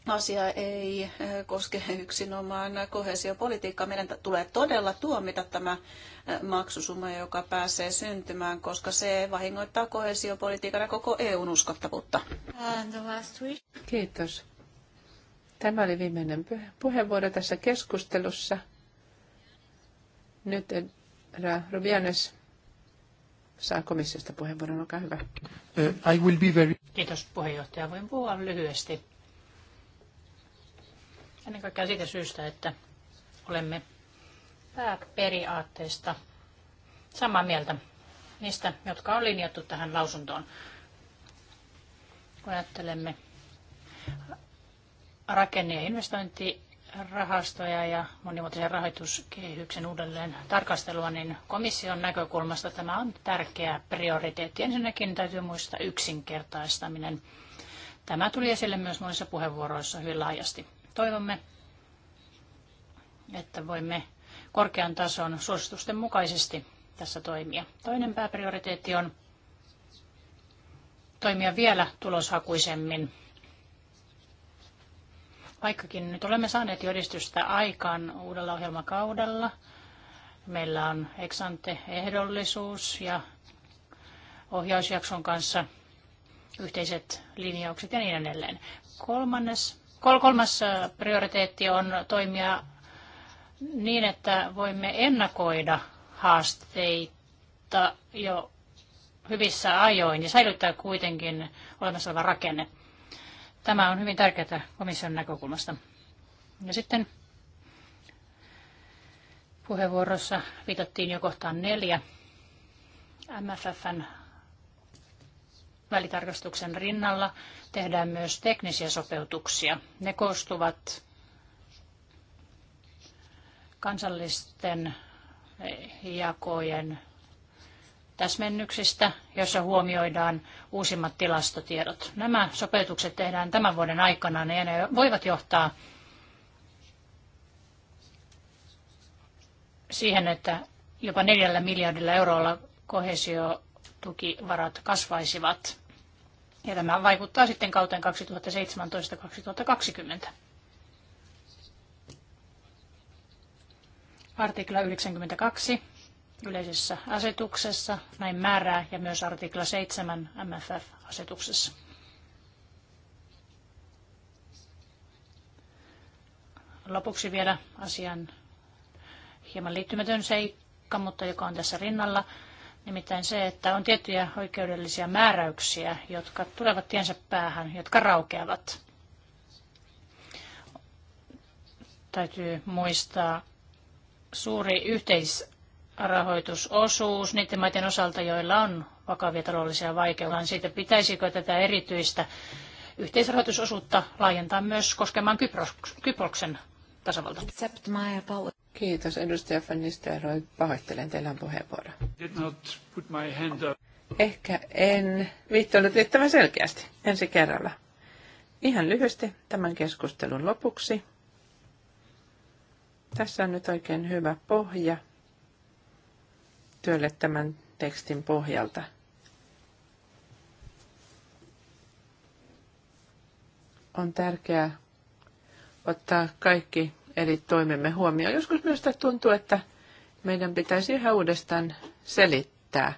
asia ei eh, koske yksinomaan kohesiopolitiikkaa. Meidän tulee todella tuomita tämä eh, maksusumma, joka pääsee syntymään, koska se vahingoittaa kohesiopolitiikan ja koko EUn uskottavuutta. Kiitos. Tämä oli viimeinen puheenvuoro tässä keskustelussa. Nyt eh, Rubianes saa komissiosta puheenvuoron. Olkaa hyvä. Eh, I will be very... Kiitos puheenjohtaja. Voin puhua lyhyesti. Ennen kaikkea siitä syystä, että olemme pääperiaatteista samaa mieltä niistä, jotka on linjattu tähän lausuntoon. Kun ajattelemme rakenne- ja investointi rahastoja ja monimuotoisen rahoituskehyksen uudelleen tarkastelua, niin komission näkökulmasta tämä on tärkeä prioriteetti. Ensinnäkin täytyy muistaa yksinkertaistaminen. Tämä tuli esille myös monissa puheenvuoroissa hyvin laajasti. Toivomme, että voimme korkean tason suositusten mukaisesti tässä toimia. Toinen pääprioriteetti on toimia vielä tuloshakuisemmin Vaikkakin nyt olemme saaneet jo edistystä aikaan uudella ohjelmakaudella, meillä on eksante-ehdollisuus ja ohjausjakson kanssa yhteiset linjaukset ja niin edelleen. Kolmannes, kol, kolmas prioriteetti on toimia niin, että voimme ennakoida haasteita jo hyvissä ajoin ja säilyttää kuitenkin olemassa oleva rakenne. Tämä on hyvin tärkeää komission näkökulmasta. Ja sitten puheenvuorossa viitattiin jo kohtaan neljä MFFn välitarkastuksen rinnalla tehdään myös teknisiä sopeutuksia. Ne koostuvat kansallisten jakojen täsmennyksistä, jossa huomioidaan uusimmat tilastotiedot. Nämä sopeutukset tehdään tämän vuoden aikana ja ne voivat johtaa siihen, että jopa neljällä miljardilla eurolla kohesiotukivarat kasvaisivat. Ja tämä vaikuttaa sitten kauteen 2017-2020. Artikla 92 yleisessä asetuksessa, näin määrää, ja myös artikla 7 MFF-asetuksessa. Lopuksi vielä asian hieman liittymätön seikka, mutta joka on tässä rinnalla, nimittäin se, että on tiettyjä oikeudellisia määräyksiä, jotka tulevat tiensä päähän, jotka raukeavat. Täytyy muistaa suuri yhteis rahoitusosuus niiden maiden osalta, joilla on vakavia taloudellisia vaikeuksia. Siitä pitäisikö tätä erityistä yhteisrahoitusosuutta laajentaa myös koskemaan Kyproksen tasavalta? Kiitos edustaja Fannisteroi. Pahoittelen, teillä on Ehkä en viittonut riittävän selkeästi ensi kerralla. Ihan lyhyesti tämän keskustelun lopuksi. Tässä on nyt oikein hyvä pohja työlle tämän tekstin pohjalta. On tärkeää ottaa kaikki eri toimemme huomioon. Joskus myös tuntuu, että meidän pitäisi ihan uudestaan selittää,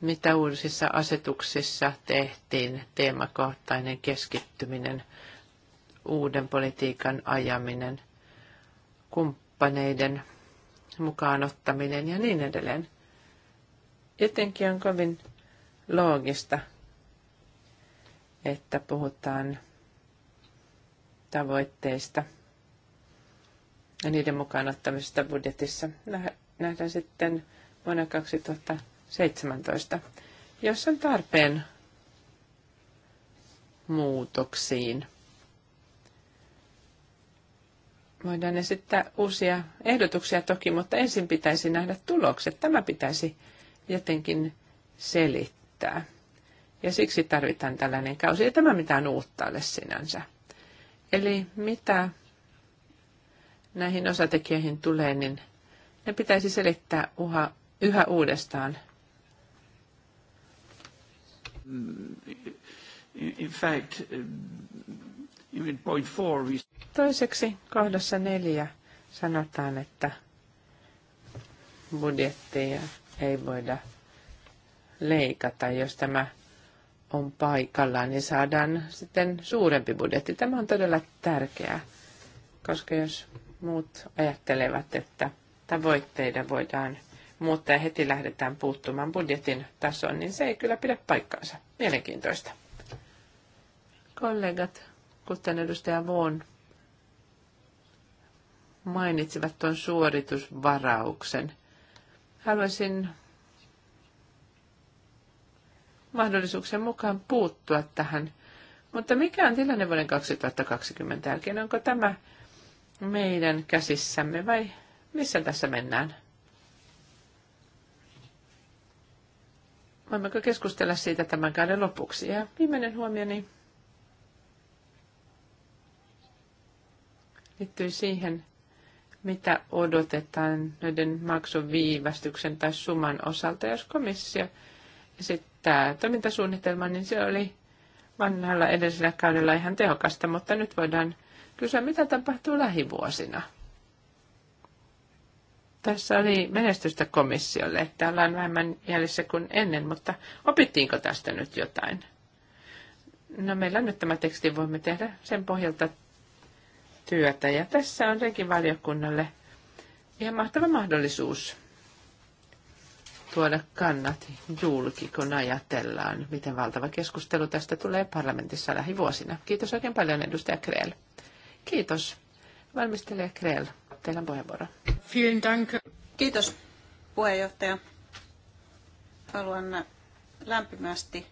mitä uusissa asetuksissa tehtiin, teemakohtainen keskittyminen, uuden politiikan ajaminen, kumppaneiden mukaan ottaminen ja niin edelleen. Jotenkin on kovin loogista, että puhutaan tavoitteista ja niiden mukaan ottamisesta budjetissa. Nähdään sitten vuonna 2017, jos on tarpeen muutoksiin. Voidaan esittää uusia ehdotuksia toki, mutta ensin pitäisi nähdä tulokset. Tämä pitäisi jotenkin selittää. Ja siksi tarvitaan tällainen kausi. Ei tämä mitään uutta ole sinänsä. Eli mitä näihin osatekijöihin tulee, niin ne pitäisi selittää uha, yhä uudestaan. In fact, in point four we... Toiseksi kohdassa neljä sanotaan, että budjetti ja ei voida leikata, jos tämä on paikallaan, niin saadaan sitten suurempi budjetti. Tämä on todella tärkeää, koska jos muut ajattelevat, että tavoitteita voidaan muuttaa ja heti lähdetään puuttumaan budjetin tasoon, niin se ei kyllä pidä paikkaansa. Mielenkiintoista. Kollegat, kuten edustaja Vuon, mainitsivat tuon suoritusvarauksen – Haluaisin mahdollisuuksien mukaan puuttua tähän. Mutta mikä on tilanne vuoden 2020 jälkeen? Onko tämä meidän käsissämme vai missä tässä mennään? Voimmeko keskustella siitä tämän kauden lopuksi? Ja viimeinen huomioni liittyy siihen, mitä odotetaan noiden maksun viivästyksen tai summan osalta. Jos komissio esittää toimintasuunnitelma, niin se oli vanhalla edellisellä kaudella ihan tehokasta, mutta nyt voidaan kysyä, mitä tapahtuu lähivuosina. Tässä oli menestystä komissiolle, että ollaan vähemmän jäljessä kuin ennen, mutta opittiinko tästä nyt jotain? No meillä on nyt tämä teksti, voimme tehdä sen pohjalta työtä. Ja tässä on valiokunnalle ihan mahtava mahdollisuus tuoda kannat julki, kun ajatellaan, miten valtava keskustelu tästä tulee parlamentissa lähivuosina. Kiitos oikein paljon, edustaja Kreel. Kiitos. Valmistelija Kreel, teillä on puheenvuoro. Kiitos, puheenjohtaja. Haluan lämpimästi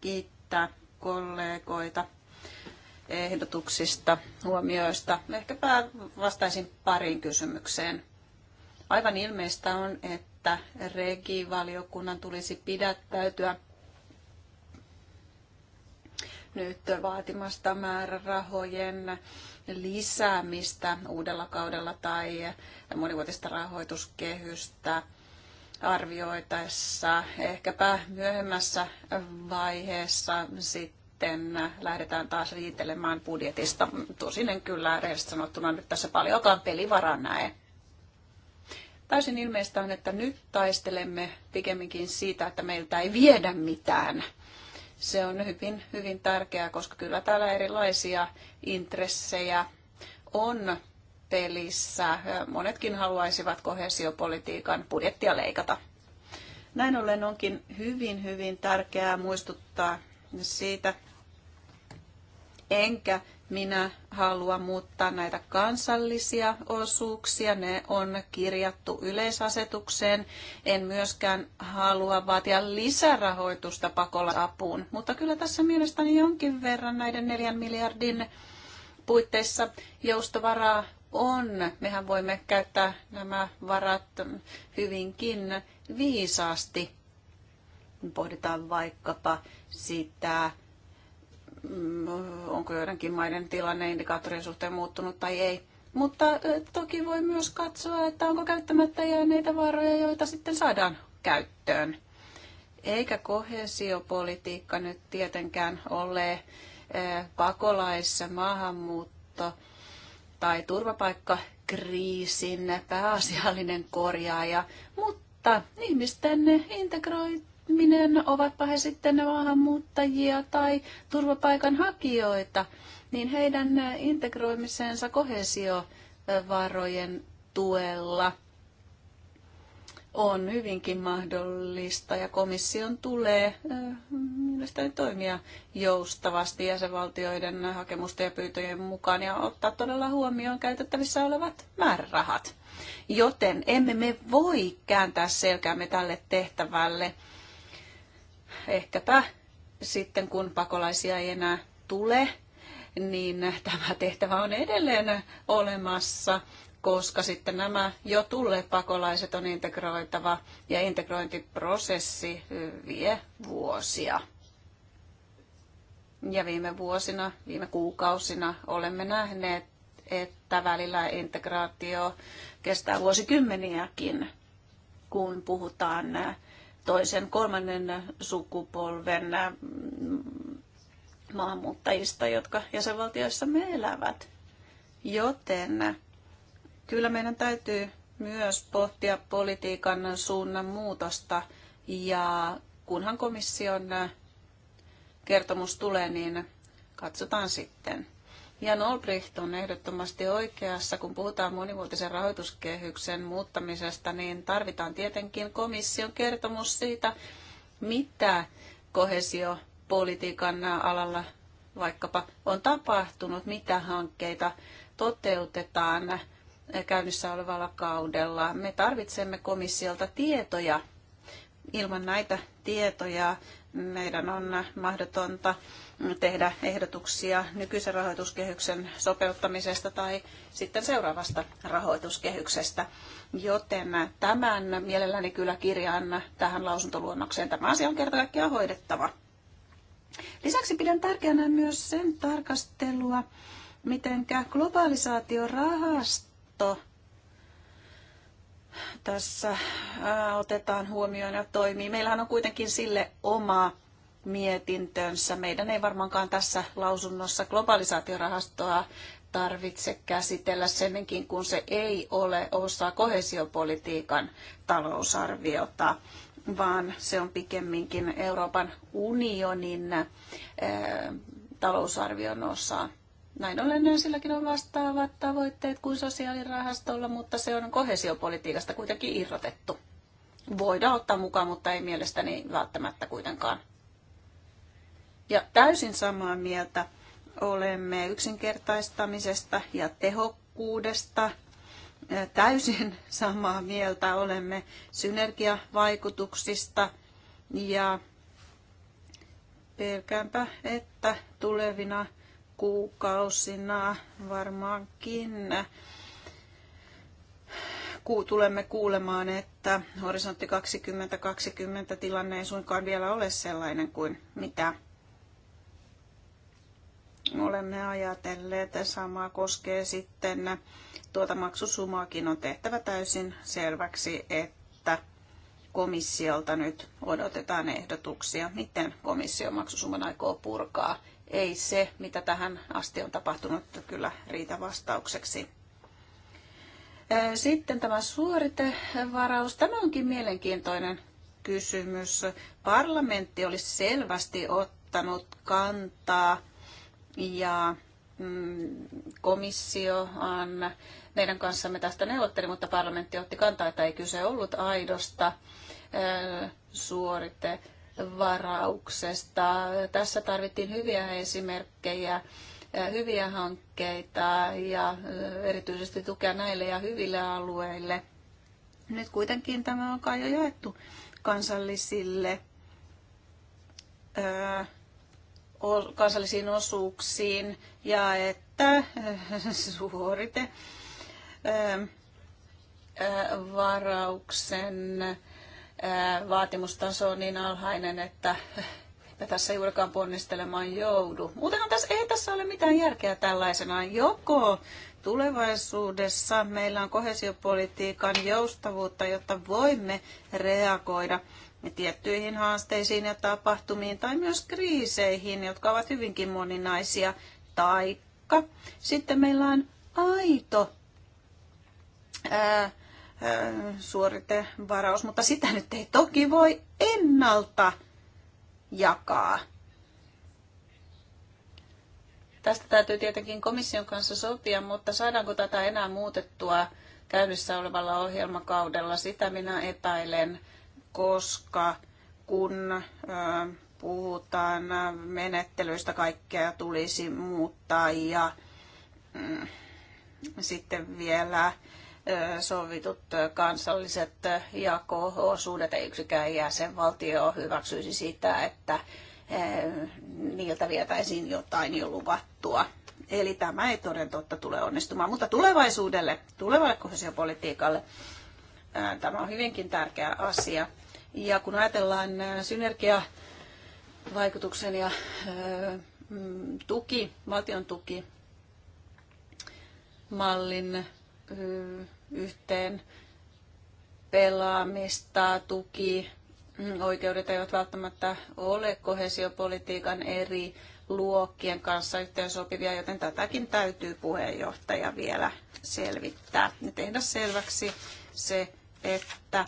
kiittää kollegoita ehdotuksista, huomioista. Ehkäpä vastaisin pariin kysymykseen. Aivan ilmeistä on, että regivaliokunnan tulisi pidättäytyä nyt vaatimasta määrärahojen lisäämistä uudella kaudella tai monivuotista rahoituskehystä arvioitaessa. Ehkäpä myöhemmässä vaiheessa sitten sitten lähdetään taas riitelemään budjetista. Tosin en kyllä rehellisesti sanottuna nyt tässä paljonkaan pelivaraa näe. Täysin ilmeistä on, että nyt taistelemme pikemminkin siitä, että meiltä ei viedä mitään. Se on hyvin, hyvin tärkeää, koska kyllä täällä erilaisia intressejä on pelissä. Monetkin haluaisivat kohesiopolitiikan budjettia leikata. Näin ollen onkin hyvin, hyvin tärkeää muistuttaa siitä. Enkä minä halua muuttaa näitä kansallisia osuuksia. Ne on kirjattu yleisasetukseen. En myöskään halua vaatia lisärahoitusta pakolaisapuun, mutta kyllä tässä mielestäni jonkin verran näiden neljän miljardin puitteissa joustovaraa on. Mehän voimme käyttää nämä varat hyvinkin viisaasti. Pohditaan vaikkapa sitä, mm, onko joidenkin maiden tilanne indikaattorien suhteen muuttunut tai ei. Mutta toki voi myös katsoa, että onko käyttämättä jääneitä varoja, joita sitten saadaan käyttöön. Eikä kohesiopolitiikka nyt tietenkään ole pakolaissa maahanmuutto tai turvapaikkakriisin pääasiallinen korjaaja, mutta ihmisten integroitu ihminen, ovatpa he sitten ne maahanmuuttajia tai turvapaikanhakijoita, niin heidän integroimisensa kohesiovarojen tuella on hyvinkin mahdollista ja komission tulee mielestäni toimia joustavasti jäsenvaltioiden hakemusten ja pyytöjen mukaan ja ottaa todella huomioon käytettävissä olevat määrärahat. Joten emme me voi kääntää selkäämme tälle tehtävälle ehkäpä sitten kun pakolaisia ei enää tule, niin tämä tehtävä on edelleen olemassa, koska sitten nämä jo tulleet pakolaiset on integroitava ja integrointiprosessi vie vuosia. Ja viime vuosina, viime kuukausina olemme nähneet, että välillä integraatio kestää vuosikymmeniäkin, kun puhutaan toisen, kolmannen sukupolven ähm, maahanmuuttajista, jotka jäsenvaltioissa me elävät. Joten äh, kyllä meidän täytyy myös pohtia politiikan suunnan muutosta ja kunhan komission äh, kertomus tulee, niin katsotaan sitten. Jan Olbricht on ehdottomasti oikeassa, kun puhutaan monivuotisen rahoituskehyksen muuttamisesta, niin tarvitaan tietenkin komission kertomus siitä, mitä kohesiopolitiikan alalla vaikkapa on tapahtunut, mitä hankkeita toteutetaan käynnissä olevalla kaudella. Me tarvitsemme komissiolta tietoja. Ilman näitä tietoja meidän on mahdotonta tehdä ehdotuksia nykyisen rahoituskehyksen sopeuttamisesta tai sitten seuraavasta rahoituskehyksestä. Joten tämän mielelläni kyllä kirjaan tähän lausuntoluonnokseen. Tämä asia on kerta kaikkiaan hoidettava. Lisäksi pidän tärkeänä myös sen tarkastelua, miten globalisaatiorahasto – tässä otetaan huomioon ja toimii. Meillähän on kuitenkin sille oma mietintönsä. Meidän ei varmaankaan tässä lausunnossa globalisaatiorahastoa tarvitse käsitellä semminkin, kun se ei ole osa kohesiopolitiikan talousarviota, vaan se on pikemminkin Euroopan unionin talousarvion osa. Näin ollen silläkin on vastaavat tavoitteet kuin sosiaalirahastolla, mutta se on kohesiopolitiikasta kuitenkin irrotettu. Voidaan ottaa mukaan, mutta ei mielestäni välttämättä kuitenkaan. Ja täysin samaa mieltä olemme yksinkertaistamisesta ja tehokkuudesta. Täysin samaa mieltä olemme synergiavaikutuksista ja pelkäänpä, että tulevina kuukausina varmaankin tulemme kuulemaan, että horisontti 2020 tilanne ei suinkaan vielä ole sellainen kuin mitä olemme ajatelleet. Samaa koskee sitten tuota maksusumaakin on tehtävä täysin selväksi, että komissiolta nyt odotetaan ehdotuksia, miten komissio maksusumman aikoo purkaa ei se, mitä tähän asti on tapahtunut, kyllä riitä vastaukseksi. Sitten tämä suoritevaraus. Tämä onkin mielenkiintoinen kysymys. Parlamentti oli selvästi ottanut kantaa ja mm, on meidän kanssamme tästä neuvotteli, mutta parlamentti otti kantaa, että ei kyse ollut aidosta suoritevaraus varauksesta. Tässä tarvittiin hyviä esimerkkejä, hyviä hankkeita ja erityisesti tukea näille ja hyville alueille. Nyt kuitenkin tämä on kai jo jaettu kansallisille kansallisiin osuuksiin ja että suorite varauksen vaatimustaso on niin alhainen, että me tässä juurikaan ponnistelemaan joudu. Muutenhan tässä ei tässä ole mitään järkeä tällaisenaan. Joko tulevaisuudessa meillä on kohesiopolitiikan joustavuutta, jotta voimme reagoida tiettyihin haasteisiin ja tapahtumiin tai myös kriiseihin, jotka ovat hyvinkin moninaisia, taikka sitten meillä on aito ää, suoritevaraus, mutta sitä nyt ei toki voi ennalta jakaa. Tästä täytyy tietenkin komission kanssa sopia, mutta saadaanko tätä enää muutettua käynnissä olevalla ohjelmakaudella, sitä minä epäilen, koska kun puhutaan menettelyistä, kaikkea tulisi muuttaa ja mm, sitten vielä sovitut kansalliset jako-osuudet ja yksikään jäsenvaltio hyväksyisi sitä, että niiltä vietäisiin jotain jo luvattua. Eli tämä ei toden totta tule onnistumaan, mutta tulevaisuudelle, tulevalle kohesiopolitiikalle tämä on hyvinkin tärkeä asia. Ja kun ajatellaan synergiavaikutuksen ja mm, tuki, valtion tuki, mallin yhteen pelaamista, tuki, mm, oikeudet eivät välttämättä ole kohesiopolitiikan eri luokkien kanssa yhteensopivia, joten tätäkin täytyy puheenjohtaja vielä selvittää ja tehdä selväksi se, että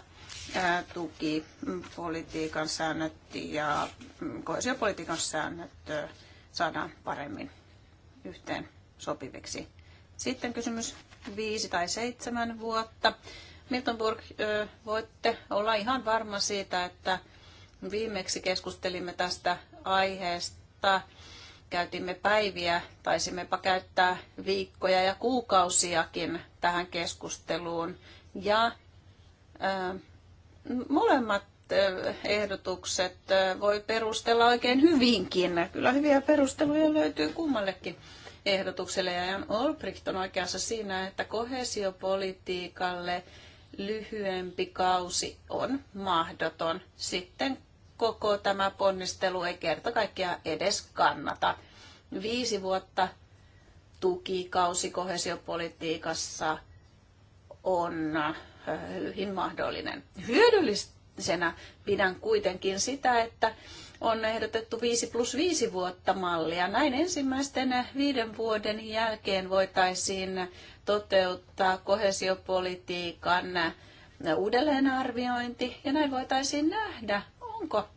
tuki mm, politiikan säännöt ja mm, kohesiopolitiikan säännöt saadaan paremmin yhteen sopiviksi sitten kysymys viisi tai seitsemän vuotta. Miltonburg, voitte olla ihan varma siitä, että viimeksi keskustelimme tästä aiheesta. Käytimme päiviä, taisimmepa käyttää viikkoja ja kuukausiakin tähän keskusteluun. Ja molemmat ehdotukset voi perustella oikein hyvinkin. Kyllä hyviä perusteluja löytyy kummallekin ehdotukselle. Ja Jan Olbricht on oikeassa siinä, että kohesiopolitiikalle lyhyempi kausi on mahdoton. Sitten koko tämä ponnistelu ei kerta kaikkiaan edes kannata. Viisi vuotta tukikausi kohesiopolitiikassa on äh, hyvin mahdollinen. Hyödyllisenä pidän kuitenkin sitä, että on ehdotettu 5 plus 5 vuotta mallia. Näin ensimmäisten viiden vuoden jälkeen voitaisiin toteuttaa kohesiopolitiikan uudelleenarviointi ja näin voitaisiin nähdä, onko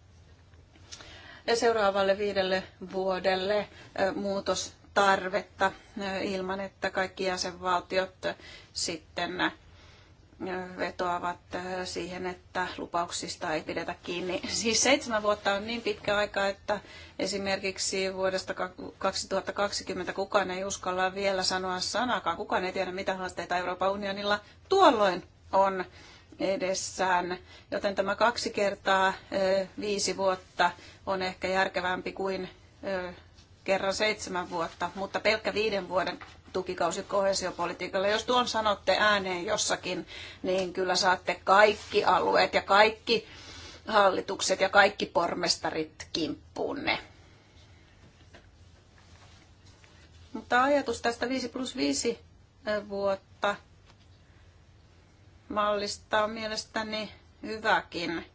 seuraavalle viidelle vuodelle muutostarvetta ilman, että kaikki jäsenvaltiot sitten vetoavat äh, siihen, että lupauksista ei pidetä kiinni. Siis seitsemän vuotta on niin pitkä aika, että esimerkiksi vuodesta 2020 kukaan ei uskalla vielä sanoa sanakaan. Kukaan ei tiedä, mitä haasteita Euroopan unionilla tuolloin on edessään. Joten tämä kaksi kertaa äh, viisi vuotta on ehkä järkevämpi kuin äh, kerran seitsemän vuotta, mutta pelkkä viiden vuoden tukikausi kohesiopolitiikalle. Jos tuon sanotte ääneen jossakin, niin kyllä saatte kaikki alueet ja kaikki hallitukset ja kaikki pormestarit kimppuunne. Mutta ajatus tästä 5 plus 5 eh, vuotta mallista on mielestäni hyväkin.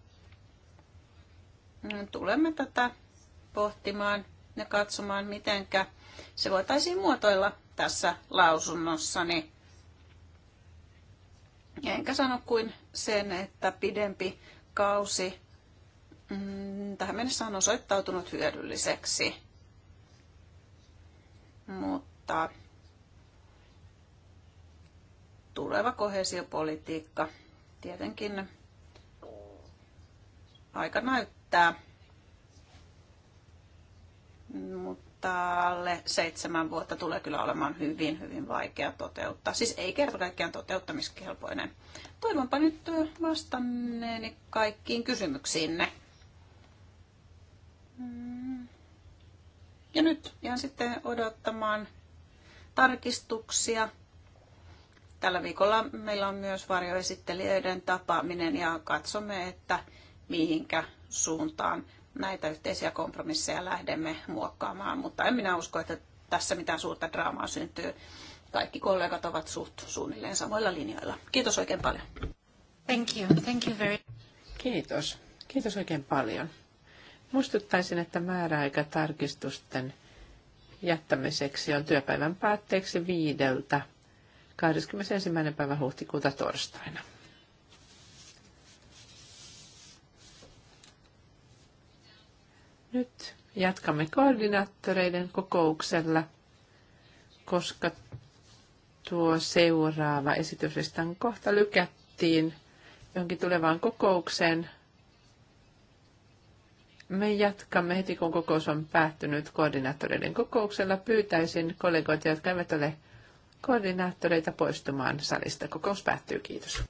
Tulemme tätä pohtimaan ja katsomaan, mitenkä se voitaisiin muotoilla tässä lausunnossani. Enkä sano kuin sen, että pidempi kausi mm, tähän mennessä on osoittautunut hyödylliseksi. Mutta tuleva kohesiopolitiikka tietenkin aika näyttää. Mutta alle seitsemän vuotta tulee kyllä olemaan hyvin, hyvin vaikea toteuttaa. Siis ei kerta kaikkiaan toteuttamiskelpoinen. Toivonpa nyt vastanneeni kaikkiin kysymyksiinne. Mm. Ja nyt jään sitten odottamaan tarkistuksia. Tällä viikolla meillä on myös varjoesittelijöiden tapaaminen ja katsomme, että mihinkä suuntaan näitä yhteisiä kompromisseja lähdemme muokkaamaan, mutta en minä usko, että tässä mitään suurta draamaa syntyy. Kaikki kollegat ovat suht suunnilleen samoilla linjoilla. Kiitos oikein paljon. Thank you. Thank you very... Kiitos. Kiitos oikein paljon. Muistuttaisin, että määräaika tarkistusten jättämiseksi on työpäivän päätteeksi viideltä 21. päivä huhtikuuta torstaina. Nyt jatkamme koordinaattoreiden kokouksella, koska tuo seuraava esityslistan kohta lykättiin jonkin tulevaan kokoukseen. Me jatkamme heti, kun kokous on päättynyt koordinaattoreiden kokouksella. Pyytäisin kollegoita, jotka eivät ole koordinaattoreita, poistumaan salista. Kokous päättyy. Kiitos.